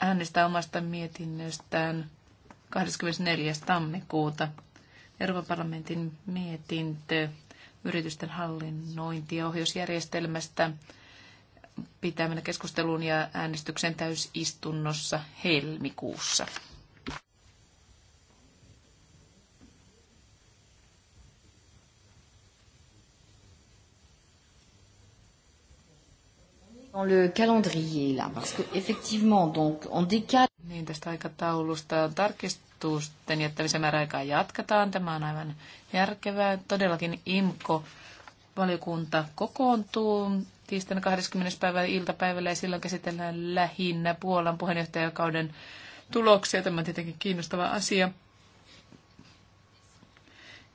äänestää omasta mietinnöstään 24. tammikuuta. Euroopan parlamentin mietintö yritysten hallinnointi- ja ohjausjärjestelmästä pitää mennä keskusteluun ja äänestyksen täysistunnossa helmikuussa. Dans le calendrier, là, parce que effectivement, donc, on décale... Niin, tästä aikataulusta tarkistusten jättämisen määräaikaa jatketaan. Tämä on aivan järkevää. Todellakin IMKO valiokunta kokoontuu tiistaina 20. päivä iltapäivällä ja silloin käsitellään lähinnä Puolan puheenjohtajakauden tuloksia. Tämä on tietenkin kiinnostava asia.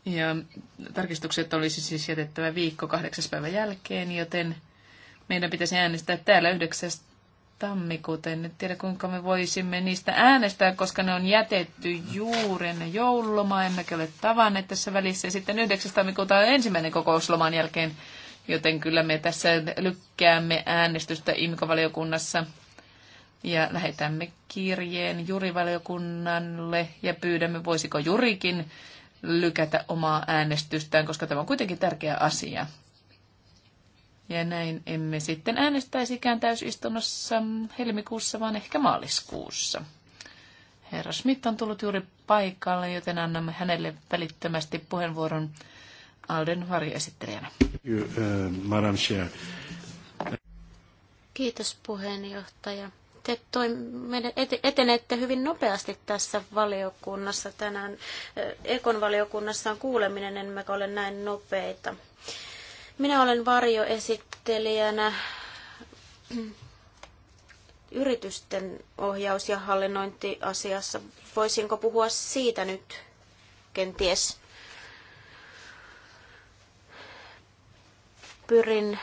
Ja tarkistukset olisi siis jätettävä viikko kahdeksas päivän jälkeen, joten meidän pitäisi äänestää täällä 9. tammikuuta. En tiedä, kuinka me voisimme niistä äänestää, koska ne on jätetty juuri ennen joululomaa, emmekä ole tavanneet tässä välissä. Ja sitten 9. tammikuuta on ensimmäinen kokousloman jälkeen, joten kyllä me tässä lykkäämme äänestystä imkovaliokunnassa ja lähetämme kirjeen jurivaliokunnalle ja pyydämme, voisiko jurikin lykätä omaa äänestystään, koska tämä on kuitenkin tärkeä asia. Ja näin emme sitten äänestäisikään täysistunnossa helmikuussa, vaan ehkä maaliskuussa. Herra Schmidt on tullut juuri paikalle, joten annamme hänelle välittömästi puheenvuoron Alden varjoesittelijänä. Uh, Kiitos puheenjohtaja. Te toi, etenette hyvin nopeasti tässä valiokunnassa tänään. Ekon valiokunnassa on kuuleminen, emmekä ole näin nopeita. Minä olen varjoesittelijänä yritysten ohjaus- ja hallinnointiasiassa. Voisinko puhua siitä nyt kenties? Pyrin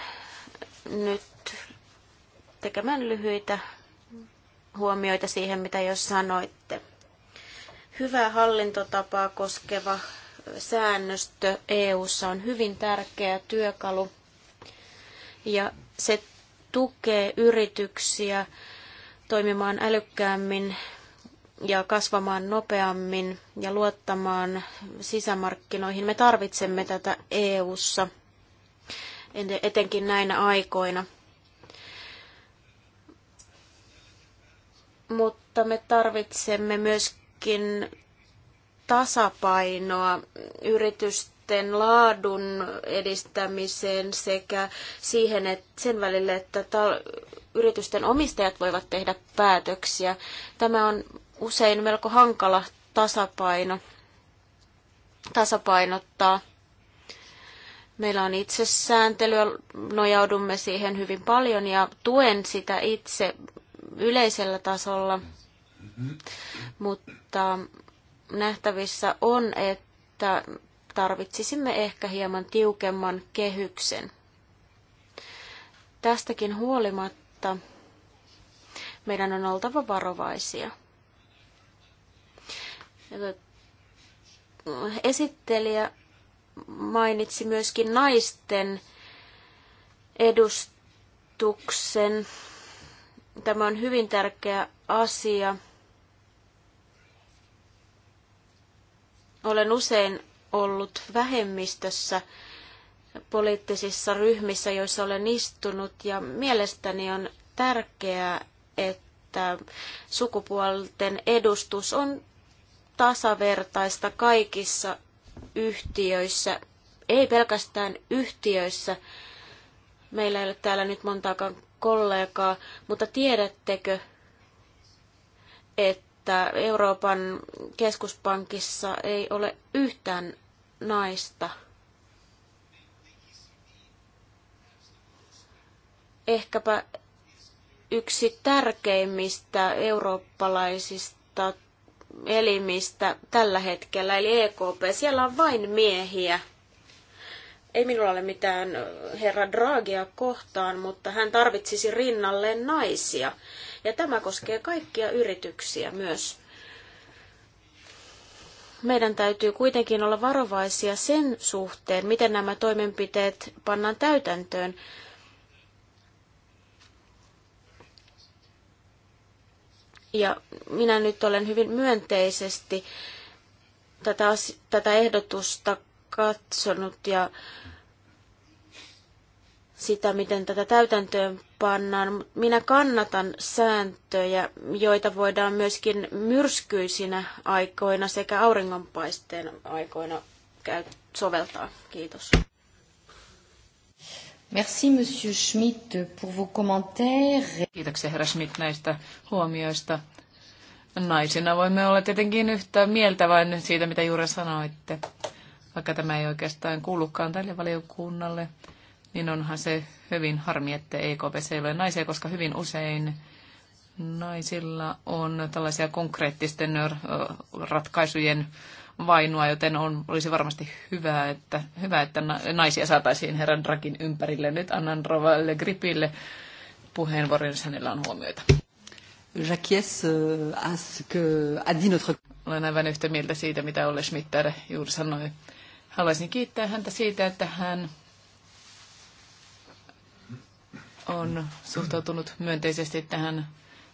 nyt tekemään lyhyitä huomioita siihen, mitä jo sanoitte. Hyvää hallintotapaa koskeva säännöstö EU:ssa on hyvin tärkeä työkalu ja se tukee yrityksiä toimimaan älykkäämmin ja kasvamaan nopeammin ja luottamaan sisämarkkinoihin. Me tarvitsemme tätä EU:ssa etenkin näinä aikoina. Mutta me tarvitsemme myöskin tasapainoa yritysten laadun edistämiseen sekä siihen, että sen välille, että yritysten omistajat voivat tehdä päätöksiä. Tämä on usein melko hankala tasapaino, tasapainottaa. Meillä on sääntelyä, nojaudumme siihen hyvin paljon ja tuen sitä itse yleisellä tasolla, mutta nähtävissä on, että tarvitsisimme ehkä hieman tiukemman kehyksen. Tästäkin huolimatta meidän on oltava varovaisia. Esittelijä mainitsi myöskin naisten edustuksen. Tämä on hyvin tärkeä asia. Olen usein ollut vähemmistössä poliittisissa ryhmissä, joissa olen istunut, ja mielestäni on tärkeää, että sukupuolten edustus on tasavertaista kaikissa yhtiöissä, ei pelkästään yhtiöissä. Meillä ei ole täällä nyt montaakaan kollegaa, mutta tiedättekö, että että Euroopan keskuspankissa ei ole yhtään naista. Ehkäpä yksi tärkeimmistä eurooppalaisista elimistä tällä hetkellä, eli EKP. Siellä on vain miehiä. Ei minulla ole mitään herra Draghia kohtaan, mutta hän tarvitsisi rinnalleen naisia. Ja tämä koskee kaikkia yrityksiä myös. Meidän täytyy kuitenkin olla varovaisia sen suhteen, miten nämä toimenpiteet pannaan täytäntöön. Ja minä nyt olen hyvin myönteisesti tätä, tätä ehdotusta katsonut ja sitä, miten tätä täytäntöön pannaan. Minä kannatan sääntöjä, joita voidaan myöskin myrskyisinä aikoina sekä auringonpaisteen aikoina soveltaa. Kiitos. Merci, Monsieur Schmidt, pour vos commentaires. Kiitoksia, herra Schmidt, näistä huomioista. Naisina voimme olla tietenkin yhtä mieltä vain siitä, mitä juuri sanoitte, vaikka tämä ei oikeastaan kuulukaan tälle valiokunnalle niin onhan se hyvin harmi, että EKP ei ole naisia, koska hyvin usein naisilla on tällaisia konkreettisten ratkaisujen vainua, joten on, olisi varmasti hyvä, että, hyvä, että naisia saataisiin herran Drakin ympärille. Nyt annan Rovalle Gripille puheenvuoron, jos hänellä on huomioita. Euh, Olen aivan yhtä mieltä siitä, mitä Olle Schmitter juuri sanoi. Haluaisin kiittää häntä siitä, että hän on suhtautunut myönteisesti tähän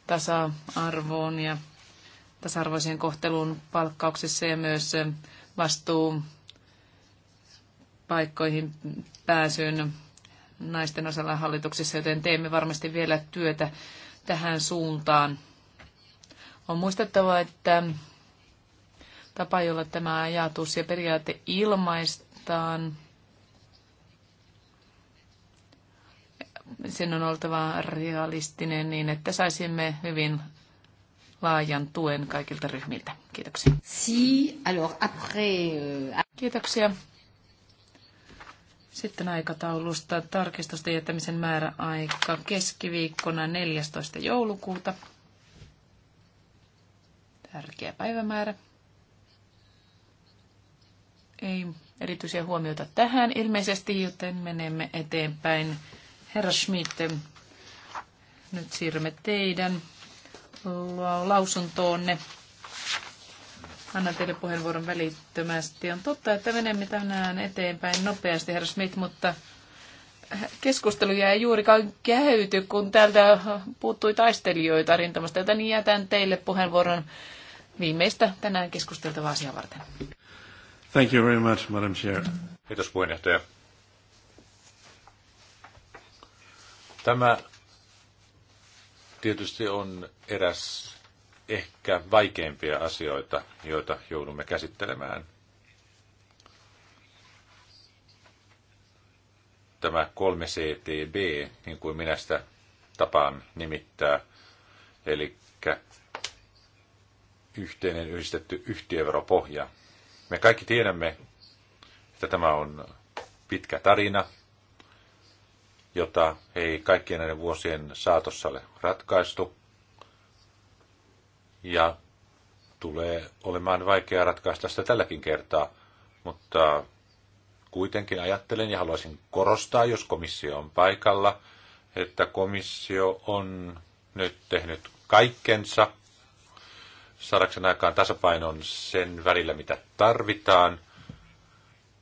tasa-arvoon ja tasa-arvoiseen kohteluun palkkauksessa ja myös vastuu paikkoihin pääsyyn naisten osalla hallituksessa, joten teemme varmasti vielä työtä tähän suuntaan. On muistettava, että tapa, jolla tämä ajatus ja periaate ilmaistaan, sen on oltava realistinen niin, että saisimme hyvin laajan tuen kaikilta ryhmiltä. Kiitoksia. Si, alors après, euh, Kiitoksia. Sitten aikataulusta tarkistusten jättämisen määräaika keskiviikkona 14. joulukuuta. Tärkeä päivämäärä. Ei erityisiä huomioita tähän ilmeisesti, joten menemme eteenpäin Herra Schmidt, nyt siirrymme teidän lausuntoonne. Annan teille puheenvuoron välittömästi. On totta, että menemme tänään eteenpäin nopeasti, herra Schmidt, mutta keskusteluja ei juurikaan käyty, kun täältä puuttui taistelijoita rintamasta, joten jätän teille puheenvuoron viimeistä tänään keskusteltavaa asiaa varten. Thank you very much, Madam Chair. Kiitos puheenjohtaja. Tämä tietysti on eräs ehkä vaikeimpia asioita, joita joudumme käsittelemään. Tämä 3CTB, niin kuin minä sitä tapaan nimittää, eli yhteinen yhdistetty yhtiöveropohja. Me kaikki tiedämme, että tämä on pitkä tarina, jota ei kaikkien näiden vuosien saatossa ole ratkaistu. Ja tulee olemaan vaikea ratkaista sitä tälläkin kertaa, mutta kuitenkin ajattelen ja haluaisin korostaa, jos komissio on paikalla, että komissio on nyt tehnyt kaikkensa saadakseen aikaan tasapainon sen välillä, mitä tarvitaan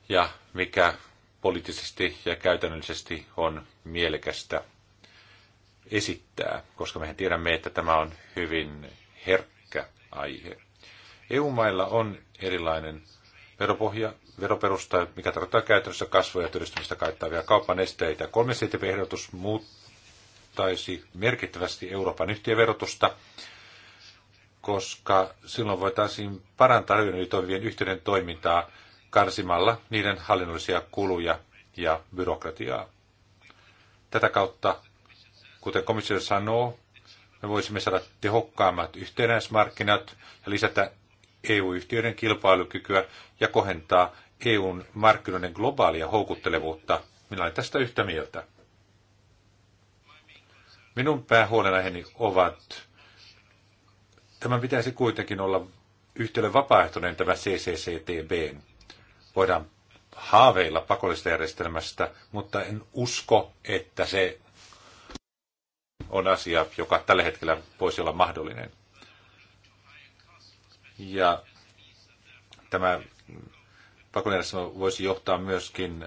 ja mikä poliittisesti ja käytännöllisesti on mielekästä esittää, koska mehän tiedämme, että tämä on hyvin herkkä aihe. EU-mailla on erilainen veropohja, veroperusta, mikä tarkoittaa käytännössä kasvua ja työllistymistä kaittavia kaupan esteitä. Kolmas ehdotus muuttaisi merkittävästi Euroopan yhtiöverotusta, koska silloin voitaisiin parantaa yli toimivien yhtiöiden toimintaa karsimalla niiden hallinnollisia kuluja ja byrokratiaa. Tätä kautta, kuten komissio sanoo, me voisimme saada tehokkaammat yhtenäismarkkinat ja lisätä EU-yhtiöiden kilpailukykyä ja kohentaa EUn markkinoiden globaalia houkuttelevuutta. Minä olen tästä yhtä mieltä. Minun päähuolenaiheeni ovat, tämän pitäisi kuitenkin olla yhtälön vapaaehtoinen tämä CCCTB. Voidaan haaveilla pakollisesta järjestelmästä, mutta en usko, että se on asia, joka tällä hetkellä voisi olla mahdollinen. Ja tämä pakollisjärjestelmä voisi johtaa myöskin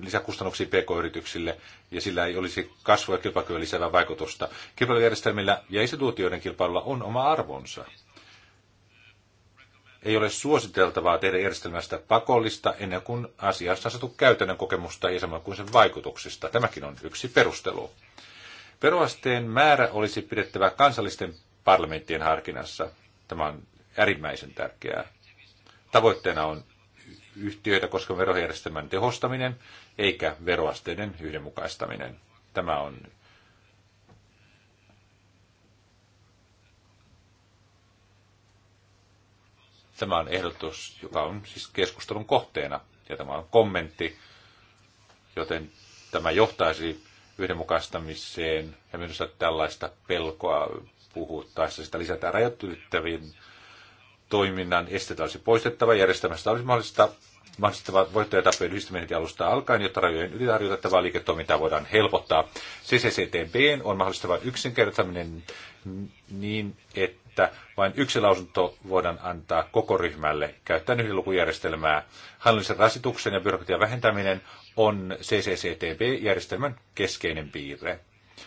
lisäkustannuksia pk-yrityksille, ja sillä ei olisi kasvua ja kilpailukykyä lisäävää vaikutusta. Kilpailujärjestelmillä ja instituutioiden kilpailulla on oma arvonsa ei ole suositeltavaa tehdä järjestelmästä pakollista ennen kuin asiasta on saatu käytännön kokemusta ja samoin kuin sen vaikutuksista. Tämäkin on yksi perustelu. Veroasteen määrä olisi pidettävä kansallisten parlamenttien harkinnassa. Tämä on äärimmäisen tärkeää. Tavoitteena on yhtiöitä koskevan verojärjestelmän tehostaminen eikä veroasteiden yhdenmukaistaminen. Tämä on Tämä on ehdotus, joka on siis keskustelun kohteena ja tämä on kommentti, joten tämä johtaisi yhdenmukaistamiseen ja myös tällaista pelkoa puhuttaessa sitä lisätään rajoittuvittavin toiminnan esteitä olisi poistettava järjestelmästä olisi mahdollista mahdollistava voittoja yhdistäminen alusta alkaen, jotta rajojen ylitarjotettavaa liiketoimintaa voidaan helpottaa. CCCTB siis e on mahdollistava yksinkertaistaminen niin, että että vain yksi lausunto voidaan antaa koko ryhmälle käyttäen yhden lukujärjestelmää. Hallinnollisen rasituksen ja byrokratian vähentäminen on CCCTB-järjestelmän keskeinen piirre.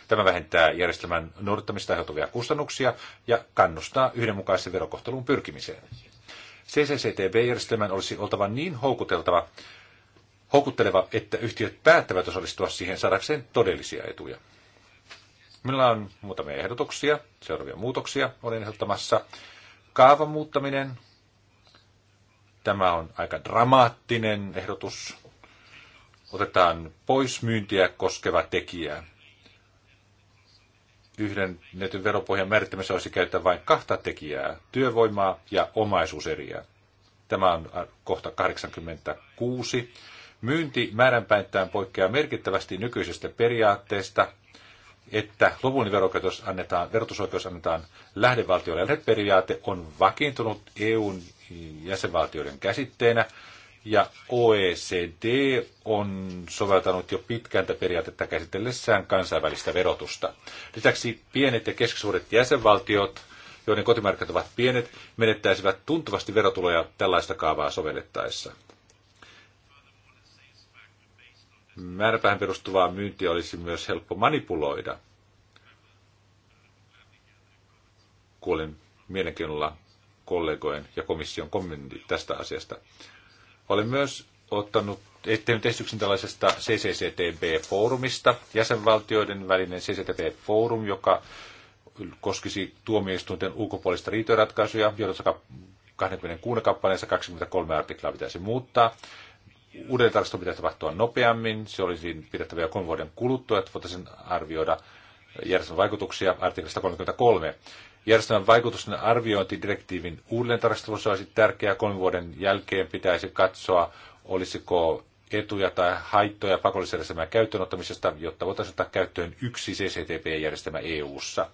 Tämä vähentää järjestelmän noudattamista aiheutuvia kustannuksia ja kannustaa yhdenmukaisen verokohtelun pyrkimiseen. CCCTB-järjestelmän olisi oltava niin houkuteltava, houkutteleva, että yhtiöt päättävät osallistua siihen saadakseen todellisia etuja. Minulla on muutamia ehdotuksia, seuraavia muutoksia olen ehdottamassa. Kaavan muuttaminen. Tämä on aika dramaattinen ehdotus. Otetaan pois myyntiä koskeva tekijä. Yhden netyn veropohjan määrittämisessä olisi käyttää vain kahta tekijää, työvoimaa ja omaisuuseriä. Tämä on äh, kohta 86. Myynti määränpäittään poikkeaa merkittävästi nykyisestä periaatteesta – että lopullinen verotusoikeus annetaan, verotusoikeus annetaan lähdevaltiolle. Lähdeperiaate on vakiintunut EUn jäsenvaltioiden käsitteenä, ja OECD on soveltanut jo pitkään tätä periaatetta käsitellessään kansainvälistä verotusta. Lisäksi pienet ja keskisuuret jäsenvaltiot, joiden kotimarkkinat ovat pienet, menettäisivät tuntuvasti verotuloja tällaista kaavaa sovellettaessa. määräpäähän perustuvaa myyntiä olisi myös helppo manipuloida. Kuulin mielenkiinnolla kollegojen ja komission kommentit tästä asiasta. Olen myös ottanut tehnyt esityksen tällaisesta CCCTB-foorumista, jäsenvaltioiden välinen CCTB-foorum, joka koskisi tuomioistuinten ulkopuolista riitojenratkaisuja, joita 26 kappaleessa 23 artiklaa pitäisi muuttaa tarkastelun pitäisi tapahtua nopeammin. Se olisi pidettävä jo kolmen vuoden kuluttua, että voitaisiin arvioida järjestelmän vaikutuksia artiklasta 33. Järjestelmän vaikutusten arviointi direktiivin tarkastelussa olisi tärkeää. Kolmen vuoden jälkeen pitäisi katsoa, olisiko etuja tai haittoja pakollisjärjestelmän käyttöönottamisesta, jotta voitaisiin ottaa käyttöön yksi CCTP-järjestelmä EU-ssa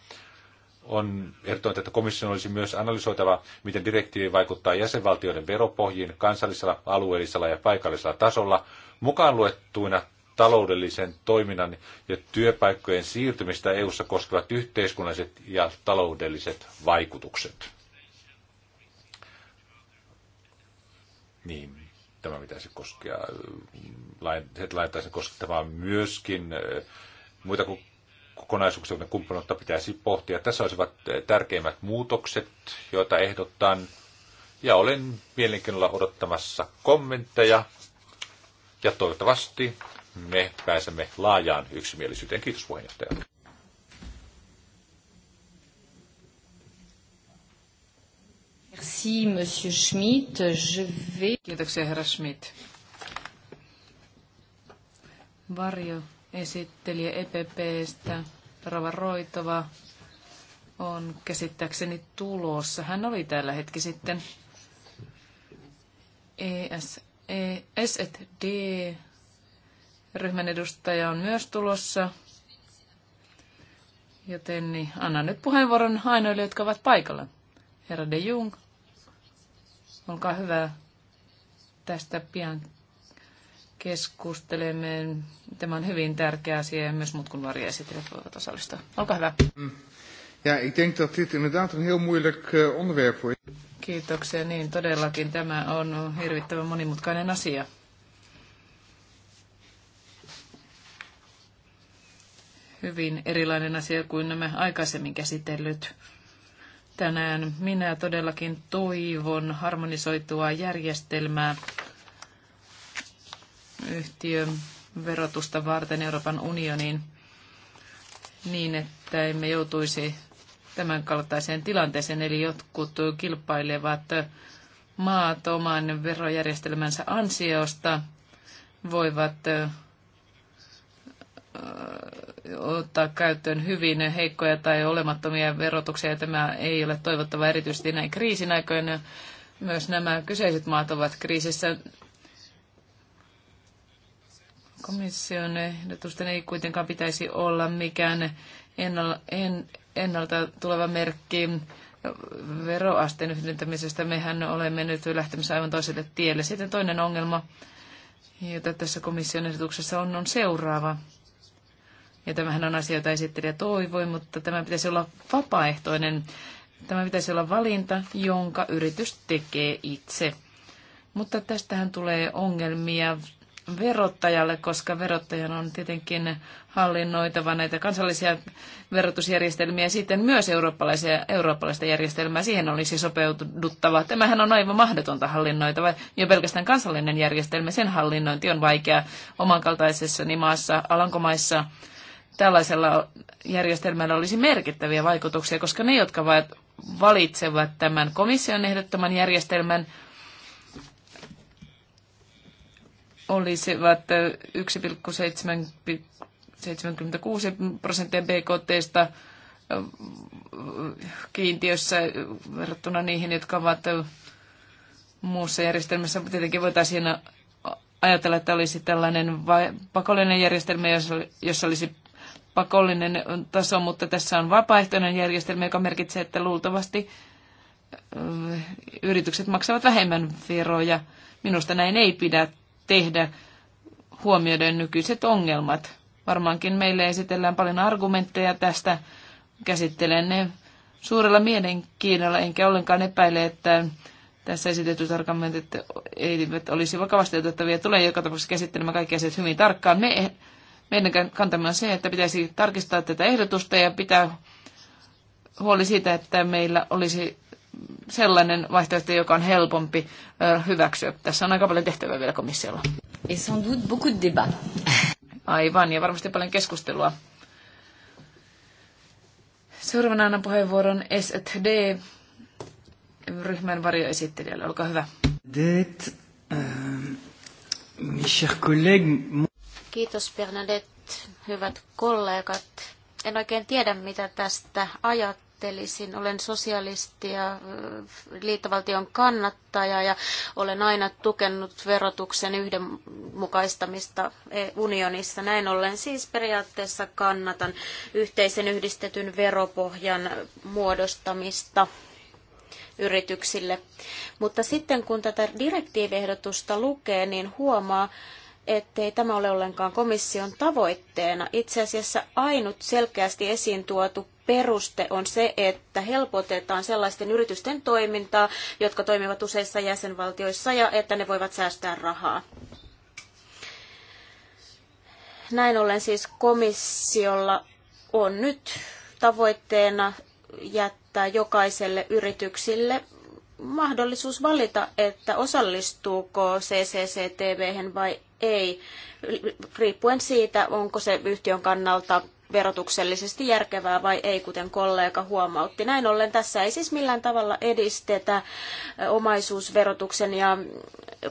on ehdottanut, että komission olisi myös analysoitava, miten direktiivi vaikuttaa jäsenvaltioiden veropohjiin kansallisella, alueellisella ja paikallisella tasolla, mukaan luettuina taloudellisen toiminnan ja työpaikkojen siirtymistä EU:ssa koskevat yhteiskunnalliset ja taloudelliset vaikutukset. Niin, tämä pitäisi koskea, lain, laitettaisiin koskettamaan myöskin eh, muita kuin kokonaisuuksia, kumppanuutta pitäisi pohtia. Tässä olisivat eh, tärkeimmät muutokset, joita ehdotan. Ja olen mielenkiinnolla odottamassa kommentteja. Ja toivottavasti me pääsemme laajaan yksimielisyyteen. Kiitos puheenjohtaja. Monsieur Schmidt. Je vais... Kiitoksia, herra Schmidt. Varjo esittelijä EPPstä, Rava Roitova, on käsittääkseni tulossa. Hän oli täällä hetki sitten. ESD e, ryhmän edustaja on myös tulossa. Joten niin, annan nyt puheenvuoron ainoille, jotka ovat paikalla. Herra de Jung, olkaa hyvä. Tästä pian keskustelemme. Tämä on hyvin tärkeä asia ja myös muut kuin varjoesittelijät voivat osallistua. Olkaa hyvä. Ja, ik denk dat dit inderdaad een heel moeilijk eh, onderwerp wordt. Kiitoksia. Niin, todellakin tämä on hirvittävän monimutkainen asia. Hyvin erilainen asia kuin nämä aikaisemmin käsitellyt tänään. Minä todellakin toivon harmonisoitua järjestelmää yhtiön verotusta varten Euroopan unioniin niin, että emme joutuisi tämän kaltaiseen tilanteeseen. Eli jotkut kilpailevat maat oman verojärjestelmänsä ansiosta voivat ottaa käyttöön hyvin heikkoja tai olemattomia verotuksia. Tämä ei ole toivottava erityisesti näin kriisin aikoina. Myös nämä kyseiset maat ovat kriisissä. Komission ehdotusten ei kuitenkaan pitäisi olla mikään ennalta tuleva merkki veroasteen yhdentämisestä. Mehän olemme nyt lähtemässä aivan toiselle tielle. Sitten toinen ongelma, jota tässä komission ehdotuksessa on, on seuraava. Ja tämähän on asia, jota esittelijä toivoi, mutta tämä pitäisi olla vapaaehtoinen. Tämä pitäisi olla valinta, jonka yritys tekee itse. Mutta tästähän tulee ongelmia verottajalle, koska verottajan on tietenkin hallinnoitava näitä kansallisia verotusjärjestelmiä ja sitten myös eurooppalaisia, eurooppalaista järjestelmää. Siihen olisi sopeuduttava. Tämähän on aivan mahdotonta hallinnoitava. Jo pelkästään kansallinen järjestelmä, sen hallinnointi on vaikea omankaltaisessa maassa, Alankomaissa. Tällaisella järjestelmällä olisi merkittäviä vaikutuksia, koska ne, jotka valitsevat tämän komission ehdottoman järjestelmän, olisivat 1,76 prosenttia BKTstä kiintiössä verrattuna niihin, jotka ovat muussa järjestelmässä. Tietenkin voitaisiin ajatella, että olisi tällainen pakollinen järjestelmä, jossa olisi pakollinen taso, mutta tässä on vapaaehtoinen järjestelmä, joka merkitsee, että luultavasti yritykset maksavat vähemmän veroja. Minusta näin ei pidä tehdä huomioiden nykyiset ongelmat. Varmaankin meille esitellään paljon argumentteja tästä. Käsittelen ne suurella mielenkiinnolla, enkä ollenkaan epäile, että tässä esitetyt argumentit eivät olisi vakavasti otettavia. Tulee joka tapauksessa käsittelemään kaikki asiat hyvin tarkkaan. Me, meidän kantamme on se, että pitäisi tarkistaa tätä ehdotusta ja pitää huoli siitä, että meillä olisi sellainen vaihtoehto, joka on helpompi hyväksyä. Tässä on aika paljon tehtävää vielä komissiolla. Aivan, ja varmasti paljon keskustelua. Seuraavana annan puheenvuoron SD ryhmän varjoesittelijälle. Olkaa hyvä. Det, ähm, Kiitos Bernadette, hyvät kollegat. En oikein tiedä, mitä tästä ajat esittelisin. Olen sosialisti ja liittovaltion kannattaja ja olen aina tukenut verotuksen yhdenmukaistamista e- unionissa. Näin ollen siis periaatteessa kannatan yhteisen yhdistetyn veropohjan muodostamista yrityksille. Mutta sitten kun tätä direktiivehdotusta lukee, niin huomaa, ettei tämä ole ollenkaan komission tavoitteena. Itse asiassa ainut selkeästi esiin tuotu peruste on se, että helpotetaan sellaisten yritysten toimintaa, jotka toimivat useissa jäsenvaltioissa ja että ne voivat säästää rahaa. Näin ollen siis komissiolla on nyt tavoitteena jättää jokaiselle yritykselle mahdollisuus valita, että osallistuuko CCCTV vai ei, riippuen siitä, onko se yhtiön kannalta verotuksellisesti järkevää vai ei, kuten kollega huomautti. Näin ollen tässä ei siis millään tavalla edistetä omaisuusverotuksen ja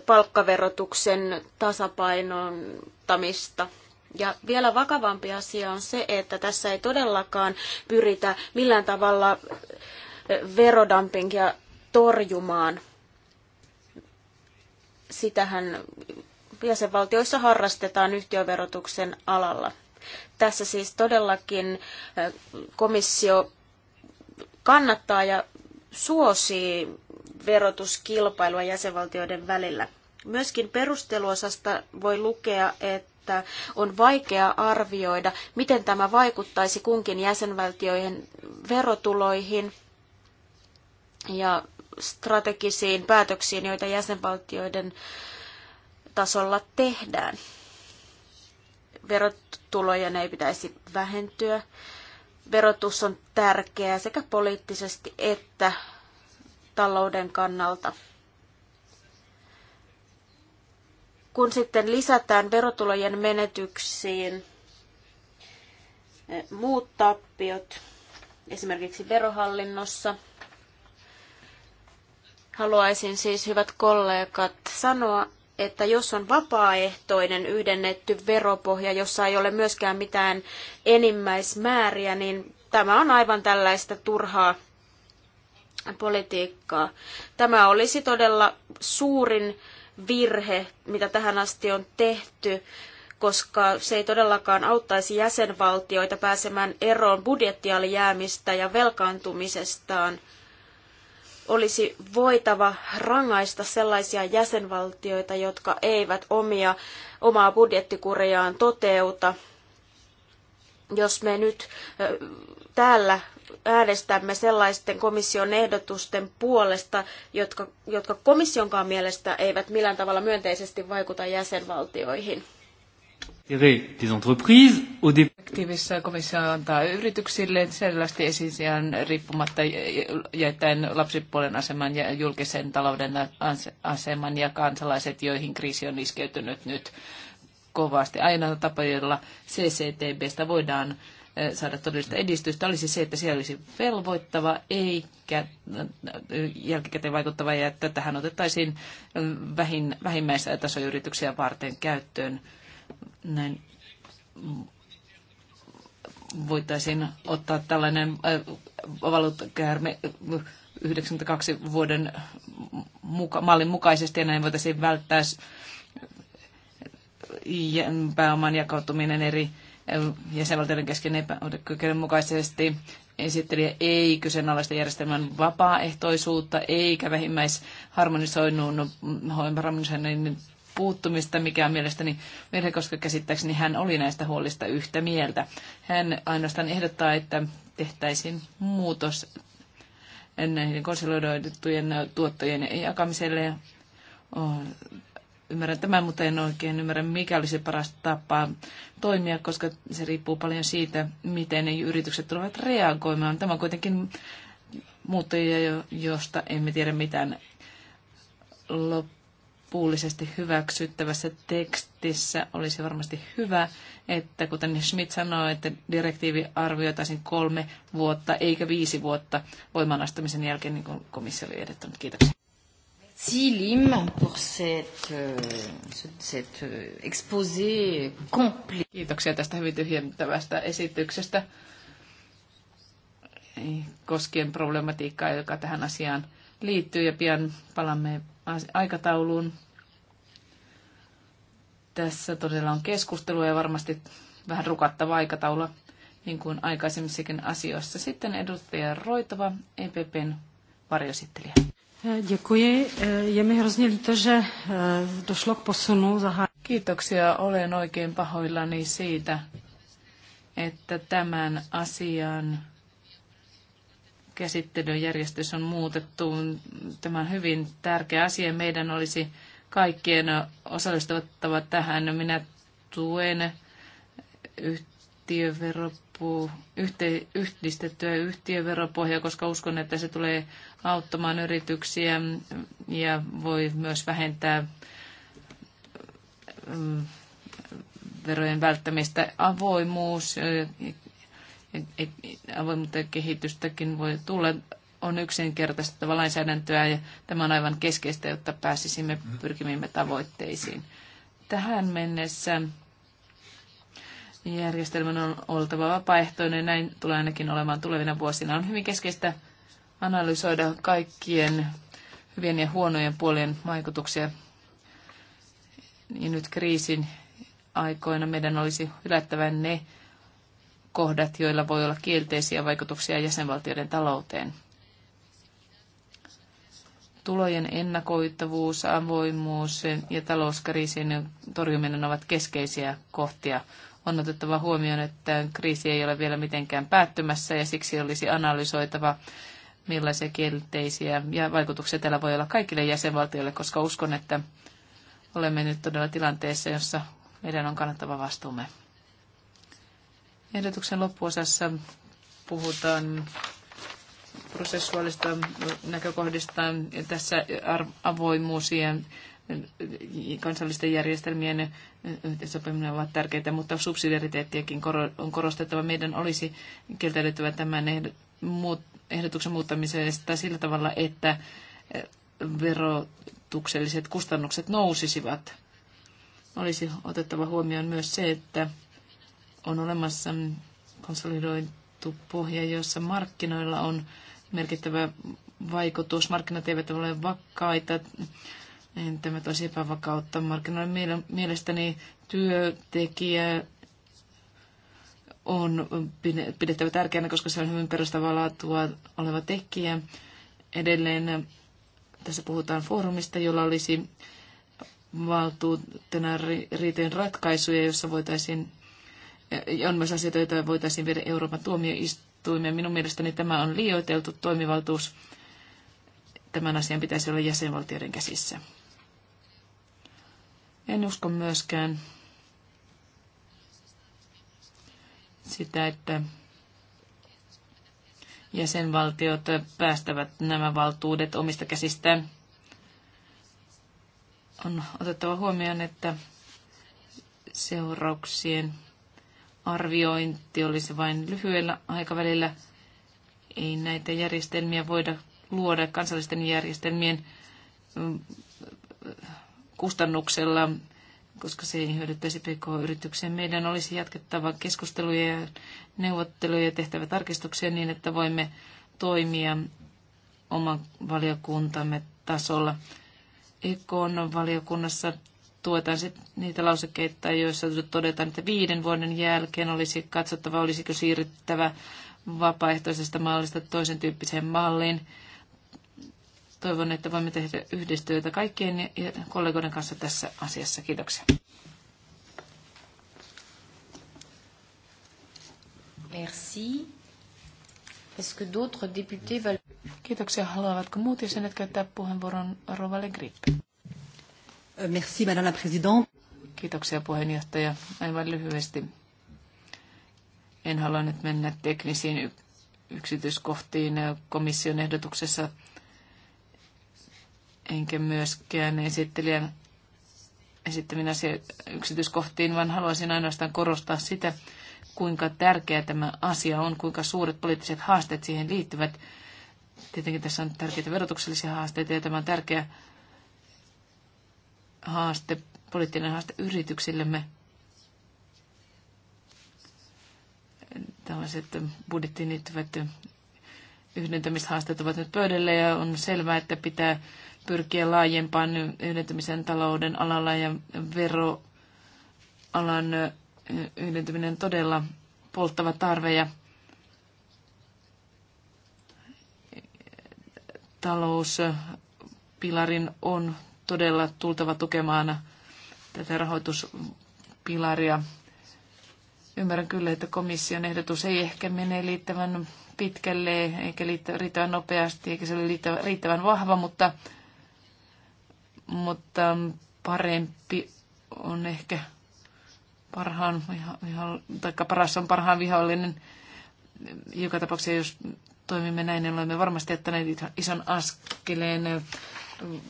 palkkaverotuksen tasapainottamista. Ja vielä vakavampi asia on se, että tässä ei todellakaan pyritä millään tavalla verodumpingia torjumaan. Sitähän jäsenvaltioissa harrastetaan yhtiöverotuksen alalla. Tässä siis todellakin komissio kannattaa ja suosii verotuskilpailua jäsenvaltioiden välillä. Myöskin perusteluosasta voi lukea, että on vaikea arvioida, miten tämä vaikuttaisi kunkin jäsenvaltioiden verotuloihin ja strategisiin päätöksiin, joita jäsenvaltioiden tasolla tehdään. Verotulojen ei pitäisi vähentyä. Verotus on tärkeää sekä poliittisesti että talouden kannalta. Kun sitten lisätään verotulojen menetyksiin eh, muut tappiot, esimerkiksi verohallinnossa, Haluaisin siis, hyvät kollegat, sanoa, että jos on vapaaehtoinen yhdennetty veropohja, jossa ei ole myöskään mitään enimmäismääriä, niin tämä on aivan tällaista turhaa politiikkaa. Tämä olisi todella suurin virhe, mitä tähän asti on tehty, koska se ei todellakaan auttaisi jäsenvaltioita pääsemään eroon budjettialijäämistä ja velkaantumisestaan olisi voitava rangaista sellaisia jäsenvaltioita, jotka eivät omia, omaa budjettikuriaan toteuta. Jos me nyt täällä äänestämme sellaisten komission ehdotusten puolesta, jotka, jotka komissionkaan mielestä eivät millään tavalla myönteisesti vaikuta jäsenvaltioihin. Direktiivissä komissio antaa yrityksille selvästi ensisijaan riippumatta jaettaen lapsipuolen aseman ja julkisen talouden aseman ja kansalaiset, joihin kriisi on iskeytynyt nyt kovasti. Aina tapa, jolla CCTBstä voidaan saada todellista edistystä, olisi se, että siellä olisi velvoittava eikä jälkikäteen vaikuttava ja että tähän otettaisiin vähin, vähimmäistä tasoyrityksiä varten käyttöön näin voitaisiin ottaa tällainen äh, valuuttakäärme 92 vuoden muka, mallin mukaisesti ja näin voitaisiin välttää pääoman jakautuminen eri äh, jäsenvaltioiden kesken epäoikeudenmukaisesti. mukaisesti. Esittelijä ei kyseenalaista järjestelmän vapaaehtoisuutta eikä vähimmäisharmonisoinnin mm, puuttumista, mikä on mielestäni virhe, koska käsittääkseni hän oli näistä huolista yhtä mieltä. Hän ainoastaan ehdottaa, että tehtäisiin muutos näiden konsolidoidettujen tuottojen jakamiselle. Ja ymmärrän tämän, mutta en oikein ymmärrä, mikä olisi paras tapa toimia, koska se riippuu paljon siitä, miten ne yritykset tulevat reagoimaan. Tämä on kuitenkin muuttajia, josta emme tiedä mitään loppuun loppuullisesti hyväksyttävässä tekstissä olisi varmasti hyvä, että kuten Schmidt sanoi, että direktiivi arvioitaisiin kolme vuotta eikä viisi vuotta voimaanastamisen jälkeen, niin kuin komissio oli edettänyt. Kiitoksia. Merci Lim pour cette, euh, cette euh, exposé complet. Kiitoksia tästä hyvin tyhjentävästä esityksestä eh, koskien problematiikkaa, joka tähän asiaan liittyy ja pian palamme aikatauluun. Tässä todella on keskustelua ja varmasti vähän rukattava aikataulu, niin kuin aikaisemmissakin asioissa. Sitten edustaja Roitova, EPPn varjosittelijä. Eh, děkuji. Eh, je mi hrozně líto, že eh, došlo k posunu. Kiitoksia. Olen oikein pahoillani siitä, että tämän asian käsittelyjärjestys on muutettu. Tämä on hyvin tärkeä asia. Meidän olisi kaikkien osallistuttava tähän. Minä tuen yhtiöveropu, yhte, yhdistettyä yhtiöveropohjaa, koska uskon, että se tulee auttamaan yrityksiä ja voi myös vähentää mm, verojen välttämistä. Avoimuus, avoimuutta ja kehitystäkin voi tulla, on yksinkertaistettava lainsäädäntöä ja tämä on aivan keskeistä, jotta pääsisimme mm-hmm. pyrkimimme tavoitteisiin. Tähän mennessä järjestelmän on oltava vapaaehtoinen, näin tulee ainakin olemaan tulevina vuosina. On hyvin keskeistä analysoida kaikkien hyvien ja huonojen puolien vaikutuksia. Ja nyt kriisin aikoina meidän olisi hylättävä ne kohdat, joilla voi olla kielteisiä vaikutuksia jäsenvaltioiden talouteen. Tulojen ennakoitavuus, avoimuus ja talouskriisin torjuminen ovat keskeisiä kohtia. On otettava huomioon, että kriisi ei ole vielä mitenkään päättymässä ja siksi olisi analysoitava, millaisia kielteisiä ja vaikutuksia tällä voi olla kaikille jäsenvaltioille, koska uskon, että olemme nyt todella tilanteessa, jossa meidän on kannattava vastuumme. Ehdotuksen loppuosassa puhutaan prosessuaalista näkökohdista. Tässä avoimuus ja kansallisten järjestelmien sopiminen ovat tärkeitä, mutta subsidiariteettiakin on korostettava. Meidän olisi kieltäydyttävä tämän ehdotuksen muuttamisesta sillä tavalla, että verotukselliset kustannukset nousisivat. Olisi otettava huomioon myös se, että on olemassa konsolidoitu pohja, jossa markkinoilla on merkittävä vaikutus. Markkinat eivät ole vakaita. Tämä tosi epävakautta markkinoilla. Mielestäni työtekijä on pidettävä tärkeänä, koska se on hyvin perustavaa laatua oleva tekijä. Edelleen tässä puhutaan foorumista, jolla olisi valtuutena riiteen ratkaisuja, jossa voitaisiin on myös asioita, joita voitaisiin viedä Euroopan tuomioistuimeen. Minun mielestäni tämä on liioiteltu toimivaltuus. Tämän asian pitäisi olla jäsenvaltioiden käsissä. En usko myöskään sitä, että jäsenvaltiot päästävät nämä valtuudet omista käsistään. On otettava huomioon, että seurauksien arviointi olisi vain lyhyellä aikavälillä. Ei näitä järjestelmiä voida luoda kansallisten järjestelmien mm, kustannuksella, koska se ei hyödyttäisi PK-yrityksiä. Meidän olisi jatkettava keskusteluja ja neuvotteluja ja tehtävä tarkistuksia niin, että voimme toimia oman valiokuntamme tasolla. Ekon valiokunnassa tuetaan sit niitä lausekkeita, joissa todetaan, että viiden vuoden jälkeen olisi katsottava, olisiko siirryttävä vapaaehtoisesta mallista toisen tyyppiseen malliin. Toivon, että voimme tehdä yhdistyötä kaikkien kollegoiden kanssa tässä asiassa. Kiitoksia. Merci. Est-ce que d'autres députés Kiitoksia. Haluavatko muut jäsenet käyttää puheenvuoron Rovalle Grippe? Euh, merci, Madame la Présidente. Kiitoksia puheenjohtaja. Aivan lyhyesti. En halua nyt mennä teknisiin yksityiskohtiin komission ehdotuksessa, enkä myöskään esittelijän esittäminä asia yksityiskohtiin, vaan haluaisin ainoastaan korostaa sitä, kuinka tärkeä tämä asia on, kuinka suuret poliittiset haasteet siihen liittyvät. Tietenkin tässä on tärkeitä verotuksellisia haasteita ja tämä on tärkeä haaste, poliittinen haaste yrityksillemme. Tällaiset budjettiin liittyvät yhdentämishaasteet ovat nyt pöydällä ja on selvää, että pitää pyrkiä laajempaan yhdentämisen talouden alalla ja veroalan yhdentäminen todella polttava tarve ja talouspilarin on todella tultava tukemaan tätä rahoituspilaria. Ymmärrän kyllä, että komission ehdotus ei ehkä mene liittävän pitkälle, eikä riittävän nopeasti, eikä se ole riittävän vahva, mutta, mutta parempi on ehkä parhaan, viho, tai paras on parhaan vihollinen. Joka tapauksessa, jos toimimme näin, niin olemme varmasti jättäneet ison askeleen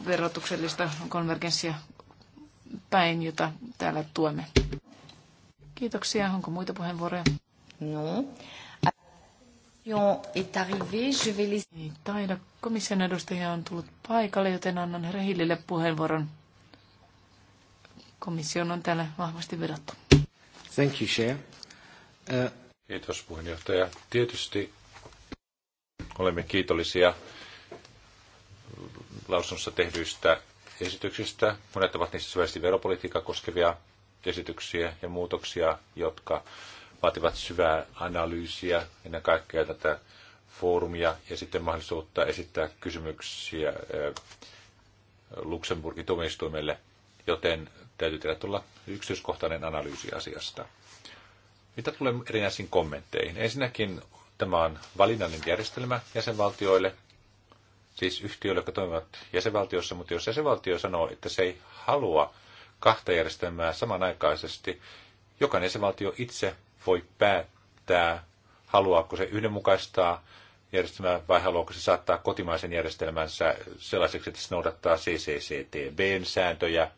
verotuksellista konvergenssia päin, jota täällä tuemme. Kiitoksia. Onko muita puheenvuoroja? No. Est arrivé, je vais les... Ei taida. Komission edustaja on tullut paikalle, joten annan herra Hillille puheenvuoron. Komission on täällä vahvasti vedottu. Thank you, Chair. Uh... Kiitos puheenjohtaja. Tietysti olemme kiitollisia lausunnossa tehdyistä esityksistä. Monet ovat niissä syvästi veropolitiikkaa koskevia esityksiä ja muutoksia, jotka vaativat syvää analyysiä, ennen kaikkea tätä foorumia ja sitten mahdollisuutta esittää kysymyksiä eh, Luxemburgin tuomioistuimelle, joten täytyy tehdä tulla yksityiskohtainen analyysi asiasta. Mitä tulee erinäisiin kommentteihin? Ensinnäkin tämä on valinnallinen järjestelmä jäsenvaltioille siis yhtiöille, jotka toimivat jäsenvaltiossa, mutta jos jäsenvaltio sanoo, että se ei halua kahta järjestelmää samanaikaisesti, jokainen jäsenvaltio itse voi päättää, haluaako se yhdenmukaistaa järjestelmää vai haluaako se saattaa kotimaisen järjestelmänsä sellaiseksi, että se noudattaa CCCTBn sääntöjä,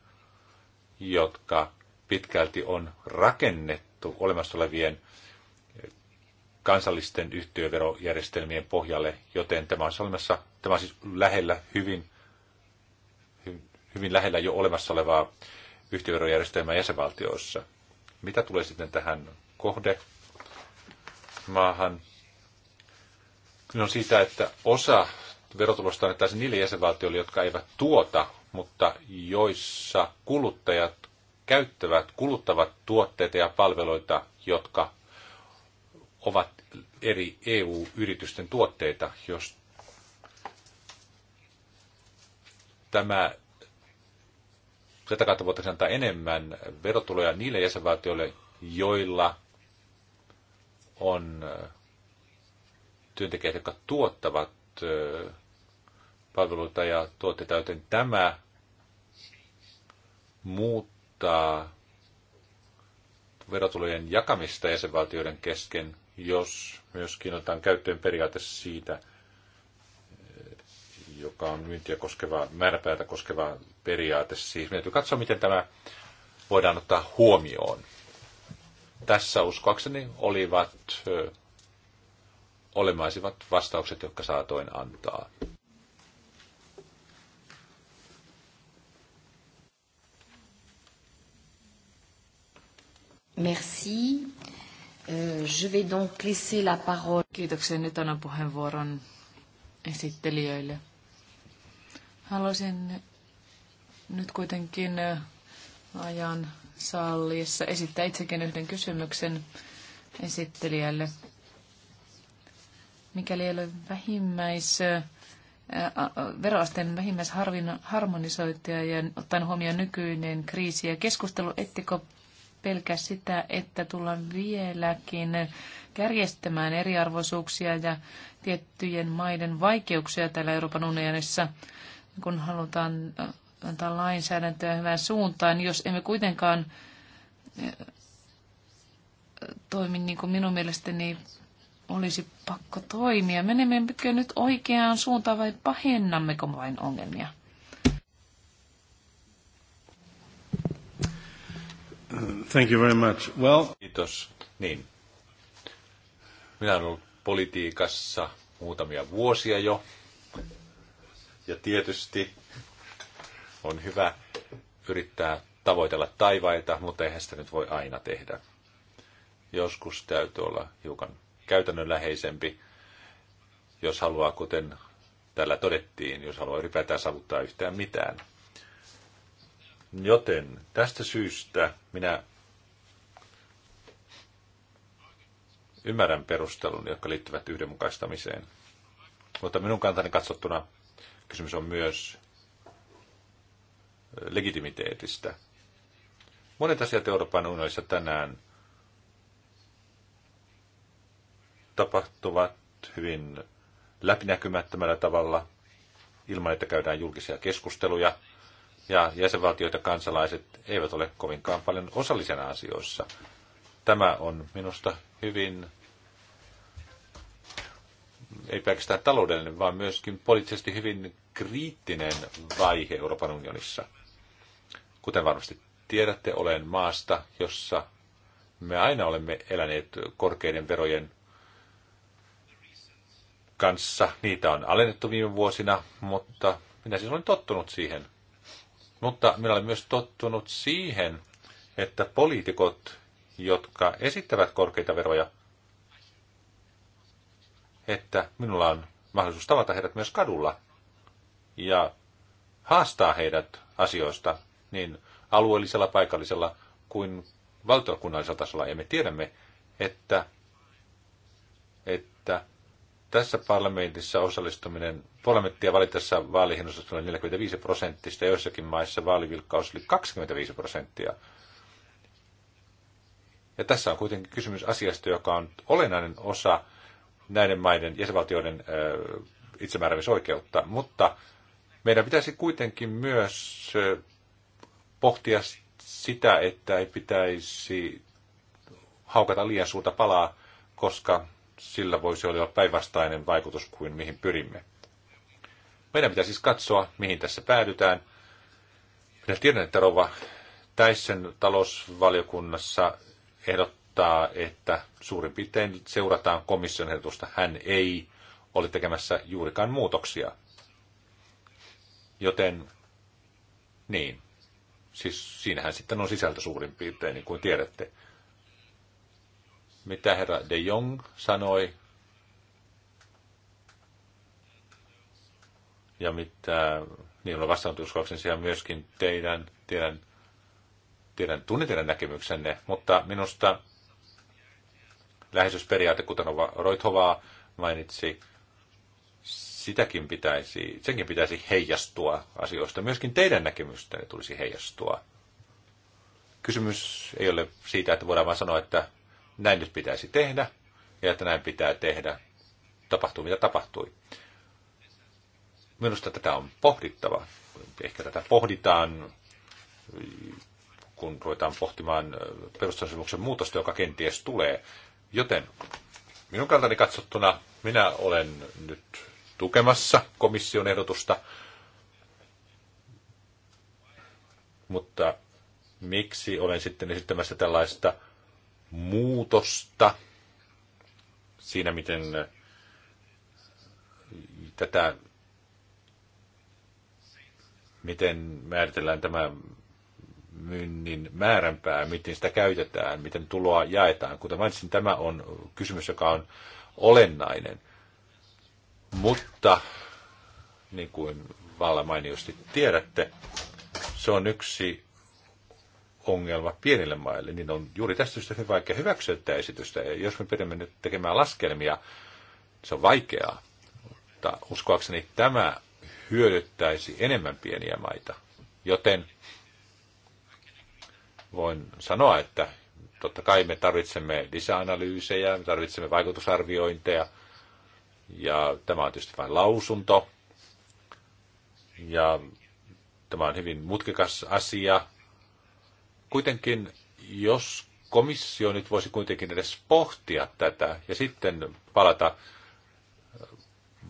jotka pitkälti on rakennettu olemassa olevien kansallisten yhtiöverojärjestelmien pohjalle, joten tämä on, siis olemassa, tämä on siis lähellä hyvin, hyvin lähellä jo olemassa olevaa yhtiöverojärjestelmää jäsenvaltioissa. Mitä tulee sitten tähän maahan? No siitä, että osa verotulosta annettaisiin niille jäsenvaltioille, jotka eivät tuota, mutta joissa kuluttajat käyttävät, kuluttavat tuotteita ja palveluita, jotka ovat eri EU-yritysten tuotteita, jos tämä tätä kautta voitaisiin antaa enemmän verotuloja niille jäsenvaltioille, joilla on äh, työntekijät, jotka tuottavat äh, palveluita ja tuotteita, joten tämä muuttaa verotulojen jakamista jäsenvaltioiden kesken jos myöskin otetaan käyttöön periaate siitä, joka on myyntiä koskeva, määräpäätä koskeva periaate. Siis meidän täytyy katsoa, miten tämä voidaan ottaa huomioon. Tässä uskoakseni olivat ö, olemaisivat vastaukset, jotka saatoin antaa. Merci. Eh, je vais donc laisser la parole. Kiitoksia. Nyt annan puheenvuoron esittelijöille. Haluaisin nyt kuitenkin eh, ajan salliessa esittää itsekin yhden kysymyksen esittelijälle. Mikäli ei ole vähimmäis, eh, veroasteen vähimmäisharmonisointia ja ottaen huomioon nykyinen kriisi ja keskustelu, ettekö pelkää sitä, että tullaan vieläkin kärjestämään eriarvoisuuksia ja tiettyjen maiden vaikeuksia täällä Euroopan unionissa, kun halutaan antaa lainsäädäntöä hyvään suuntaan, jos emme kuitenkaan eh, toimi niin kuin minun mielestäni olisi pakko toimia. Menemmekö nyt oikeaan suuntaan vai pahennammeko vain ongelmia? Thank you very much. Well... Kiitos. Niin. Minä olen ollut politiikassa muutamia vuosia jo. Ja tietysti on hyvä yrittää tavoitella taivaita, mutta eihän sitä nyt voi aina tehdä. Joskus täytyy olla hiukan käytännönläheisempi, jos haluaa, kuten täällä todettiin, jos haluaa ylipäätään saavuttaa yhtään mitään. Joten tästä syystä minä ymmärrän perustelun, jotka liittyvät yhdenmukaistamiseen. Mutta minun kantani katsottuna kysymys on myös legitimiteetistä. Monet asiat Euroopan unionissa tänään tapahtuvat hyvin läpinäkymättömällä tavalla, ilman että käydään julkisia keskusteluja – ja jäsenvaltioita kansalaiset eivät ole kovinkaan paljon osallisena asioissa. Tämä on minusta hyvin, ei pelkästään taloudellinen, vaan myöskin poliittisesti hyvin kriittinen vaihe Euroopan unionissa. Kuten varmasti tiedätte, olen maasta, jossa me aina olemme eläneet korkeiden verojen kanssa. Niitä on alennettu viime vuosina, mutta minä siis olen tottunut siihen – mutta minä olen myös tottunut siihen, että poliitikot, jotka esittävät korkeita veroja, että minulla on mahdollisuus tavata heidät myös kadulla ja haastaa heidät asioista niin alueellisella, paikallisella kuin valtakunnallisella tasolla. Ja me tiedämme, että, että tässä parlamentissa osallistuminen, parlamenttia valitessa vaalihin osallistui 45 prosenttista, joissakin maissa vaalivilkkaus oli 25 prosenttia. Ja tässä on kuitenkin kysymys asiasta, joka on olennainen osa näiden maiden jäsenvaltioiden ö, itsemääräämisoikeutta, mutta meidän pitäisi kuitenkin myös pohtia sitä, että ei pitäisi haukata liian suurta palaa, koska sillä voisi olla päinvastainen vaikutus kuin mihin pyrimme. Meidän pitää siis katsoa, mihin tässä päädytään. Minä tiedän, että Rova Täissen talousvaliokunnassa ehdottaa, että suurin piirtein seurataan komission ehdotusta. Hän ei ole tekemässä juurikaan muutoksia. Joten niin, siis siinähän sitten on sisältö suurin piirtein, niin kuin tiedätte mitä herra de Jong sanoi ja mitä niillä on vastannut siellä myöskin teidän, teidän tiedän, tunnen teidän näkemyksenne, mutta minusta läheisyysperiaate, kuten Roithovaa mainitsi, sitäkin pitäisi, senkin pitäisi heijastua asioista. Myöskin teidän näkemystänne tulisi heijastua. Kysymys ei ole siitä, että voidaan vain sanoa, että näin nyt pitäisi tehdä ja että näin pitää tehdä. Tapahtuu mitä tapahtui. Minusta tätä on pohdittava. Ehkä tätä pohditaan, kun ruvetaan pohtimaan perustusopimuksen muutosta, joka kenties tulee. Joten minun kaltani katsottuna minä olen nyt tukemassa komission ehdotusta, mutta miksi olen sitten esittämässä tällaista muutosta siinä, miten äh, tätä, miten määritellään tämä myynnin määränpää, miten sitä käytetään, miten tuloa jaetaan. Kuten mainitsin, tämä on kysymys, joka on olennainen. Mutta, niin kuin Valla mainiosti tiedätte, se on yksi ongelma pienille maille, niin on juuri tästä syystä hyvin vaikea hyväksyä tätä esitystä. Ja jos me pidämme nyt tekemään laskelmia, se on vaikeaa. Mutta uskoakseni tämä hyödyttäisi enemmän pieniä maita. Joten voin sanoa, että totta kai me tarvitsemme lisäanalyysejä, me tarvitsemme vaikutusarviointeja, ja tämä on tietysti vain lausunto, ja tämä on hyvin mutkikas asia, Kuitenkin, jos komissio nyt voisi kuitenkin edes pohtia tätä ja sitten palata äh,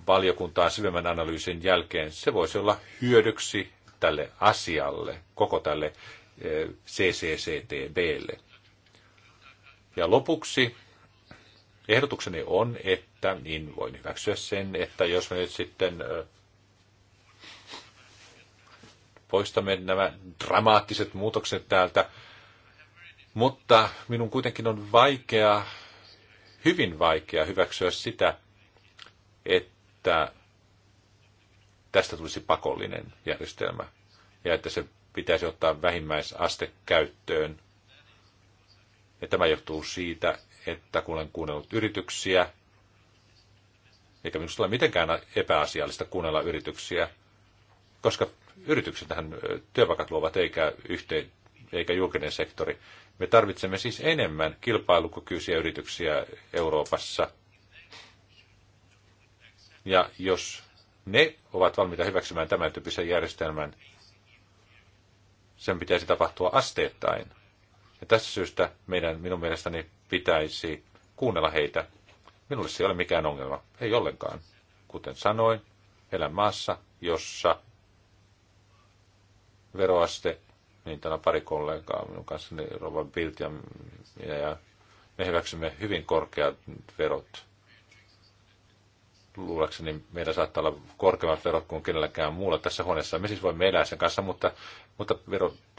valiokuntaan syvemmän analyysin jälkeen, se voisi olla hyödyksi tälle asialle, koko tälle äh, CCCTBlle. Ja lopuksi ehdotukseni on, että niin voin hyväksyä sen, että jos me nyt sitten äh, poistamme nämä dramaattiset muutokset täältä. Mutta minun kuitenkin on vaikea, hyvin vaikea hyväksyä sitä, että tästä tulisi pakollinen järjestelmä ja että se pitäisi ottaa vähimmäisaste käyttöön. Ja tämä johtuu siitä, että kun olen kuunnellut yrityksiä, eikä minusta ole mitenkään epäasiallista kuunnella yrityksiä, koska yrityksethän työpaikat luovat eikä, yhteen, eikä julkinen sektori. Me tarvitsemme siis enemmän kilpailukykyisiä yrityksiä Euroopassa. Ja jos ne ovat valmiita hyväksymään tämän tyyppisen järjestelmän, sen pitäisi tapahtua asteittain. Ja tästä syystä meidän minun mielestäni pitäisi kuunnella heitä. Minulle se ei ole mikään ongelma, ei ollenkaan. Kuten sanoin, elän maassa, jossa veroaste, niin täällä on pari kollegaa minun niin Rova Bilt ja minä, ja me hyväksymme hyvin korkeat verot. Luulakseni meillä saattaa olla korkeammat verot kuin kenelläkään muulla tässä huoneessa. Me siis voimme elää sen kanssa, mutta, mutta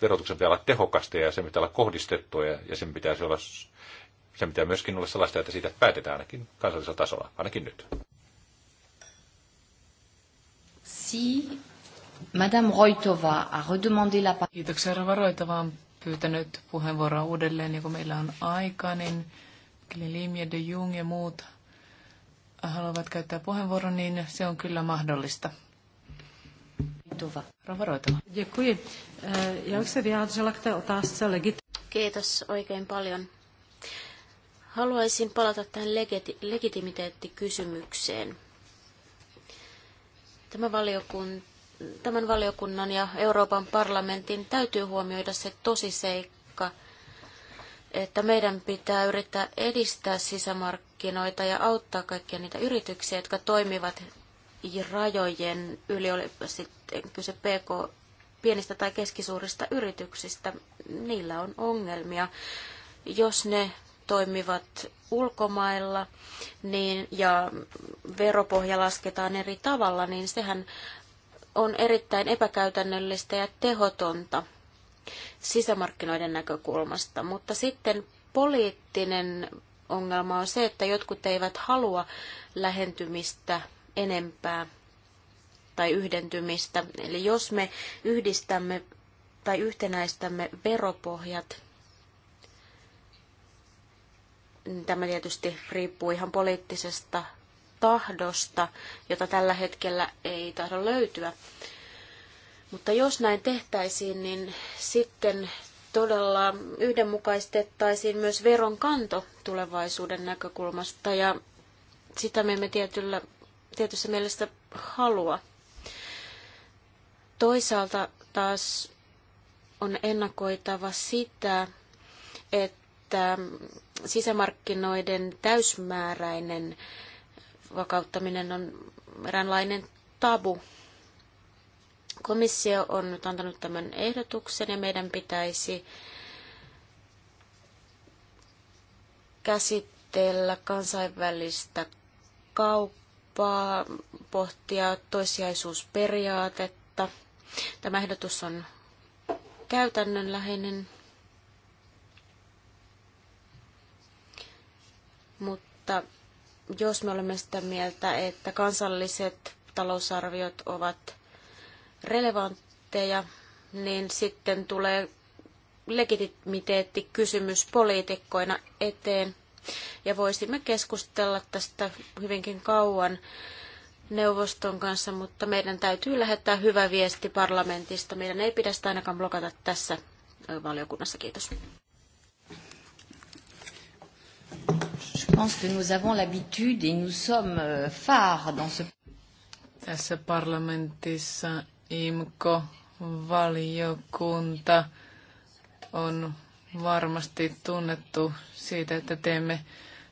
verotuksen pitää olla tehokasta ja sen pitää olla kohdistettua ja, ja sen pitäisi olla se pitää myöskin olla sellaista, että siitä päätetään ainakin kansallisella tasolla, ainakin nyt. Si, Madame Roitova a redemandé la parole. Kiitoksia Rova Roitova on pyytänyt puheenvuoroa uudelleen, niin kun meillä on aikaa, niin Klilim ja De Jung ja muut haluavat käyttää puheenvuoron, niin se on kyllä mahdollista. Roitova. Rova Roitova. Děkuji. Eh, já bych se vyjádřila k legit... Kiitos oikein paljon. Haluaisin palata tähän legiti- legitimiteettikysymykseen. Tämä valiokunta tämän valiokunnan ja Euroopan parlamentin täytyy huomioida se tosiseikka, että meidän pitää yrittää edistää sisämarkkinoita ja auttaa kaikkia niitä yrityksiä, jotka toimivat rajojen yli, olipa sitten kyse pk, pienistä tai keskisuurista yrityksistä. Niillä on ongelmia. Jos ne toimivat ulkomailla niin, ja veropohja lasketaan eri tavalla, niin sehän on erittäin epäkäytännöllistä ja tehotonta sisämarkkinoiden näkökulmasta, mutta sitten poliittinen ongelma on se, että jotkut eivät halua lähentymistä enempää tai yhdentymistä. Eli jos me yhdistämme tai yhtenäistämme veropohjat, niin tämä tietysti riippuu ihan poliittisesta tahdosta, jota tällä hetkellä ei tahdo löytyä. Mutta jos näin tehtäisiin, niin sitten todella yhdenmukaistettaisiin myös veron kanto tulevaisuuden näkökulmasta ja sitä me emme tietyllä, tietyssä mielessä halua. Toisaalta taas on ennakoitava sitä, että sisämarkkinoiden täysmääräinen vakauttaminen on eräänlainen tabu. Komissio on nyt antanut tämän ehdotuksen ja meidän pitäisi käsitellä kansainvälistä kauppaa, pohtia toissijaisuusperiaatetta. Tämä ehdotus on käytännönläheinen, mutta jos me olemme sitä mieltä, että kansalliset talousarviot ovat relevantteja, niin sitten tulee legitimiteettikysymys poliitikkoina eteen. Ja voisimme keskustella tästä hyvinkin kauan neuvoston kanssa, mutta meidän täytyy lähettää hyvä viesti parlamentista. Meidän ei pidä sitä ainakaan blokata tässä valiokunnassa. Kiitos. pense que nous avons l'habitude et nous sommes euh, phares dans ce... Tässä parlamentissa IMKO valiokunta on varmasti tunnettu siitä, että teemme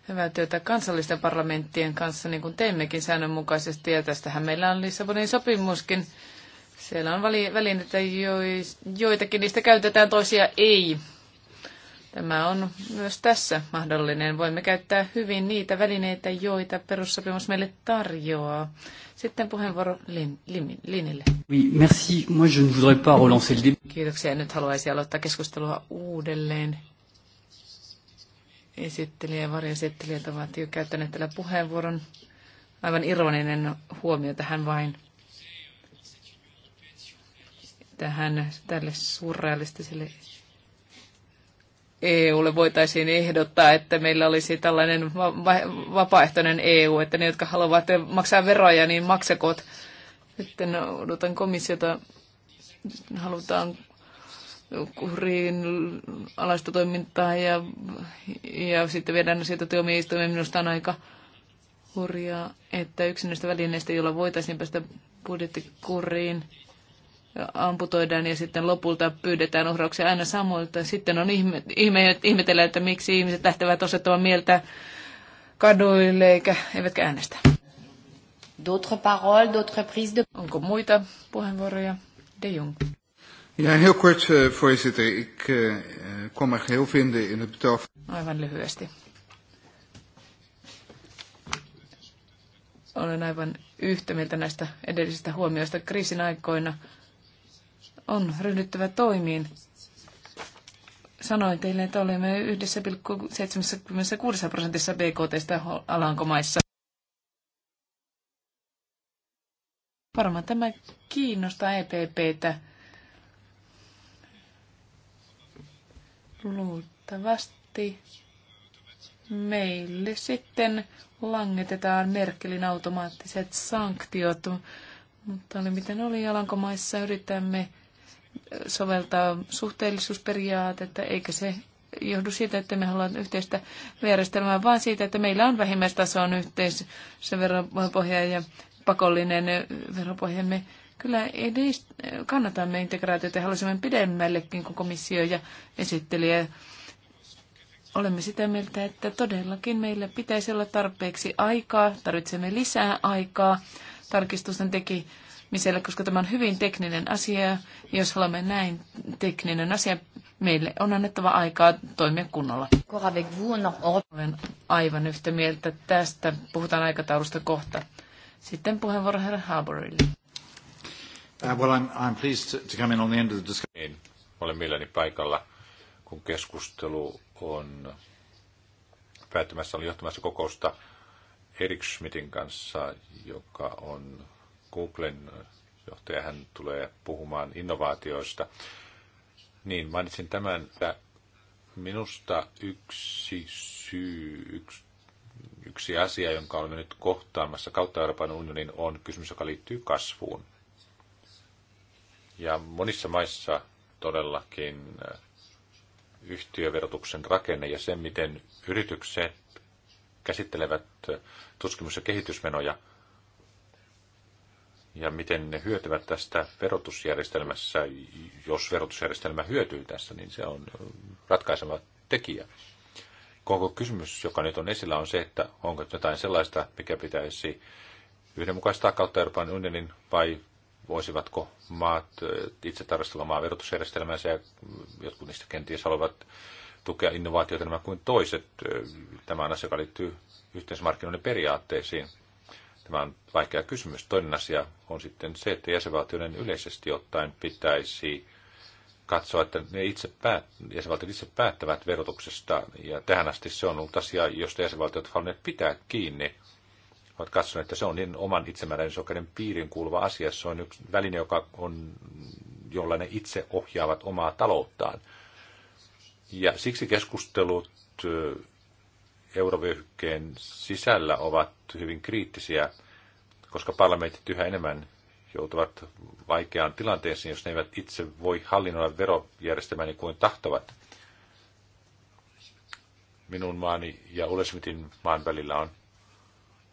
hyvää työtä kansallisten parlamenttien kanssa, niin kuin teemmekin säännönmukaisesti. Ja tästähän meillä on Lissabonin sopimuskin. Siellä on välineitä, joitakin niistä käytetään, toisia ei. Tämä on myös tässä mahdollinen. Voimme käyttää hyvin niitä välineitä, joita perussopimus meille tarjoaa. Sitten puheenvuoro Lin, Linille. Oui, merci. Moi, je ne voudrais pas relancer le Kiitoksia. Nyt haluaisin aloittaa keskustelua uudelleen. Esittelijä ja varjoesittelijät ovat jo käyttäneet tällä puheenvuoron. Aivan ironinen huomio tähän vain. Tähän tälle surrealistiselle EUlle voitaisiin ehdottaa, että meillä olisi tällainen vapaaehtoinen EU, että ne, jotka haluavat maksaa veroja, niin maksakot. Sitten odotan komissiota, halutaan kuriin alaista toimintaa ja, ja sitten viedään asioita tuomioistuimeen. Minusta on aika hurjaa, että yksi näistä välineistä, jolla voitaisiin päästä budjettikuriin, amputoidaan ja sitten lopulta pyydetään uhrauksia aina samoilta. Sitten on ihme, ihme, ihmetellä, että miksi ihmiset lähtevät osoittamaan mieltä kaduille eikä, eivätkä äänestä. D'autres paroles, d'autres prises de... Onko muita puheenvuoroja? De Jong. Ja, heel kort, eh, voorzitter. Ik uh, kon me vinden in het betoog. Aivan lyhyesti. Olen aivan yhtä mieltä näistä edellisistä huomioista kriisin aikoina on ryhdyttävä toimiin. Sanoin teille, että olemme 1,76 prosentissa bkt Alankomaissa. Varmaan tämä kiinnostaa EPPtä. Luultavasti meille sitten langetetaan Merkelin automaattiset sanktiot. Mutta oli miten oli Alankomaissa, yritämme soveltaa suhteellisuusperiaatetta, eikä se johdu siitä, että me haluamme yhteistä järjestelmää, vaan siitä, että meillä on yhteis se veropohja ja pakollinen veropohja. Me kyllä edist, kannatamme integraatiota ja haluaisimme pidemmällekin kuin komissio ja esittelijä. Olemme sitä mieltä, että todellakin meillä pitäisi olla tarpeeksi aikaa, tarvitsemme lisää aikaa tarkistusten teki ihmiselle, koska tämä on hyvin tekninen asia. Jos haluamme näin tekninen asia, meille on annettava aikaa toimia kunnolla. Olen aivan yhtä mieltä tästä. Puhutaan aikataulusta kohta. Sitten puheenvuoro herra Harborille. Uh, well, I'm, I'm pleased to, to come in on the end of the discussion. Niin, olen mielelläni paikalla, kun keskustelu on päättymässä, oli johtamassa kokousta Erik Schmidtin kanssa, joka on Googlen johtaja, hän tulee puhumaan innovaatioista. Niin, mainitsin tämän, että minusta yksi syy, yksi, yksi asia, jonka olemme nyt kohtaamassa kautta Euroopan unionin, on kysymys, joka liittyy kasvuun. Ja monissa maissa todellakin äh, yhtiöverotuksen rakenne ja se, miten yritykset käsittelevät äh, tutkimus- ja kehitysmenoja – ja miten ne hyötyvät tästä verotusjärjestelmässä, jos verotusjärjestelmä hyötyy tästä, niin se on ratkaiseva tekijä. Koko kysymys, joka nyt on esillä, on se, että onko jotain sellaista, mikä pitäisi yhdenmukaistaa kautta Euroopan unionin vai voisivatko maat eh, itse tarkastella omaa verotusjärjestelmäänsä ja jotkut niistä kenties haluavat tukea innovaatioita enemmän kuin toiset. Eh, Tämä on asia, joka liittyy yhteismarkkinoiden periaatteisiin. Tämä on vaikea kysymys. Toinen asia on sitten se, että jäsenvaltioiden yleisesti ottaen pitäisi katsoa, että ne itse päät, jäsenvaltiot itse päättävät verotuksesta, ja tähän asti se on ollut asia, josta jäsenvaltiot ovat pitää kiinni. Ovat katsoneet, että se on niin oman itsemääräisoikeuden piirin kuuluva asia. Se on yksi väline, joka on, jolla ne itse ohjaavat omaa talouttaan. Ja siksi keskustelut eurovyöhykkeen sisällä ovat hyvin kriittisiä, koska parlamentit yhä enemmän joutuvat vaikeaan tilanteeseen, jos ne eivät itse voi hallinnoida verojärjestelmää niin kuin tahtovat. Minun maani ja Ulesmitin maan välillä on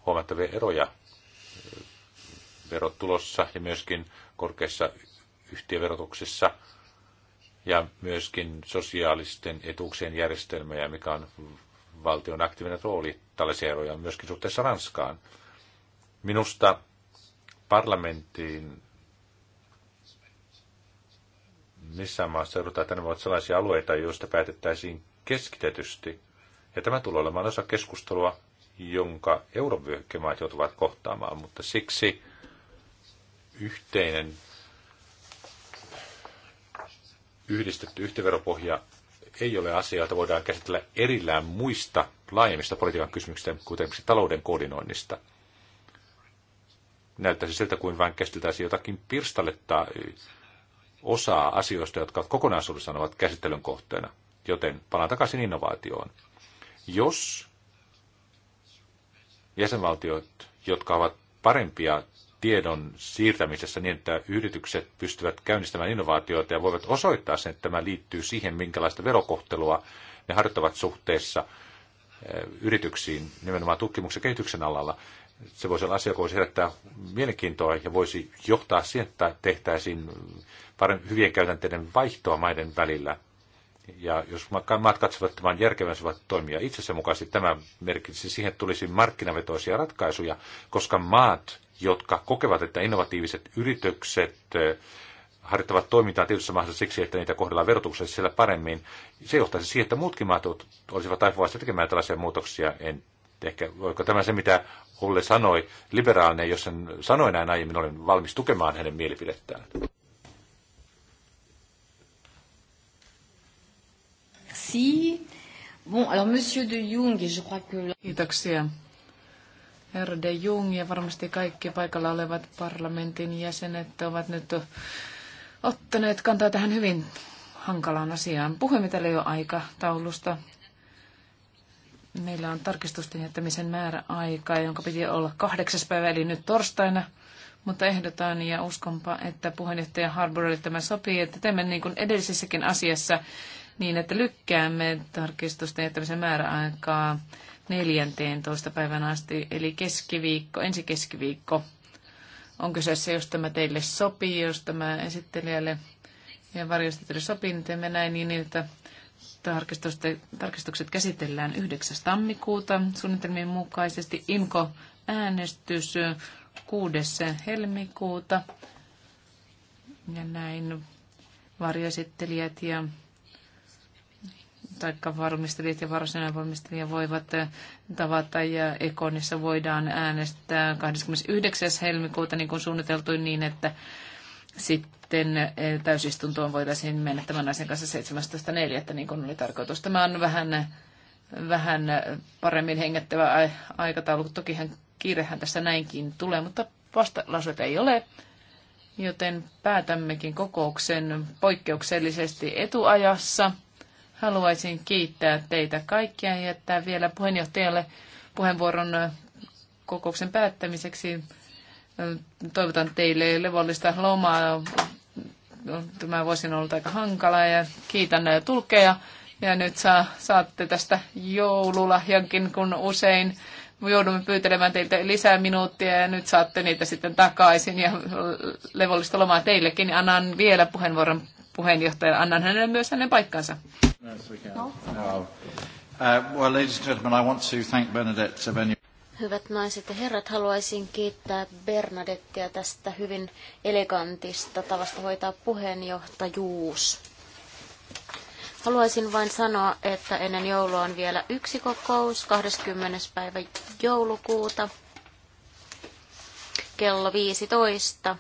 huomattavia eroja eh, verotulossa ja myöskin korkeissa yhtiöverotuksissa ja myöskin sosiaalisten etuuksien järjestelmää, mikä on valtion aktiivinen rooli tällaisia eroja myöskin suhteessa Ranskaan. Minusta parlamenttiin missään maassa joudutaan tänne voivat sellaisia alueita, joista päätettäisiin keskitetysti. Ja tämä tulee olemaan osa keskustelua, jonka eurovyöhykkemaat joutuvat kohtaamaan, mutta siksi yhteinen yhdistetty yhteveropohja ei ole asia, jota voidaan käsitellä erillään muista laajemmista politiikan kysymyksistä, kuten talouden koordinoinnista. Näyttäisi siltä, kuin vain käsiteltäisiin jotakin pirstaletta osaa asioista, jotka kokonaisuudessaan ovat käsittelyn kohteena. Joten palaan takaisin innovaatioon. Jos jäsenvaltiot, jotka ovat parempia tiedon siirtämisessä niin, että yritykset pystyvät käynnistämään innovaatioita ja voivat osoittaa sen, että tämä liittyy siihen, minkälaista verokohtelua ne harjoittavat suhteessa eh, yrityksiin nimenomaan tutkimuksen ja kehityksen alalla. Se voisi olla asia, joka voisi herättää mielenkiintoa ja voisi johtaa siihen, että tehtäisiin paremmin hyvien käytänteiden vaihtoa maiden välillä. Ja jos maat katsovat tämän järkevän, se toimia itsensä mukaisesti. Tämä merkitsisi siihen, että tulisi markkinavetoisia ratkaisuja, koska maat jotka kokevat, että innovatiiviset yritykset harjoittavat toimintaa tietyssä maassa siksi, että niitä kohdellaan verotuksessa siellä paremmin. Se johtaisi siihen, että muutkin maat olisivat taipuvaisia tekemään tällaisia muutoksia. En ehkä, oliko tämä se, mitä Olle sanoi, liberaalinen, jos hän sanoi näin aiemmin, olen valmis tukemaan hänen mielipidettään. Si. Bon, alors Monsieur de Jung, je crois que... Kiitoksia. Herra de Jung ja varmasti kaikki paikalla olevat parlamentin jäsenet ovat nyt ottaneet kantaa tähän hyvin hankalaan asiaan. Puhuimme täällä jo aikataulusta. Meillä on tarkistusten jättämisen aikaa jonka piti olla kahdeksas päivä, eli nyt torstaina. Mutta ehdotan ja uskonpa, että puheenjohtaja Harborille tämä sopii, että teemme niin kuin edellisessäkin asiassa niin, että lykkäämme tarkistusten jättämisen määräaikaa 14. päivän asti, eli keskiviikko, ensi keskiviikko on kyseessä, jos tämä teille sopii, jos tämä esittelijälle ja varjostetulle sopii, niin teemme näin niin, että tarkistukset käsitellään 9. tammikuuta suunnitelmien mukaisesti. IMKO äänestys 6. helmikuuta. Ja näin varjoesittelijät ja tai varmistelijat ja varasinvalmistelijat voivat eh, tavata ja Ekonissa voidaan äänestää 29. helmikuuta niin kuin suunniteltu niin, että sitten eh, täysistuntoon voitaisiin mennä tämän asian kanssa 17.4. niin kuin oli tarkoitus. Tämä on vähän, vähän paremmin hengettävä aikataulu. Tokihan kiirehän tässä näinkin tulee, mutta vasta ei ole joten päätämmekin kokouksen poikkeuksellisesti etuajassa. Haluaisin kiittää teitä kaikkia ja jättää vielä puheenjohtajalle puheenvuoron kokouksen päättämiseksi. Toivotan teille levollista lomaa. Tämä vuosi on ollut aika hankala ja kiitän tulkeja. Ja nyt saa, saatte tästä joululahjankin, kun usein joudumme pyytelemään teiltä lisää minuuttia ja nyt saatte niitä sitten takaisin ja levollista lomaa teillekin. Annan vielä puheenvuoron puheenjohtajalle. Annan hänelle myös hänen paikkansa. Hyvät naiset ja herrat, haluaisin kiittää Bernadettia tästä hyvin elegantista tavasta hoitaa puheenjohtajuus. Haluaisin vain sanoa, että ennen joulua on vielä yksi kokous, 20. päivä joulukuuta, kello 15.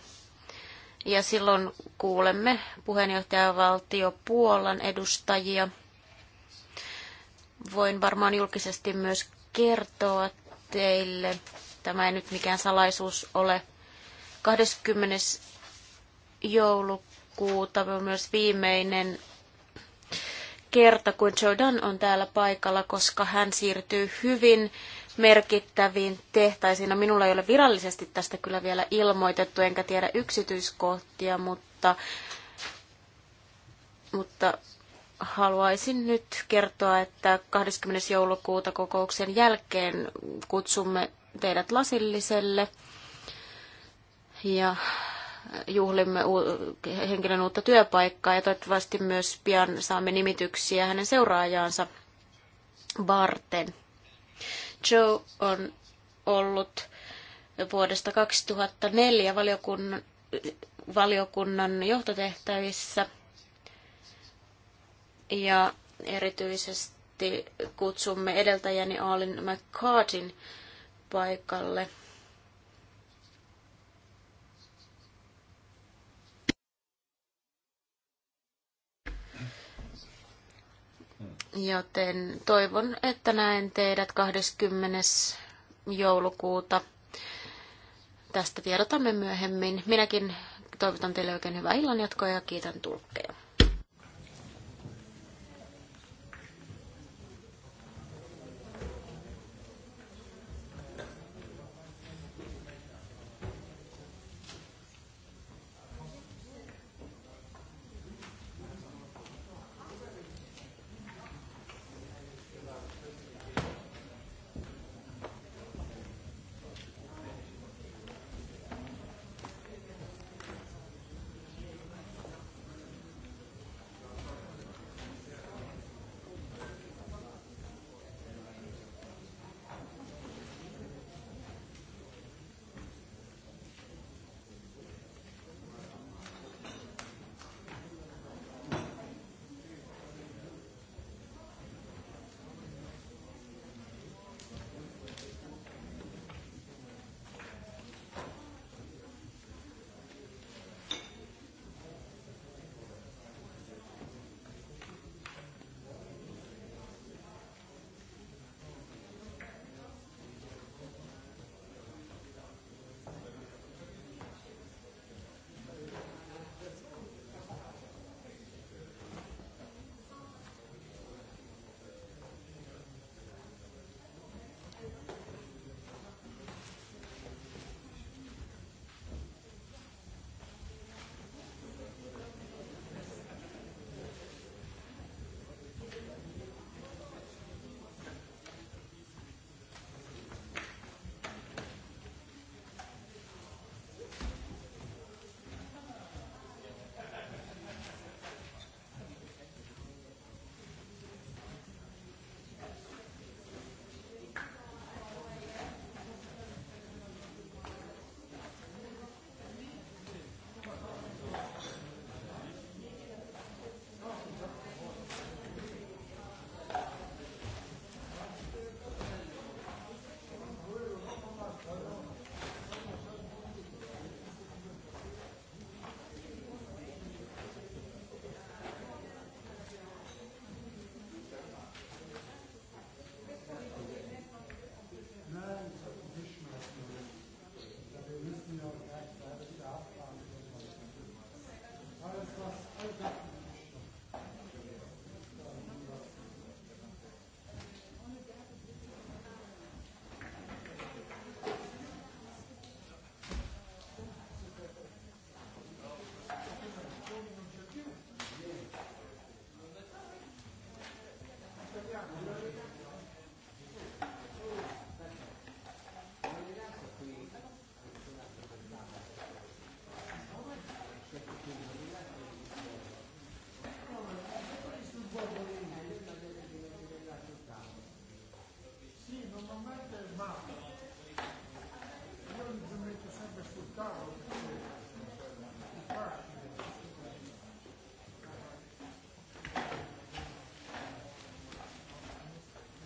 Ja silloin kuulemme puheenjohtajavaltio Puolan edustajia. Voin varmaan julkisesti myös kertoa teille, tämä ei nyt mikään salaisuus ole, 20. joulukuuta myös viimeinen kerta, kun Jordan on täällä paikalla, koska hän siirtyy hyvin merkittäviin tehtaisiin. No, minulla ei ole virallisesti tästä kyllä vielä ilmoitettu, enkä tiedä yksityiskohtia, mutta, mutta haluaisin nyt kertoa, että 20. joulukuuta kokouksen jälkeen kutsumme teidät lasilliselle ja juhlimme u- henkilön uutta työpaikkaa ja toivottavasti myös pian saamme nimityksiä hänen seuraajaansa varten. Joe on ollut vuodesta 2004 valiokunnan, valiokunnan johtotehtävissä ja erityisesti kutsumme edeltäjäni Alin McCartin paikalle – Joten toivon, että näen teidät 20. joulukuuta. Tästä tiedotamme myöhemmin. Minäkin toivotan teille oikein hyvää illanjatkoa ja kiitän tulkkeja.